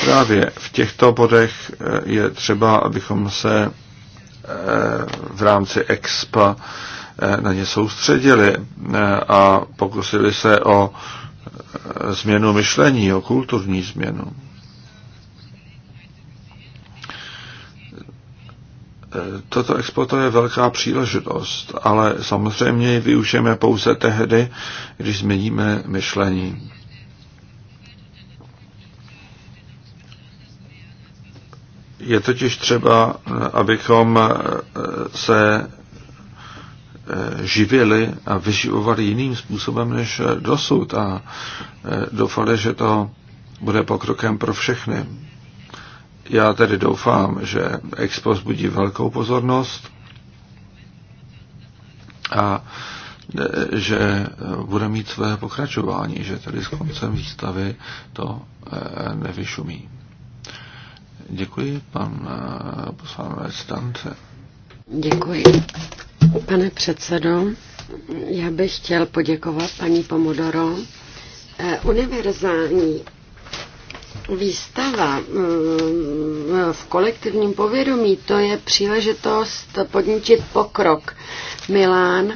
Právě v těchto bodech eh, je třeba, abychom se eh, v rámci EXPA eh, na ně soustředili a pokusili se o změnu myšlení, o kulturní změnu. toto exporto je velká příležitost, ale samozřejmě ji využijeme pouze tehdy, když změníme myšlení. Je totiž třeba, abychom se eh, živili a vyživovali jiným způsobem než dosud a eh, doufali, že to bude pokrokem pro všechny. Já tedy doufám, že Expo budí velkou pozornost a e, že bude mít své pokračování, že tedy s koncem výstavy to e, nevyšumí. Děkuji, pan e, poslanec Dante. Děkuji. Pane předsedo, já bych chtěl poděkovat paní Pomodoro. Univerzální Výstava mm, v kolektivním povědomí, to je příležitost podnítit pokrok. Milán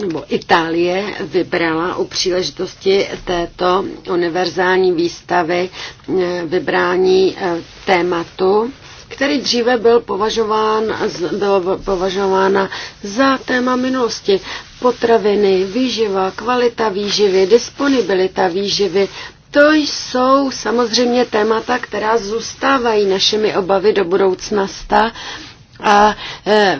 nebo Itálie vybrala u příležitosti této univerzální výstavy mm, vybrání e, tématu, který dříve byl považován, byl považována za téma minulosti. Potraviny, výživa, kvalita výživy, disponibilita výživy, to jsou samozřejmě témata, která zůstávají našimi obavy do sta. a e,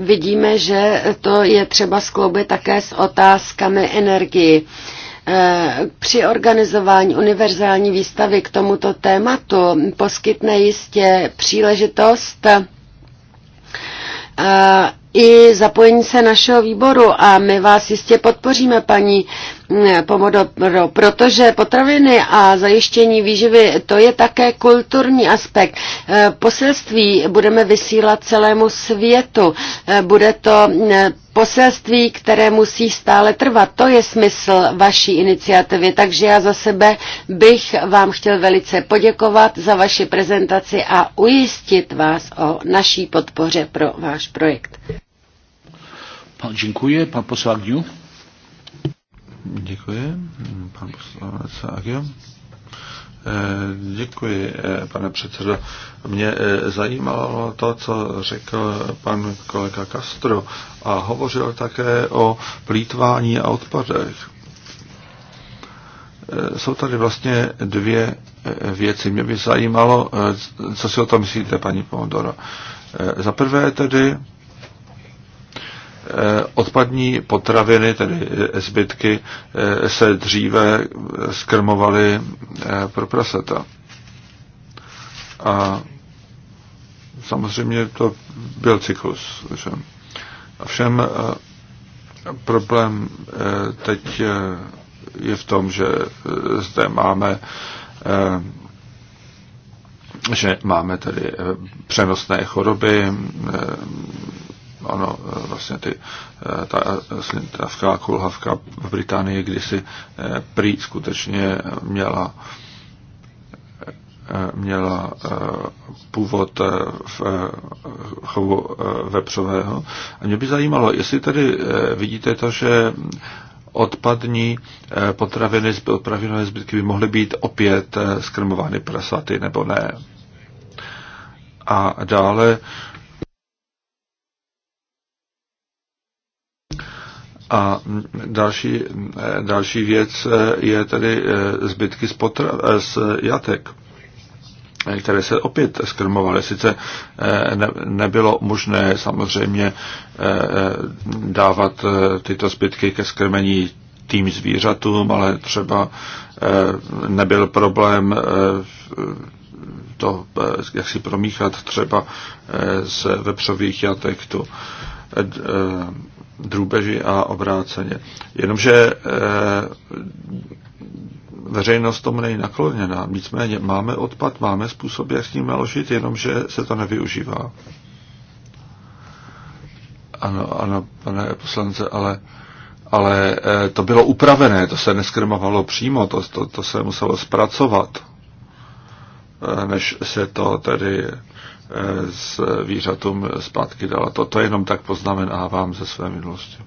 vidíme, že to je třeba skloubit také s otázkami energii. E, při organizování univerzální výstavy k tomuto tématu poskytne jistě příležitost e, i zapojení se našeho výboru a my vás jistě podpoříme, paní Pomodoro, protože potraviny a zajištění výživy, to je také kulturní aspekt. E, poselství budeme vysílat celému světu. E, bude to e, poselství, které musí stále trvat. To je smysl vaší iniciativy. Takže já za sebe bych vám chtěl velice poděkovat za vaši prezentaci a ujistit vás o naší podpoře pro váš projekt. Děkuji, pan poslanec Děkuji, pan poslanec Agio. Eh, děkuji, eh, pane předsedo. Mě eh, zajímalo to, co řekl pan kolega Castro a hovořil také o plítvání a odpadech. Jsou tady vlastně dvě věci. Mě by zajímalo, co si o tom myslíte, paní Pomodoro. Za prvé tedy Eh, odpadní potraviny, tedy eh, zbytky, eh, se dříve skrmovaly pro prasata. A samozřejmě to byl cyklus. Všem. Ovšem problém teď je v tom, že zde máme že máme tedy přenosné choroby, ano, eh, vlastně ty, eh, ta eh, slintavská vlastně kulhavka v Británii kdysi prý skutečně měla měla původ v chovu vepřového. A mě by zajímalo, jestli tady vidíte to, že odpadní potraviny, potravinové zbytky by mohly být opět skrmovány prasaty, nebo ne. A dále A další, další věc eh, je tedy eh, zbytky z, potra- eh, z jatek které se opět skrmovaly. Sice ne, nebylo možné samozřejmě dávat tyto zbytky ke skrmení tým zvířatům, ale třeba nebyl problém to, jak si promíchat třeba z vepřových jatek tu drůbeži a obráceně. Jenomže eh, veřejnost tomu není nakloněná. Nicméně máme odpad, máme způsob, jak s ním naložit, jenomže se to nevyužívá. Ano, ano, pane poslance, ale, ale eh, to bylo upravené, to se neskrmovalo přímo, to, to, to se muselo zpracovat, eh, než se to tedy s výřatům zpátky dala. To, to jenom tak poznamenávám ze své minulosti.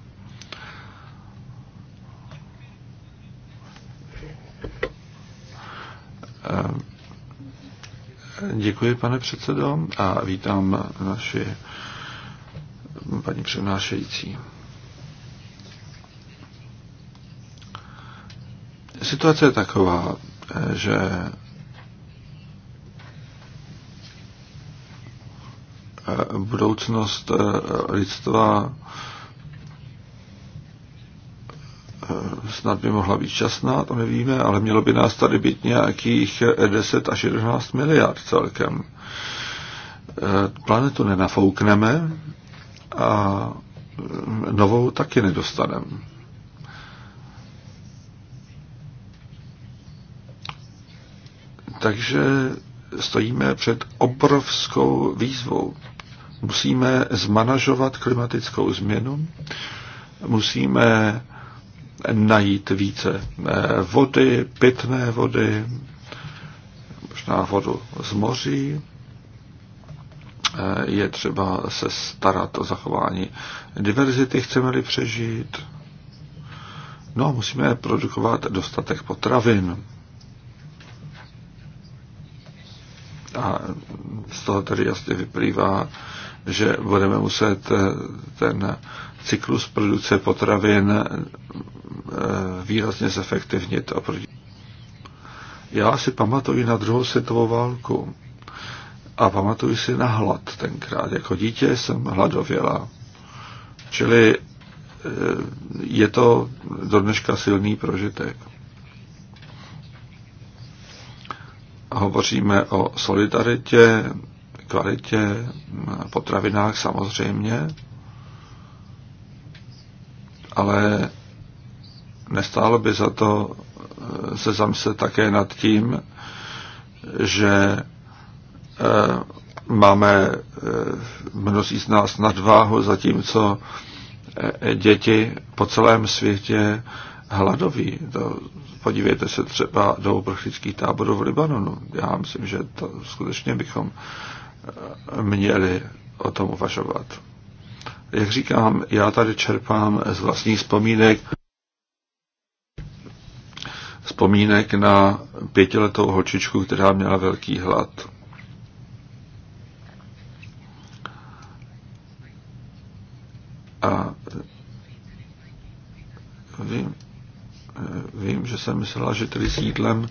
Eh, děkuji, pane předsedo, a vítám naši paní přednášející. Situace je taková, eh, že budoucnost eh, lidstva eh, snad by mohla být šťastná, to nevíme, ale mělo by nás tady být nějakých 10 až 11 miliard celkem. Eh, planetu nenafoukneme a novou taky nedostaneme. Takže stojíme před obrovskou výzvou. Musíme zmanažovat klimatickou změnu, musíme najít více eh, vody, pitné vody, možná vodu z moří. Eh, je třeba se starat o zachování diverzity, chceme-li přežít. No a musíme produkovat dostatek potravin. A z toho tedy jasně vyplývá, že budeme muset eh, ten cyklus produkce potravin eh, výrazně zefektivnit. Já si pamatuju na druhou světovou válku a pamatuju si na hlad tenkrát. Jako dítě jsem hladověla. Čili eh, je to do dneška silný prožitek. Hovoříme o solidaritě, kvalitě potravinách samozřejmě, ale nestálo by za to eh, se zamyslet také nad tím, že eh, máme eh, mnozí z nás nadváhu, zatímco děti po celém světě hladoví. To, podívejte se třeba do uprchlických táborů v Libanonu. Já myslím, že to skutečně bychom měli o tom uvažovat. Jak říkám, já tady čerpám z vlastních vzpomínek vzpomínek na pětiletou holčičku, která měla velký hlad. A vím, Eh, vím, že jsem myslela, že tedy s jídlem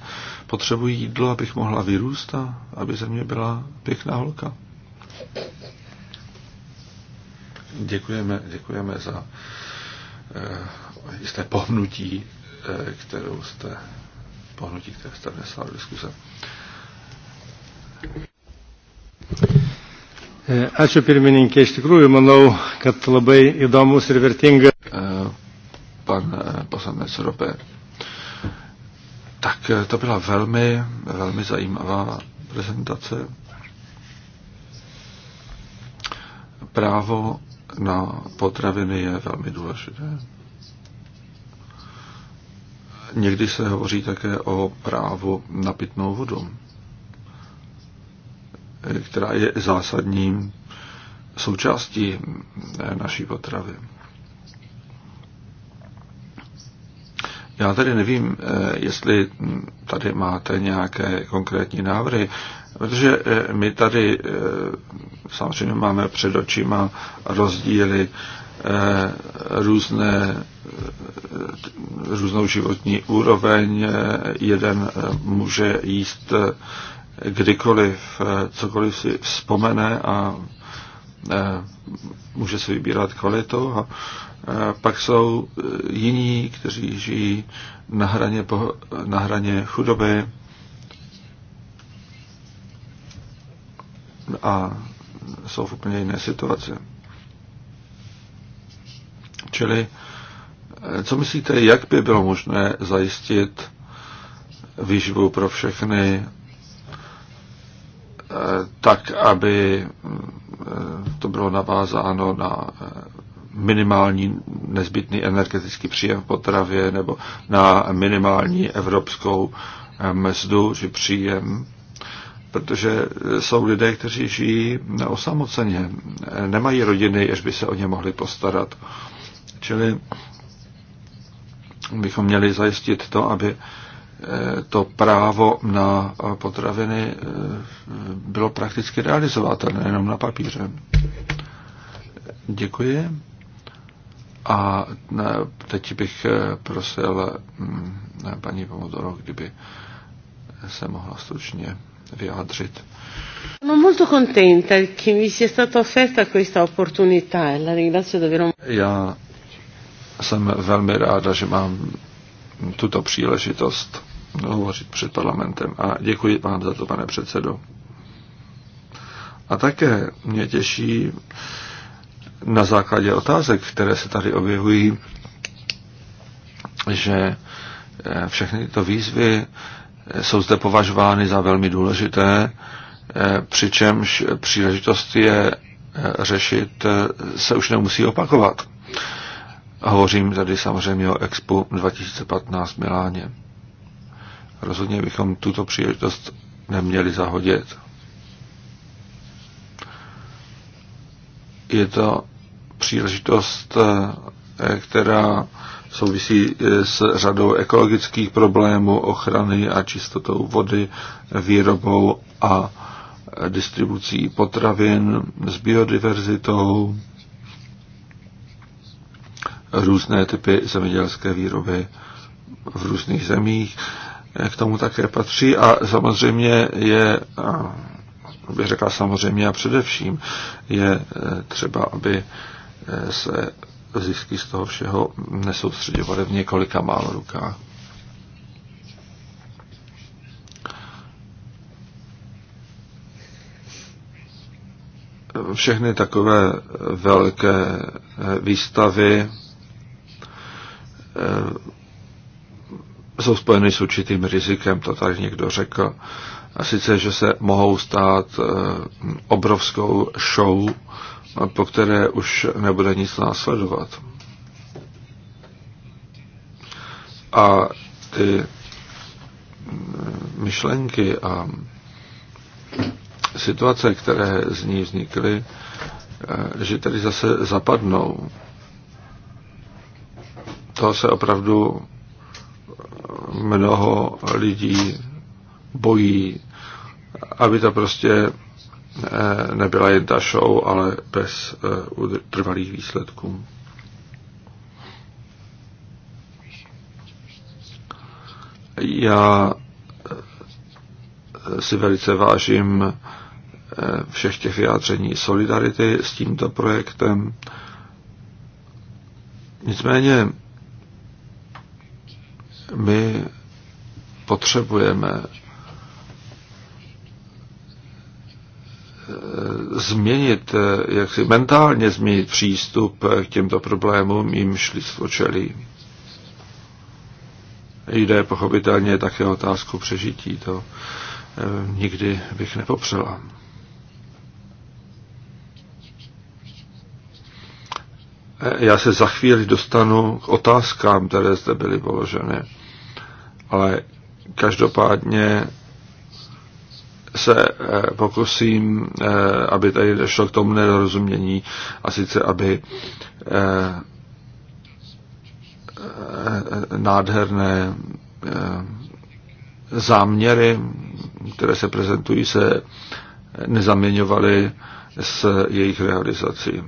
potřebuji jídlo, abych mohla vyrůst a aby ze mě byla pěkná holka. Děkujeme, děkujeme za eh, jisté pohnutí, eh, kterou jste pohnutí, které jste vnesla do diskuse. Ačiū pirmininkė, iš tikrųjų manau, kad labai įdomus ir vertingas pan eh, poslanec Rope. Tak eh, to byla velmi, velmi zajímavá prezentace. Právo na potraviny je velmi důležité. Někdy se hovoří také o právu na pitnou vodu, eh, která je zásadním součástí naší potravy. Já tady nevím, eh, jestli tady máte nějaké konkrétní návrhy, protože eh, my tady eh, samozřejmě máme před očima rozdíly různé, různou životní úroveň. Jeden může jíst kdykoliv, cokoliv si vzpomene a může si vybírat kvalitu. A pak jsou eh, jiní, kteří žijí na hraně, na hraně chudoby a jsou v úplně jiné situaci. Čili, eh, co myslíte, jak by bylo možné zajistit výživu pro všechny eh, tak, aby mm, to bylo navázáno na minimální nezbytný energetický příjem v potravě nebo na minimální evropskou eh, mzdu či příjem, protože eh, jsou lidé, kteří žijí eh, osamoceně, nemají rodiny, jež by se o ně mohli postarat. Čili bychom měli zajistit to, aby to právo na potraviny bylo prakticky realizovatelné, jenom na papíře. Děkuji. A teď bych eh, prosil mm, paní Pomodoro, kdyby se mohla stručně vyjádřit. Sono molto contenta che mi sia stata offerta questa opportunità e la ringrazio davvero. Já jsem velmi ráda, že mám tuto příležitost hovořit před parlamentem a děkuji vám za to, pane předsedo. A také mě těší, na základě otázek, které se tady objevují, že eh, všechny tyto výzvy eh, jsou zde považovány za velmi důležité, eh, přičemž příležitost je řešit se už nemusí opakovat. Hovořím tady samozřejmě o Expo 2015 v Miláně. Rozhodně bychom tuto příležitost neměli zahodit. je to příležitost, eh, která souvisí eh, s řadou ekologických problémů, ochrany a čistotou vody, výrobou a eh, distribucí potravin, s biodiverzitou, různé typy zemědělské výroby v různých zemích. K tomu také patří a samozřejmě je bych řekla samozřejmě a především, je eh, třeba, aby eh, se zisky z toho všeho nesoustředovaly v několika málo rukách. Všechny takové velké eh, výstavy jsou spojeny s určitým rizikem, to tak někdo řekl a sice, že se mohou stát eh, obrovskou show, eh, po které už nebude nic následovat. A ty mm, myšlenky a situace, které z ní vznikly, eh, že tady zase zapadnou. To se opravdu mnoho lidí bojí, aby to prostě eh, nebyla jen ta show, ale bez eh, trvalých výsledků. Já eh, si velice vážím všech těch vyjádření solidarity s tímto projektem. Nicméně my potřebujeme Eh, změnit, eh, jak si mentálně změnit přístup k těmto problémům, jim šli čelí. Jde pochopitelně také o otázku přežití, to eh, nikdy bych nepopřela. Já se za chvíli dostanu k otázkám, které zde byly položeny. Ale každopádně se eh, pokusím, eh, aby tady došlo k tomu nerozumění a sice, aby eh, nádherné záměry, které se prezentují, se nezaměňovaly s jejich realizací.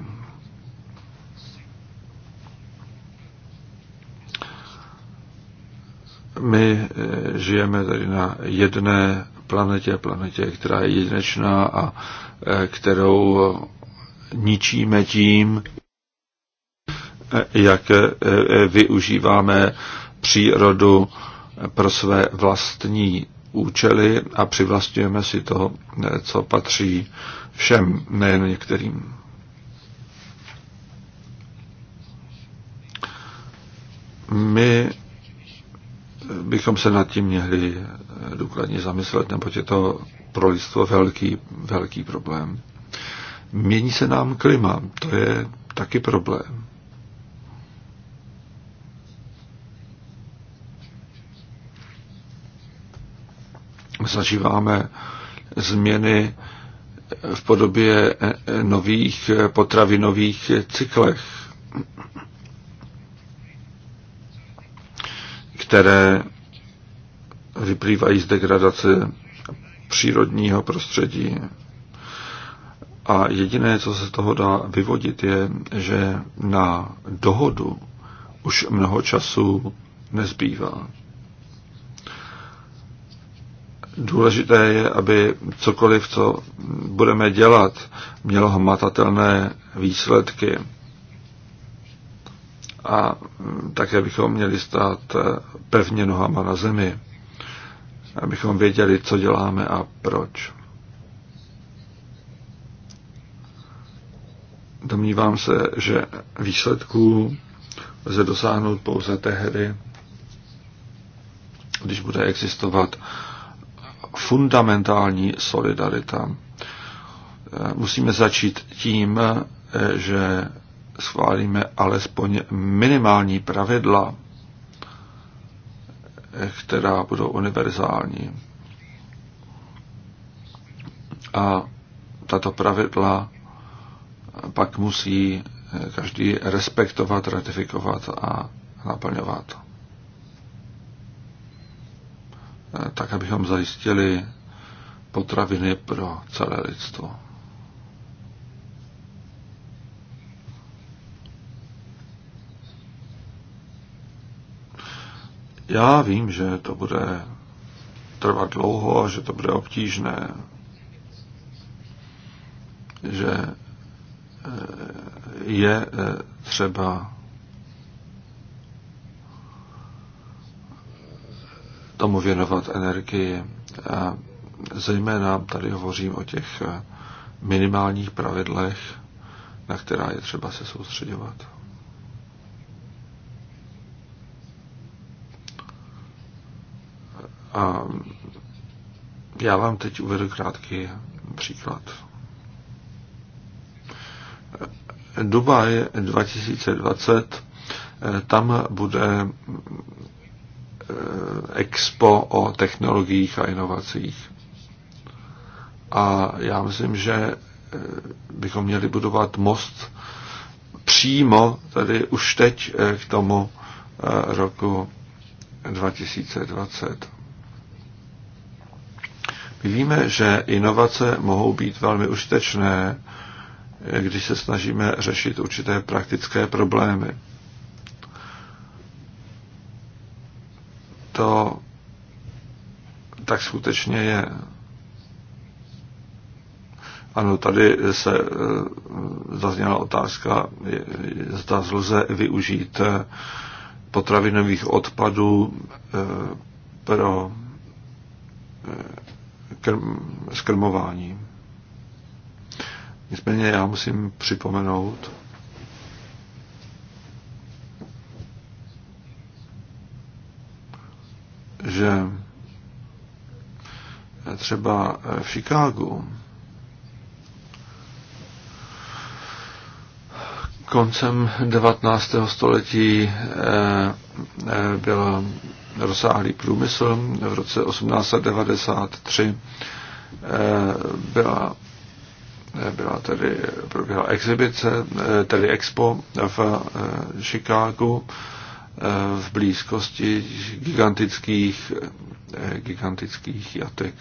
My žijeme tady na jedné planetě, planetě, která je jedinečná a e, kterou ničíme tím, e, jak e, využíváme přírodu pro své vlastní účely a přivlastňujeme si to, co patří všem, nejen některým. My bychom se nad tím měli důkladně zamyslet, neboť je to pro lidstvo velký, velký problém. Mění se nám klima, to je taky problém. Zažíváme změny v podobě nových potravinových cyklech, které vyplývají z degradace přírodního prostředí. A jediné, co se z toho dá vyvodit, je, že na dohodu už mnoho času nezbývá. Důležité je, aby cokoliv, co budeme dělat, mělo hmatatelné výsledky. A také bychom měli stát pevně nohama na zemi abychom věděli, co děláme a proč. Domnívám se, že výsledků lze dosáhnout pouze tehdy, když bude existovat fundamentální solidarita. Musíme začít tím, že schválíme alespoň minimální pravidla která budou univerzální. A tato pravidla pak musí každý respektovat, ratifikovat a naplňovat. Tak, abychom zajistili potraviny pro celé lidstvo. Já vím, že to bude trvat dlouho a že to bude obtížné, že e, je e, třeba tomu věnovat energii. A zejména tady hovořím o těch e, minimálních pravidlech, na která je třeba se soustředovat. Já vám teď uvedu krátký příklad. Dubaj 2020, eh, tam bude eh, expo o technologiích a inovacích. A já myslím, že eh, bychom měli budovat most přímo, tedy už teď k tomu roku 2020. Víme, že inovace mohou být velmi užitečné, když se snažíme řešit určité praktické problémy. To tak skutečně je. Ano, tady se eh, zazněla otázka, zda lze využít eh, potravinových odpadů eh, pro skrmování. Nicméně já musím připomenout, že třeba v Chicagu koncem 19. století eh, eh, bylo rozsáhlý průmysl. V roce 1893 eh, byla, eh, byla tedy, proběhla exibice, eh, tedy expo v Chicagu v blízkosti gigantických, gigantických jatek.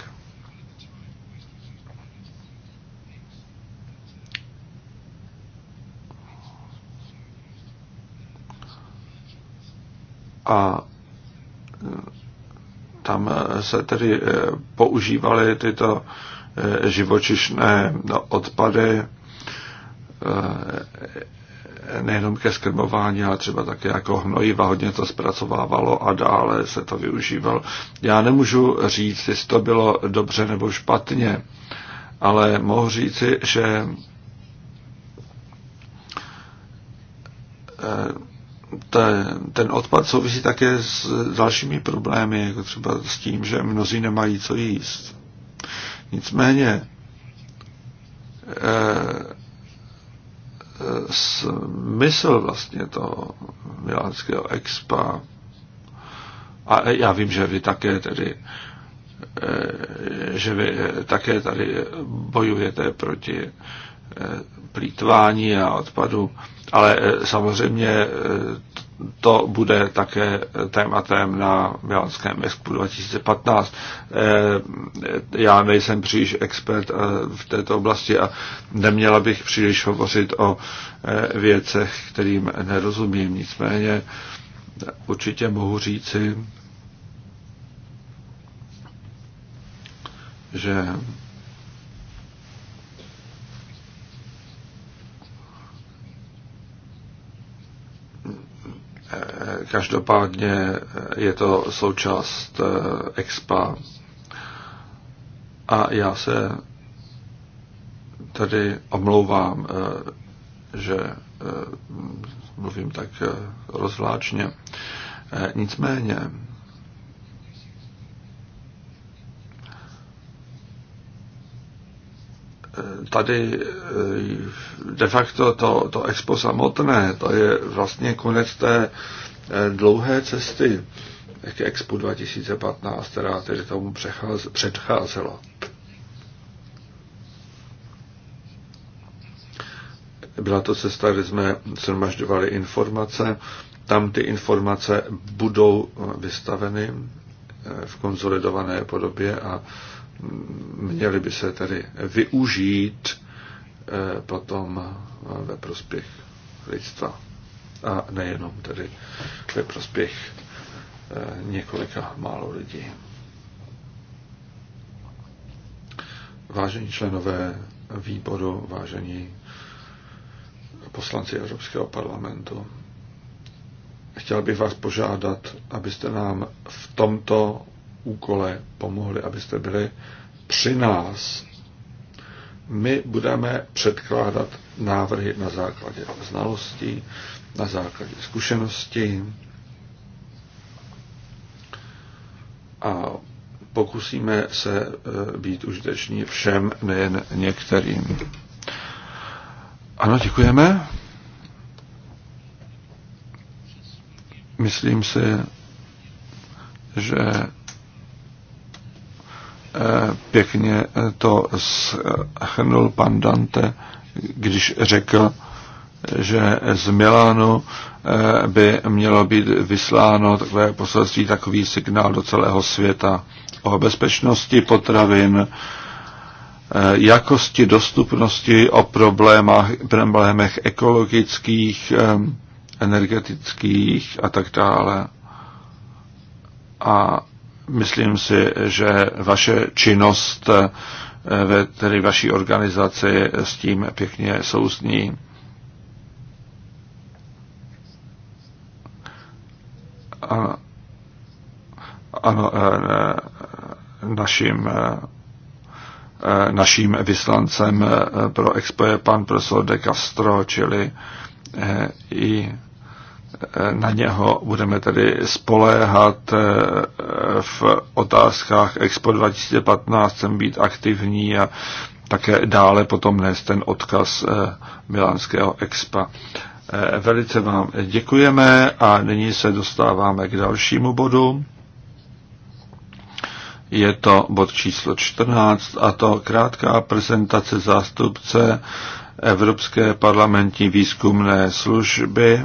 A tam eh, se tedy eh, používaly tyto eh, živočišné no, odpady nejenom ke skrmování, ale třeba také jako hnojiva, hodně to zpracovávalo a dále se to využívalo. Já nemůžu říct, jestli to bylo dobře nebo špatně, ale mohu říci, že ten odpad souvisí také s dalšími problémy, jako třeba s tím, že mnozí nemají co jíst. Nicméně e, e, smysl vlastně toho miláckého expa a já vím, že vy také tedy e, že vy také tady bojujete proti Eh, plítvání a odpadu. Ale eh, samozřejmě eh, to bude také tématem na Milánském Expo 2015. Já nejsem příliš expert v této oblasti a neměla bych příliš hovořit o věcech, kterým nerozumím. Nicméně určitě mohu říci, že Každopádně je to součást eh, EXPA a já se tady omlouvám, eh, že eh, mluvím tak rozvláčně. Nicméně tady eh, de facto to, to expo samotné, to je vlastně konec té eh, dlouhé cesty k expo 2015, která tedy tomu předcházela. Byla to cesta, kde jsme shromažďovali informace. Tam ty informace budou eh, vystaveny v konsolidované podobě a měly by se tedy využít eh, potom eh, ve prospěch lidstva a nejenom tedy ve prospěch eh, několika málo lidí. Vážení členové výboru, vážení poslanci Evropského parlamentu, chtěl bych vás požádat, abyste nám v tomto úkole pomohli, abyste byli při nás. My budeme předkládat návrhy na základě znalostí, na základě zkušeností a pokusíme se e, být užiteční všem, nejen některým. Ano, děkujeme. Myslím si, že Eh, pěkně eh, to schrnul pan Dante, když řekl, že z Milánu eh, by mělo být vysláno takové poselství, takový signál do celého světa o bezpečnosti potravin, jakosti, dostupnosti, o problémách, problémech ekologických, energetických a tak dále. A Myslím si, že vaše činnost eh, ve tedy vaší organizaci s tím pěkně souzní. Ano, ano, eh, eh, naším naším vyslancem pro expo je pan profesor de Castro, čili i na něho budeme tedy spoléhat eh, v otázkách Expo 2015, chcem být aktivní a také dále potom nést ten odkaz eh, Milánského Expa. Eh, velice vám děkujeme a nyní se dostáváme k dalšímu bodu. Je to bod číslo 14 a to krátká prezentace zástupce Evropské parlamentní výzkumné služby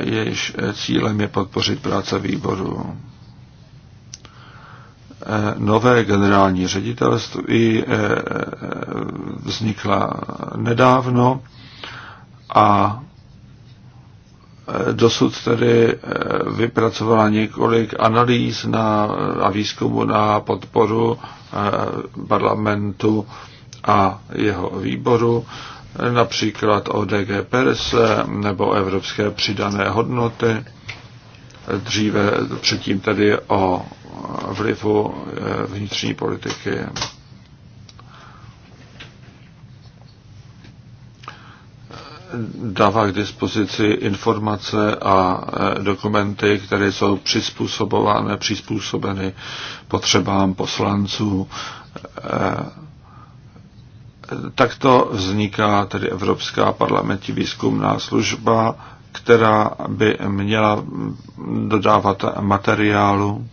jejíž cílem je podpořit práce výboru. Nové generální ředitelství eh, vznikla nedávno a eh, dosud tedy eh, vypracovala několik analýz na, a výzkumu na podporu parlamentu a jeho výboru například o DGPS Perse nebo Evropské přidané hodnoty, dříve předtím tedy o vlivu eh, vnitřní politiky. dává k dispozici informace a eh, dokumenty, které jsou přizpůsobovány, přizpůsobeny potřebám poslanců eh, takto vzniká tedy Evropská parlamentní výzkumná služba, která by měla dodávat materiálu,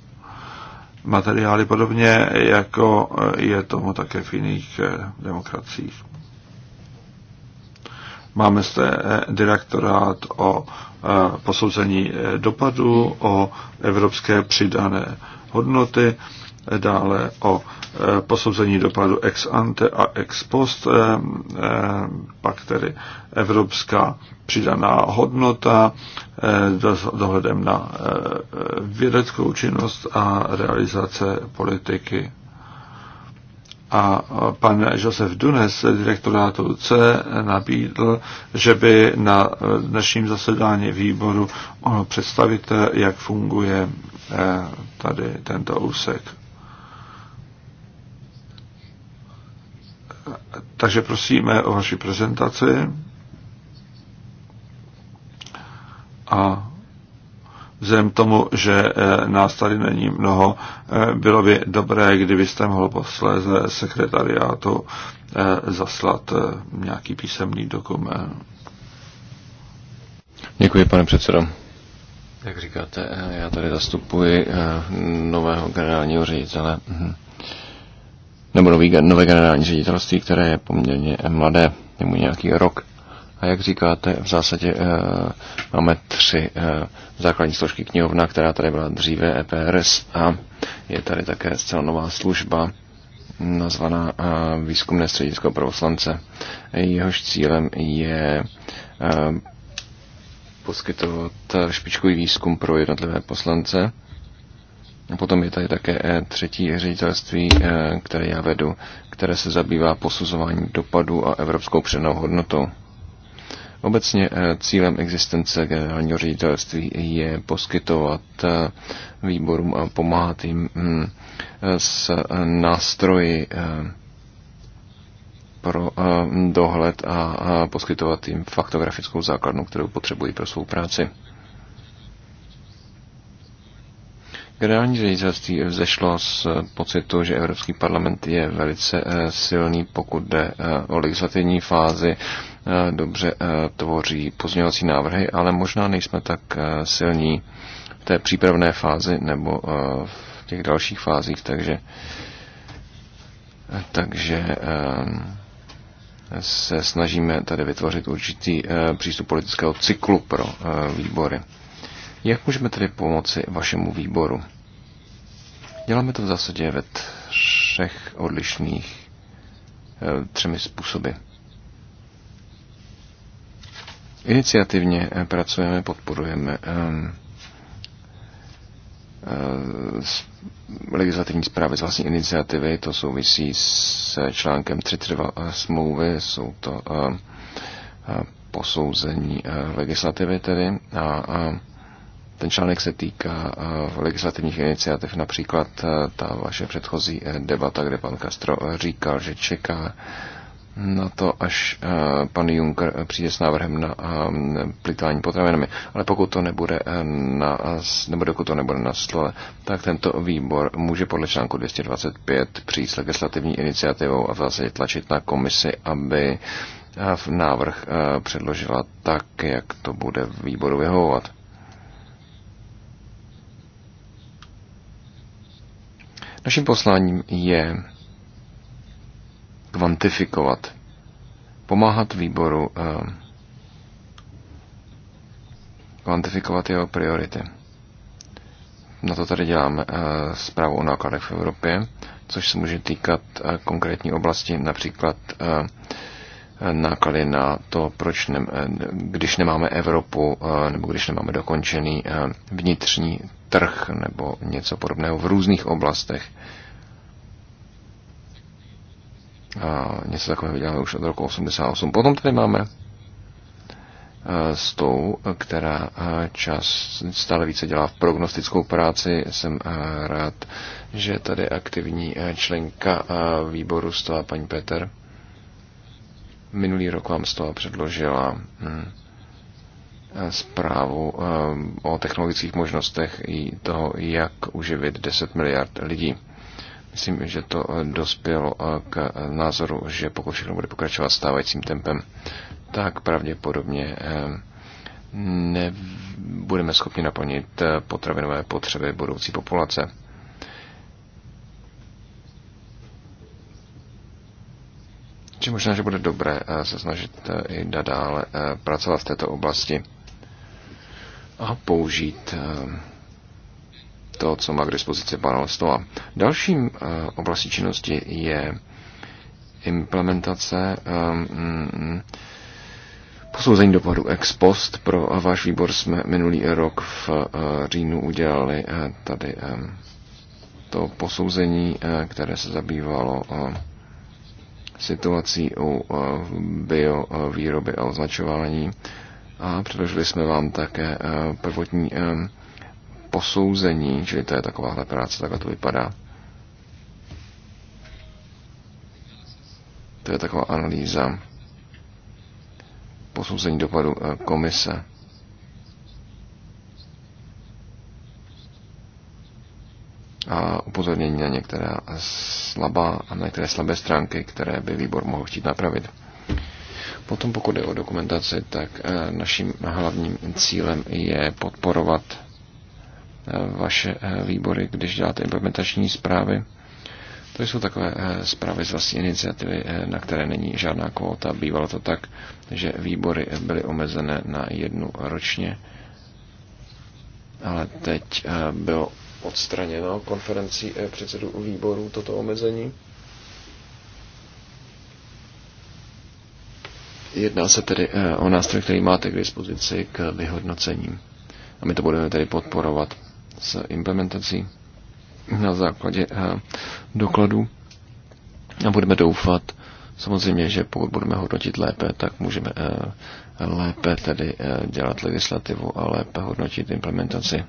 materiály podobně, jako je tomu také v jiných eh, demokraciích. Máme zde eh, direktorát o eh, posouzení dopadu, o evropské přidané hodnoty dále o e, posouzení dopadu ex ante a ex post, e, e, pak tedy evropská přidaná hodnota dohledem na vědeckou činnost a realizace politiky. A pan Josef Dunes, direktorátu C, nabídl, že by na dnešním zasedání výboru mohl představit, jak funguje tady tento úsek. Takže prosíme o vaši prezentaci. A vzhledem k tomu, že e, nás tady není mnoho, e, bylo by dobré, kdybyste mohl posléze sekretariátu e, zaslat nějaký písemný dokument. Děkuji, pane předsedo. Jak říkáte, já tady zastupuji nového generálního ředitele mhm nebo nový, nové generální ředitelství, které je poměrně eh, mladé, je mu nějaký rok. A jak říkáte, v zásadě e, máme tři e, základní složky knihovna, která tady byla dříve, EPRS a je tady také zcela nová služba, nazvaná Výzkumné středisko pro poslance. Jehož cílem je poskytovat špičkový výzkum pro jednotlivé poslance Potom je tady také eh, třetí ředitelství, eh, které já vedu, které se zabývá posuzováním dopadů a evropskou přednou hodnotou. Obecně eh, cílem existence generálního ředitelství je poskytovat výborům a pomáhat jim hm, s nástroji pro dohled a poskytovat jim faktografickou základnu, kterou potřebují pro svou práci. Generální ředitelství vzešlo z eh, pocitu, že Evropský parlament je velice eh, silný, pokud jde eh, o legislativní fázi, dobře tvoří pozměňovací návrhy, ale možná nejsme tak silní v té přípravné fázi nebo v těch dalších fázích, takže takže se snažíme tady vytvořit určitý přístup politického cyklu pro výbory. Jak můžeme tedy pomoci vašemu výboru? Děláme to v zásadě ve třech odlišných eh, třemi způsoby. Iniciativně eh, pracujeme, podporujeme ehm, eh, legislativní zprávy z vlastní iniciativy, to souvisí s článkem 3.3 smlouvy, jsou to posouzení legislativy tedy a ten článek se týká eh, legislativních iniciativ, například eh, ta vaše předchozí eh, debata, kde pan Castro říkal, že čeká na to, až pan Juncker přijde s návrhem na plitvání potravinami. Ale pokud to nebude na, nebo dokud to nebude na stole, tak tento výbor může podle článku 225 přijít s legislativní iniciativou a v zásadě tlačit na komisi, aby v návrh předložila tak, jak to bude výboru vyhovovat. Naším posláním je kvantifikovat, pomáhat výboru eh, kvantifikovat jeho priority. Na to tady děláme eh, zprávu o nákladech v Evropě, což se může týkat eh, konkrétní oblasti, například náklady na to, proč ne, když nemáme Evropu nebo když nemáme dokončený vnitřní trh nebo něco podobného v různých oblastech. A něco takového děláme už od roku 88. Potom tady máme e, s tou, která e, čas stále více dělá v prognostickou práci. Jsem e, rád, že tady aktivní členka výboru stola paní Petr. Minulý rok vám z toho předložila mm, zprávu eh, o technologických možnostech i toho, jak uživit 10 miliard lidí. Myslím, že to eh, dospělo eh, k názoru, že pokud všechno bude pokračovat stávajícím tempem, tak pravděpodobně nebudeme schopni naplnit potravinové potřeby budoucí populace. Či možná, že bude dobré se snažit i nadále pracovat v této oblasti a použít eh, to, co má k dispozici panel Stoa. Dalším eh, oblastí činnosti je implementace eh, mm, Posouzení dopadu ex post pro váš výbor jsme minulý rok v říjnu udělali tady to posouzení, které se zabývalo situací u biovýroby a označování a předložili jsme vám také eh, prvotní eh, posouzení, čili to je takováhle práce, takhle to vypadá. To je taková analýza posouzení dopadu eh, komise. A upozornění na některé slabá a na některé slabé stránky, které by výbor mohl chtít napravit. Potom pokud je o dokumentaci, tak eh, naším hlavním cílem je podporovat eh, vaše eh, výbory, když děláte implementační zprávy. To jsou takové zprávy z vlastní iniciativy, na které není žádná kvóta. Bývalo to tak, že výbory byly omezené na jednu ročně, ale teď bylo odstraněno konferencí předsedů výborů toto omezení. Jedná se tedy eh, o nástroj, který máte k dispozici k vyhodnocení. A my to budeme tedy podporovat s implementací na základě eh, dokladů. A budeme doufat, samozřejmě, že pokud budeme hodnotit lépe, tak můžeme eh, lépe tedy dělat legislativu a lépe hodnotit implementaci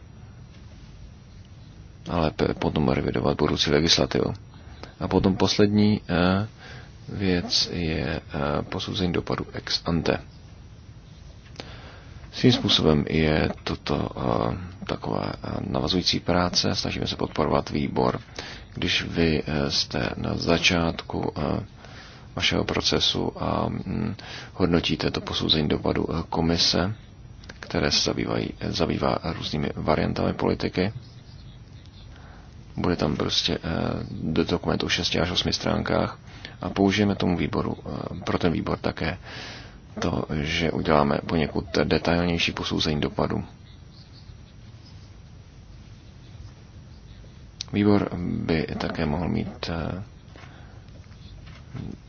a lépe potom revidovat budoucí legislativu. A potom poslední věc je eh, posouzení dopadu ex ante. Svým způsobem je toto eh, taková eh, navazující práce. Snažíme se podporovat výbor. Když vy jste na začátku vašeho procesu a mm, hodnotíte to posouzení dopadu komise, které se zabývají, zabývá různými variantami politiky, bude tam prostě do dokumentu 6 až 8 stránkách a použijeme tomu výboru, eh, pro ten výbor také to, že uděláme poněkud detailnější posouzení dopadu. Výbor by také mohl mít eh,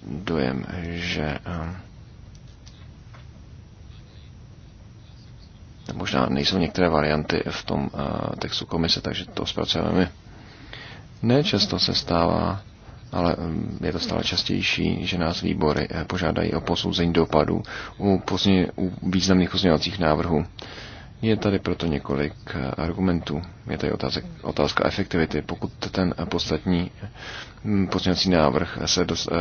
dojem, že eh, no, možná nejsou některé varianty v tom textu komise, takže to zpracujeme my. Nečasto se stává, ale je to stále častější, že nás výbory eh, požádají o posouzení dopadů u, pozně, u významných pozměňovacích návrhů. Je tady proto několik eh, argumentů. Je tady otázek, otázka efektivity. Pokud ten podstatní mm, pozměňovací návrh se eh,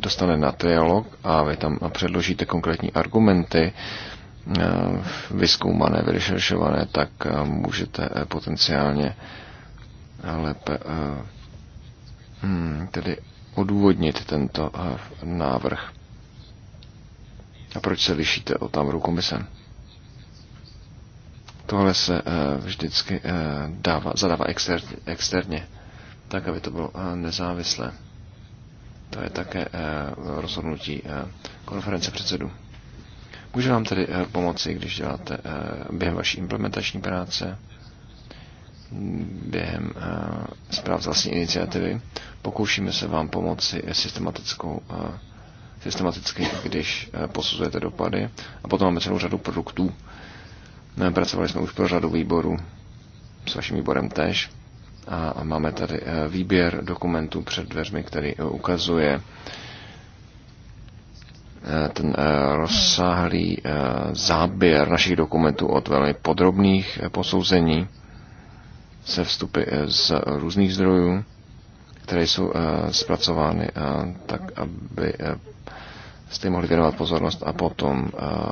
dostane na trialog a vy tam předložíte konkrétní argumenty, vyskoumané, vyrešeršované, tak můžete potenciálně lépe Hmm, tedy odůvodnit tento eh, návrh? A proč se lišíte od návrhu komise? Tohle se eh, vždycky eh, dává, zadává externě, tak aby to bylo nezávislé. To je také rozhodnutí konference předsedů. Může vám tedy pomoci, když děláte během vaší implementační práce během eh, zpráv z vlastní iniciativy. Pokoušíme se vám pomoci systematickou eh, systematicky, když eh, posuzujete dopady. A potom máme celou řadu produktů. No, pracovali jsme už pro řadu výborů s vaším výborem tež. A máme tady výběr dokumentů před dveřmi, který ukazuje ten rozsáhlý záběr našich dokumentů od velmi podrobných posouzení se vstupy eh, z různých zdrojů, které jsou eh, zpracovány eh, tak, aby jste mohli věnovat pozornost a potom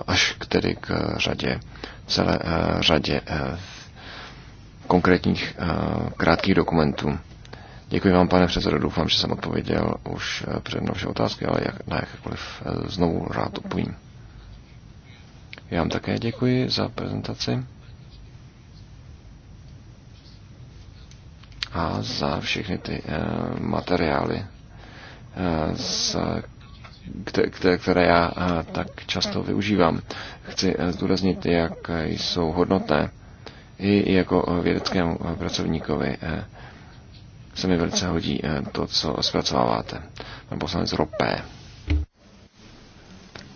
až k tedy k řadě, celé řadě konkrétních krátkých dokumentů. Děkuji vám, pane předsedo, doufám, že jsem odpověděl už před vše otázky, ale jak, na jakékoliv znovu rád odpovím. Já vám také děkuji za prezentaci. a za všechny ty eh, materiály, eh, z, které, které já eh, tak často využívám. Chci zdůraznit, jak jsou hodnotné i jako vědeckému pracovníkovi se mi velice hodí to, co zpracováváte. Pan poslanec Ropé.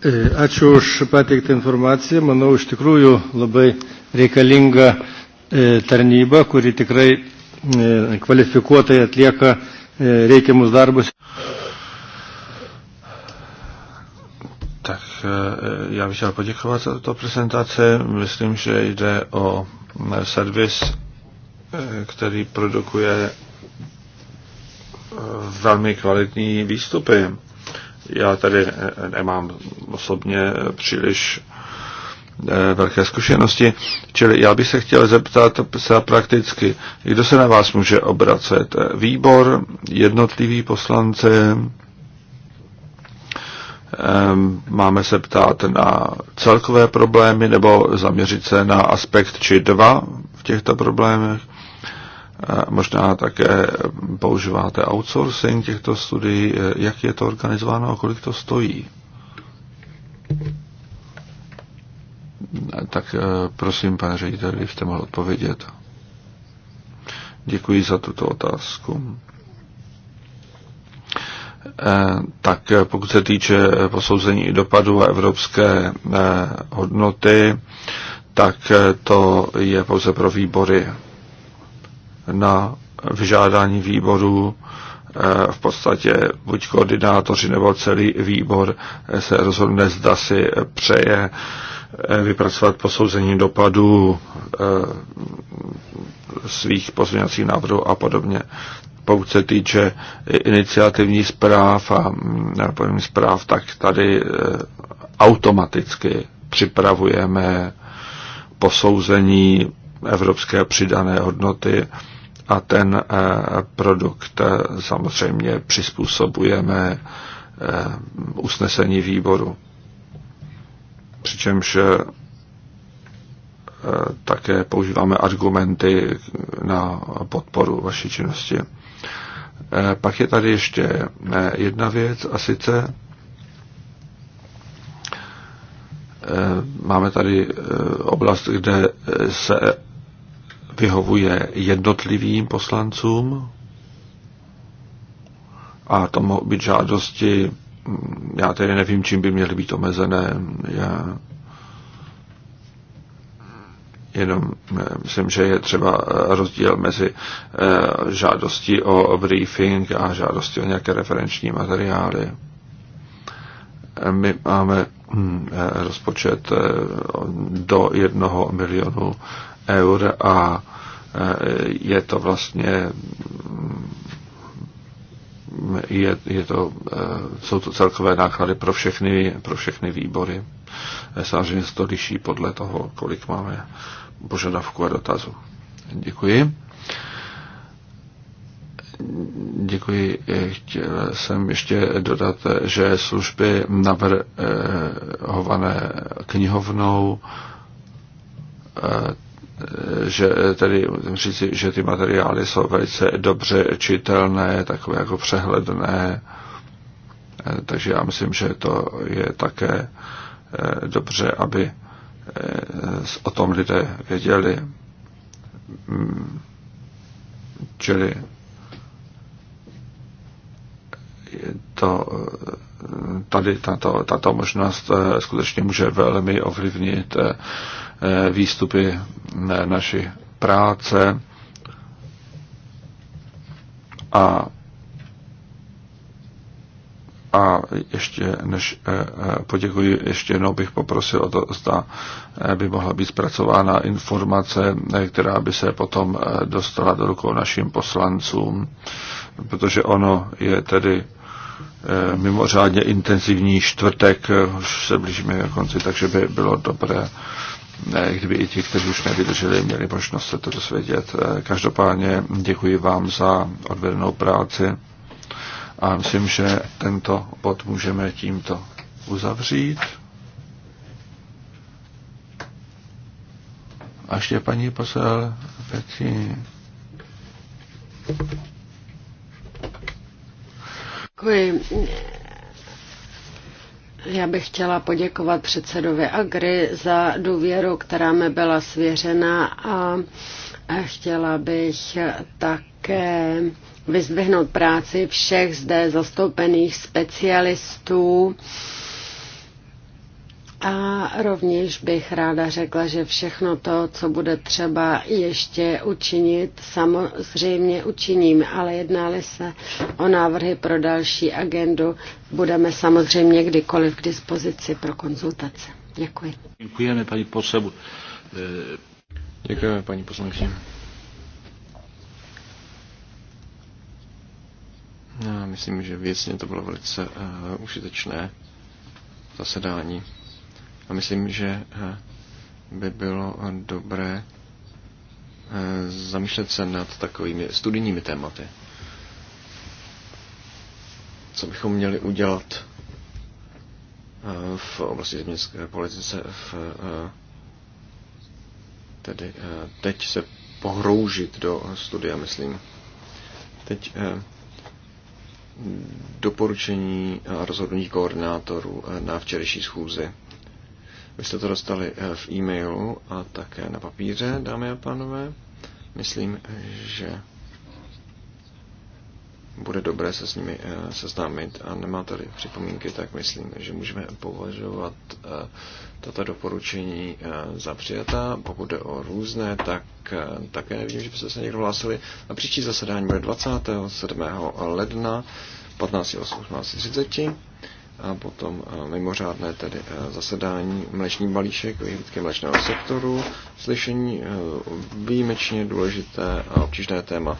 E, ačiū už pateiktą informaciją. Manau, iš tikrųjų labai reikalinga e, tarnyba, kuri tikrai E, kvalifikuotai atlieka e, reikiamus darbus. Tak e, já bych chtěl poděkovat za tuto prezentaci. Myslím, že jde o servis, který produkuje velmi kvalitní výstupy. Já tady nemám osobně příliš Eh, velké zkušenosti. Čili já bych se chtěl zeptat se prakticky, kdo se na vás může obracet? Výbor, jednotliví poslanci, máme se ptát na celkové problémy nebo zaměřit se na aspekt či dva v těchto problémech. Eh, možná také používáte outsourcing těchto studií, eh, jak je to organizováno a kolik to stojí tak eh, prosím, pane ředitel, kdybyste mohl odpovědět. Děkuji za tuto otázku. Eh, tak eh, pokud se týče posouzení dopadu a evropské hodnoty, tak to je pouze pro výbory. Na vyžádání výboru v podstatě buď koordinátoři nebo celý výbor se rozhodne, zda si přeje Eh, vypracovat posouzení dopadů eh, svých pozměňovacích návrhů a podobně. Pokud se týče iniciativních zpráv a mm, nápojemných zpráv, tak tady eh, automaticky připravujeme posouzení evropské přidané hodnoty a ten produkt samozřejmě přizpůsobujeme usnesení výboru. Přičemž eh, také používáme argumenty na podporu vaší činnosti. Eh, pak je tady ještě eh, jedna věc a sice máme tady oblast, kde se vyhovuje jednotlivým poslancům a to mohou být žádosti já tedy nevím, čím by měly být omezené. Já jenom eh, myslím, že je třeba eh, rozdíl mezi eh, žádostí o briefing a žádostí o nějaké referenční materiály. My máme hm, rozpočet do jednoho milionu eur a je to vlastně hm, je, je to, eh, jsou to celkové náklady pro všechny, pro všechny výbory. Samozřejmě se to liší podle toho, kolik máme požadavků a dotazu Děkuji. Děkuji. Chtěl jsem ještě dodat, že služby navrhované knihovnou eh, že eh, tedy říci, že ty materiály jsou velice dobře čitelné, takové jako přehledné. Eh, takže já myslím, že to je také eh, dobře, aby o tom lidé věděli. Mm. Čili to, tady tato, tato možnost skutečně může velmi ovlivnit Eh, výstupy eh, naší práce a a ještě než eh, poděkuji, ještě jednou bych poprosil o to, zda by mohla být zpracována informace, která by se potom dostala do rukou našim poslancům, protože ono je tedy mimořádně intenzivní čtvrtek, už se blížíme ke konci, takže by bylo dobré kdyby i ti, kteří už nevydrželi, měli možnost se to dozvědět. Eh, každopádně děkuji vám za odvedenou práci a myslím, že tento bod můžeme tímto uzavřít. A ještě paní posel Peti. Děkuji já bych chtěla poděkovat předsedovi Agri za důvěru, která mi byla svěřena a chtěla bych také vyzdvihnout práci všech zde zastoupených specialistů a rovněž bych ráda řekla, že všechno to, co bude třeba ještě učinit, samozřejmě učiním, ale jednáli se o návrhy pro další agendu, budeme samozřejmě kdykoliv k dispozici pro konzultace. Děkuji. Děkujeme, paní posebu. Eh, Děkujeme, paní poslankyně. Já myslím, že věcně to bylo velice uh, užitečné zasedání. A myslím, že eh, by bylo eh, dobré eh, zamýšlet se nad takovými studijními tématy. Co bychom měli udělat v oblasti zeměnské politice v, tedy teď se pohroužit do studia, myslím. Teď doporučení a rozhodnutí koordinátorů na včerejší schůzi. Vy jste to dostali eh, v e-mailu a také na papíře, dámy a pánové. Myslím, že bude dobré se s nimi eh, seznámit a nemáte-li připomínky, tak myslím, že můžeme považovat eh, tato doporučení za přijatá. Pokud jde o různé, tak také nevím, že by se někdo hlásili. A příští zasedání bude 27. ledna 15.18.30 a potom eh, mimořádné tedy eh, zasedání mleční balíšek, vyhlídky mlečného sektoru, slyšení eh, výjimečně důležité a obtížné téma.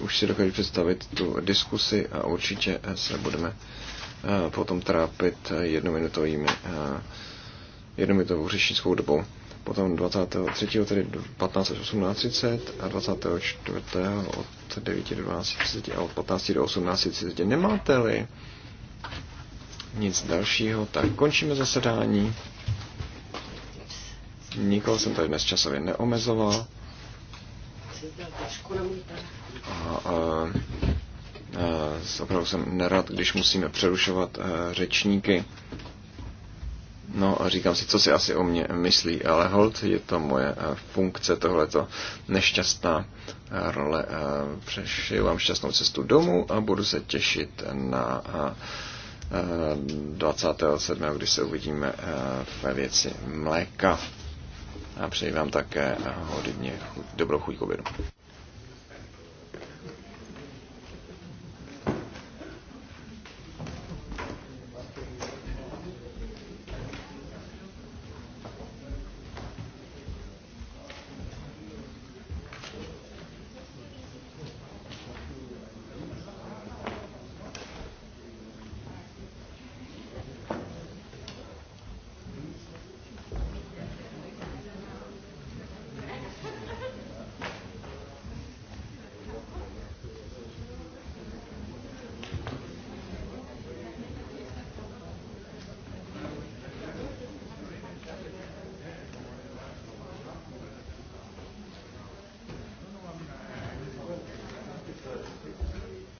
Už si dokážu představit tu diskusi a určitě se budeme potom trápit jednominutovými jednominutovou řečnickou dobou. Potom 23. tedy 15 až 18.30 a 24. od 9 do 12.30 a od 15 do 18.30. Nemáte-li nic dalšího, tak končíme zasedání. Nikoho jsem tady dnes časově neomezoval. A, a, a, opravdu jsem nerad, když musíme přerušovat a, e, řečníky. No a říkám si, co si asi o mě myslí, ale hold, je to moje e, funkce, tohleto nešťastná e, role. Přešiju vám šťastnou cestu domů a budu se těšit na 27. když se uvidíme eh, ve věci mléka. A přeji vám také hodně dobrou chuť k obědu.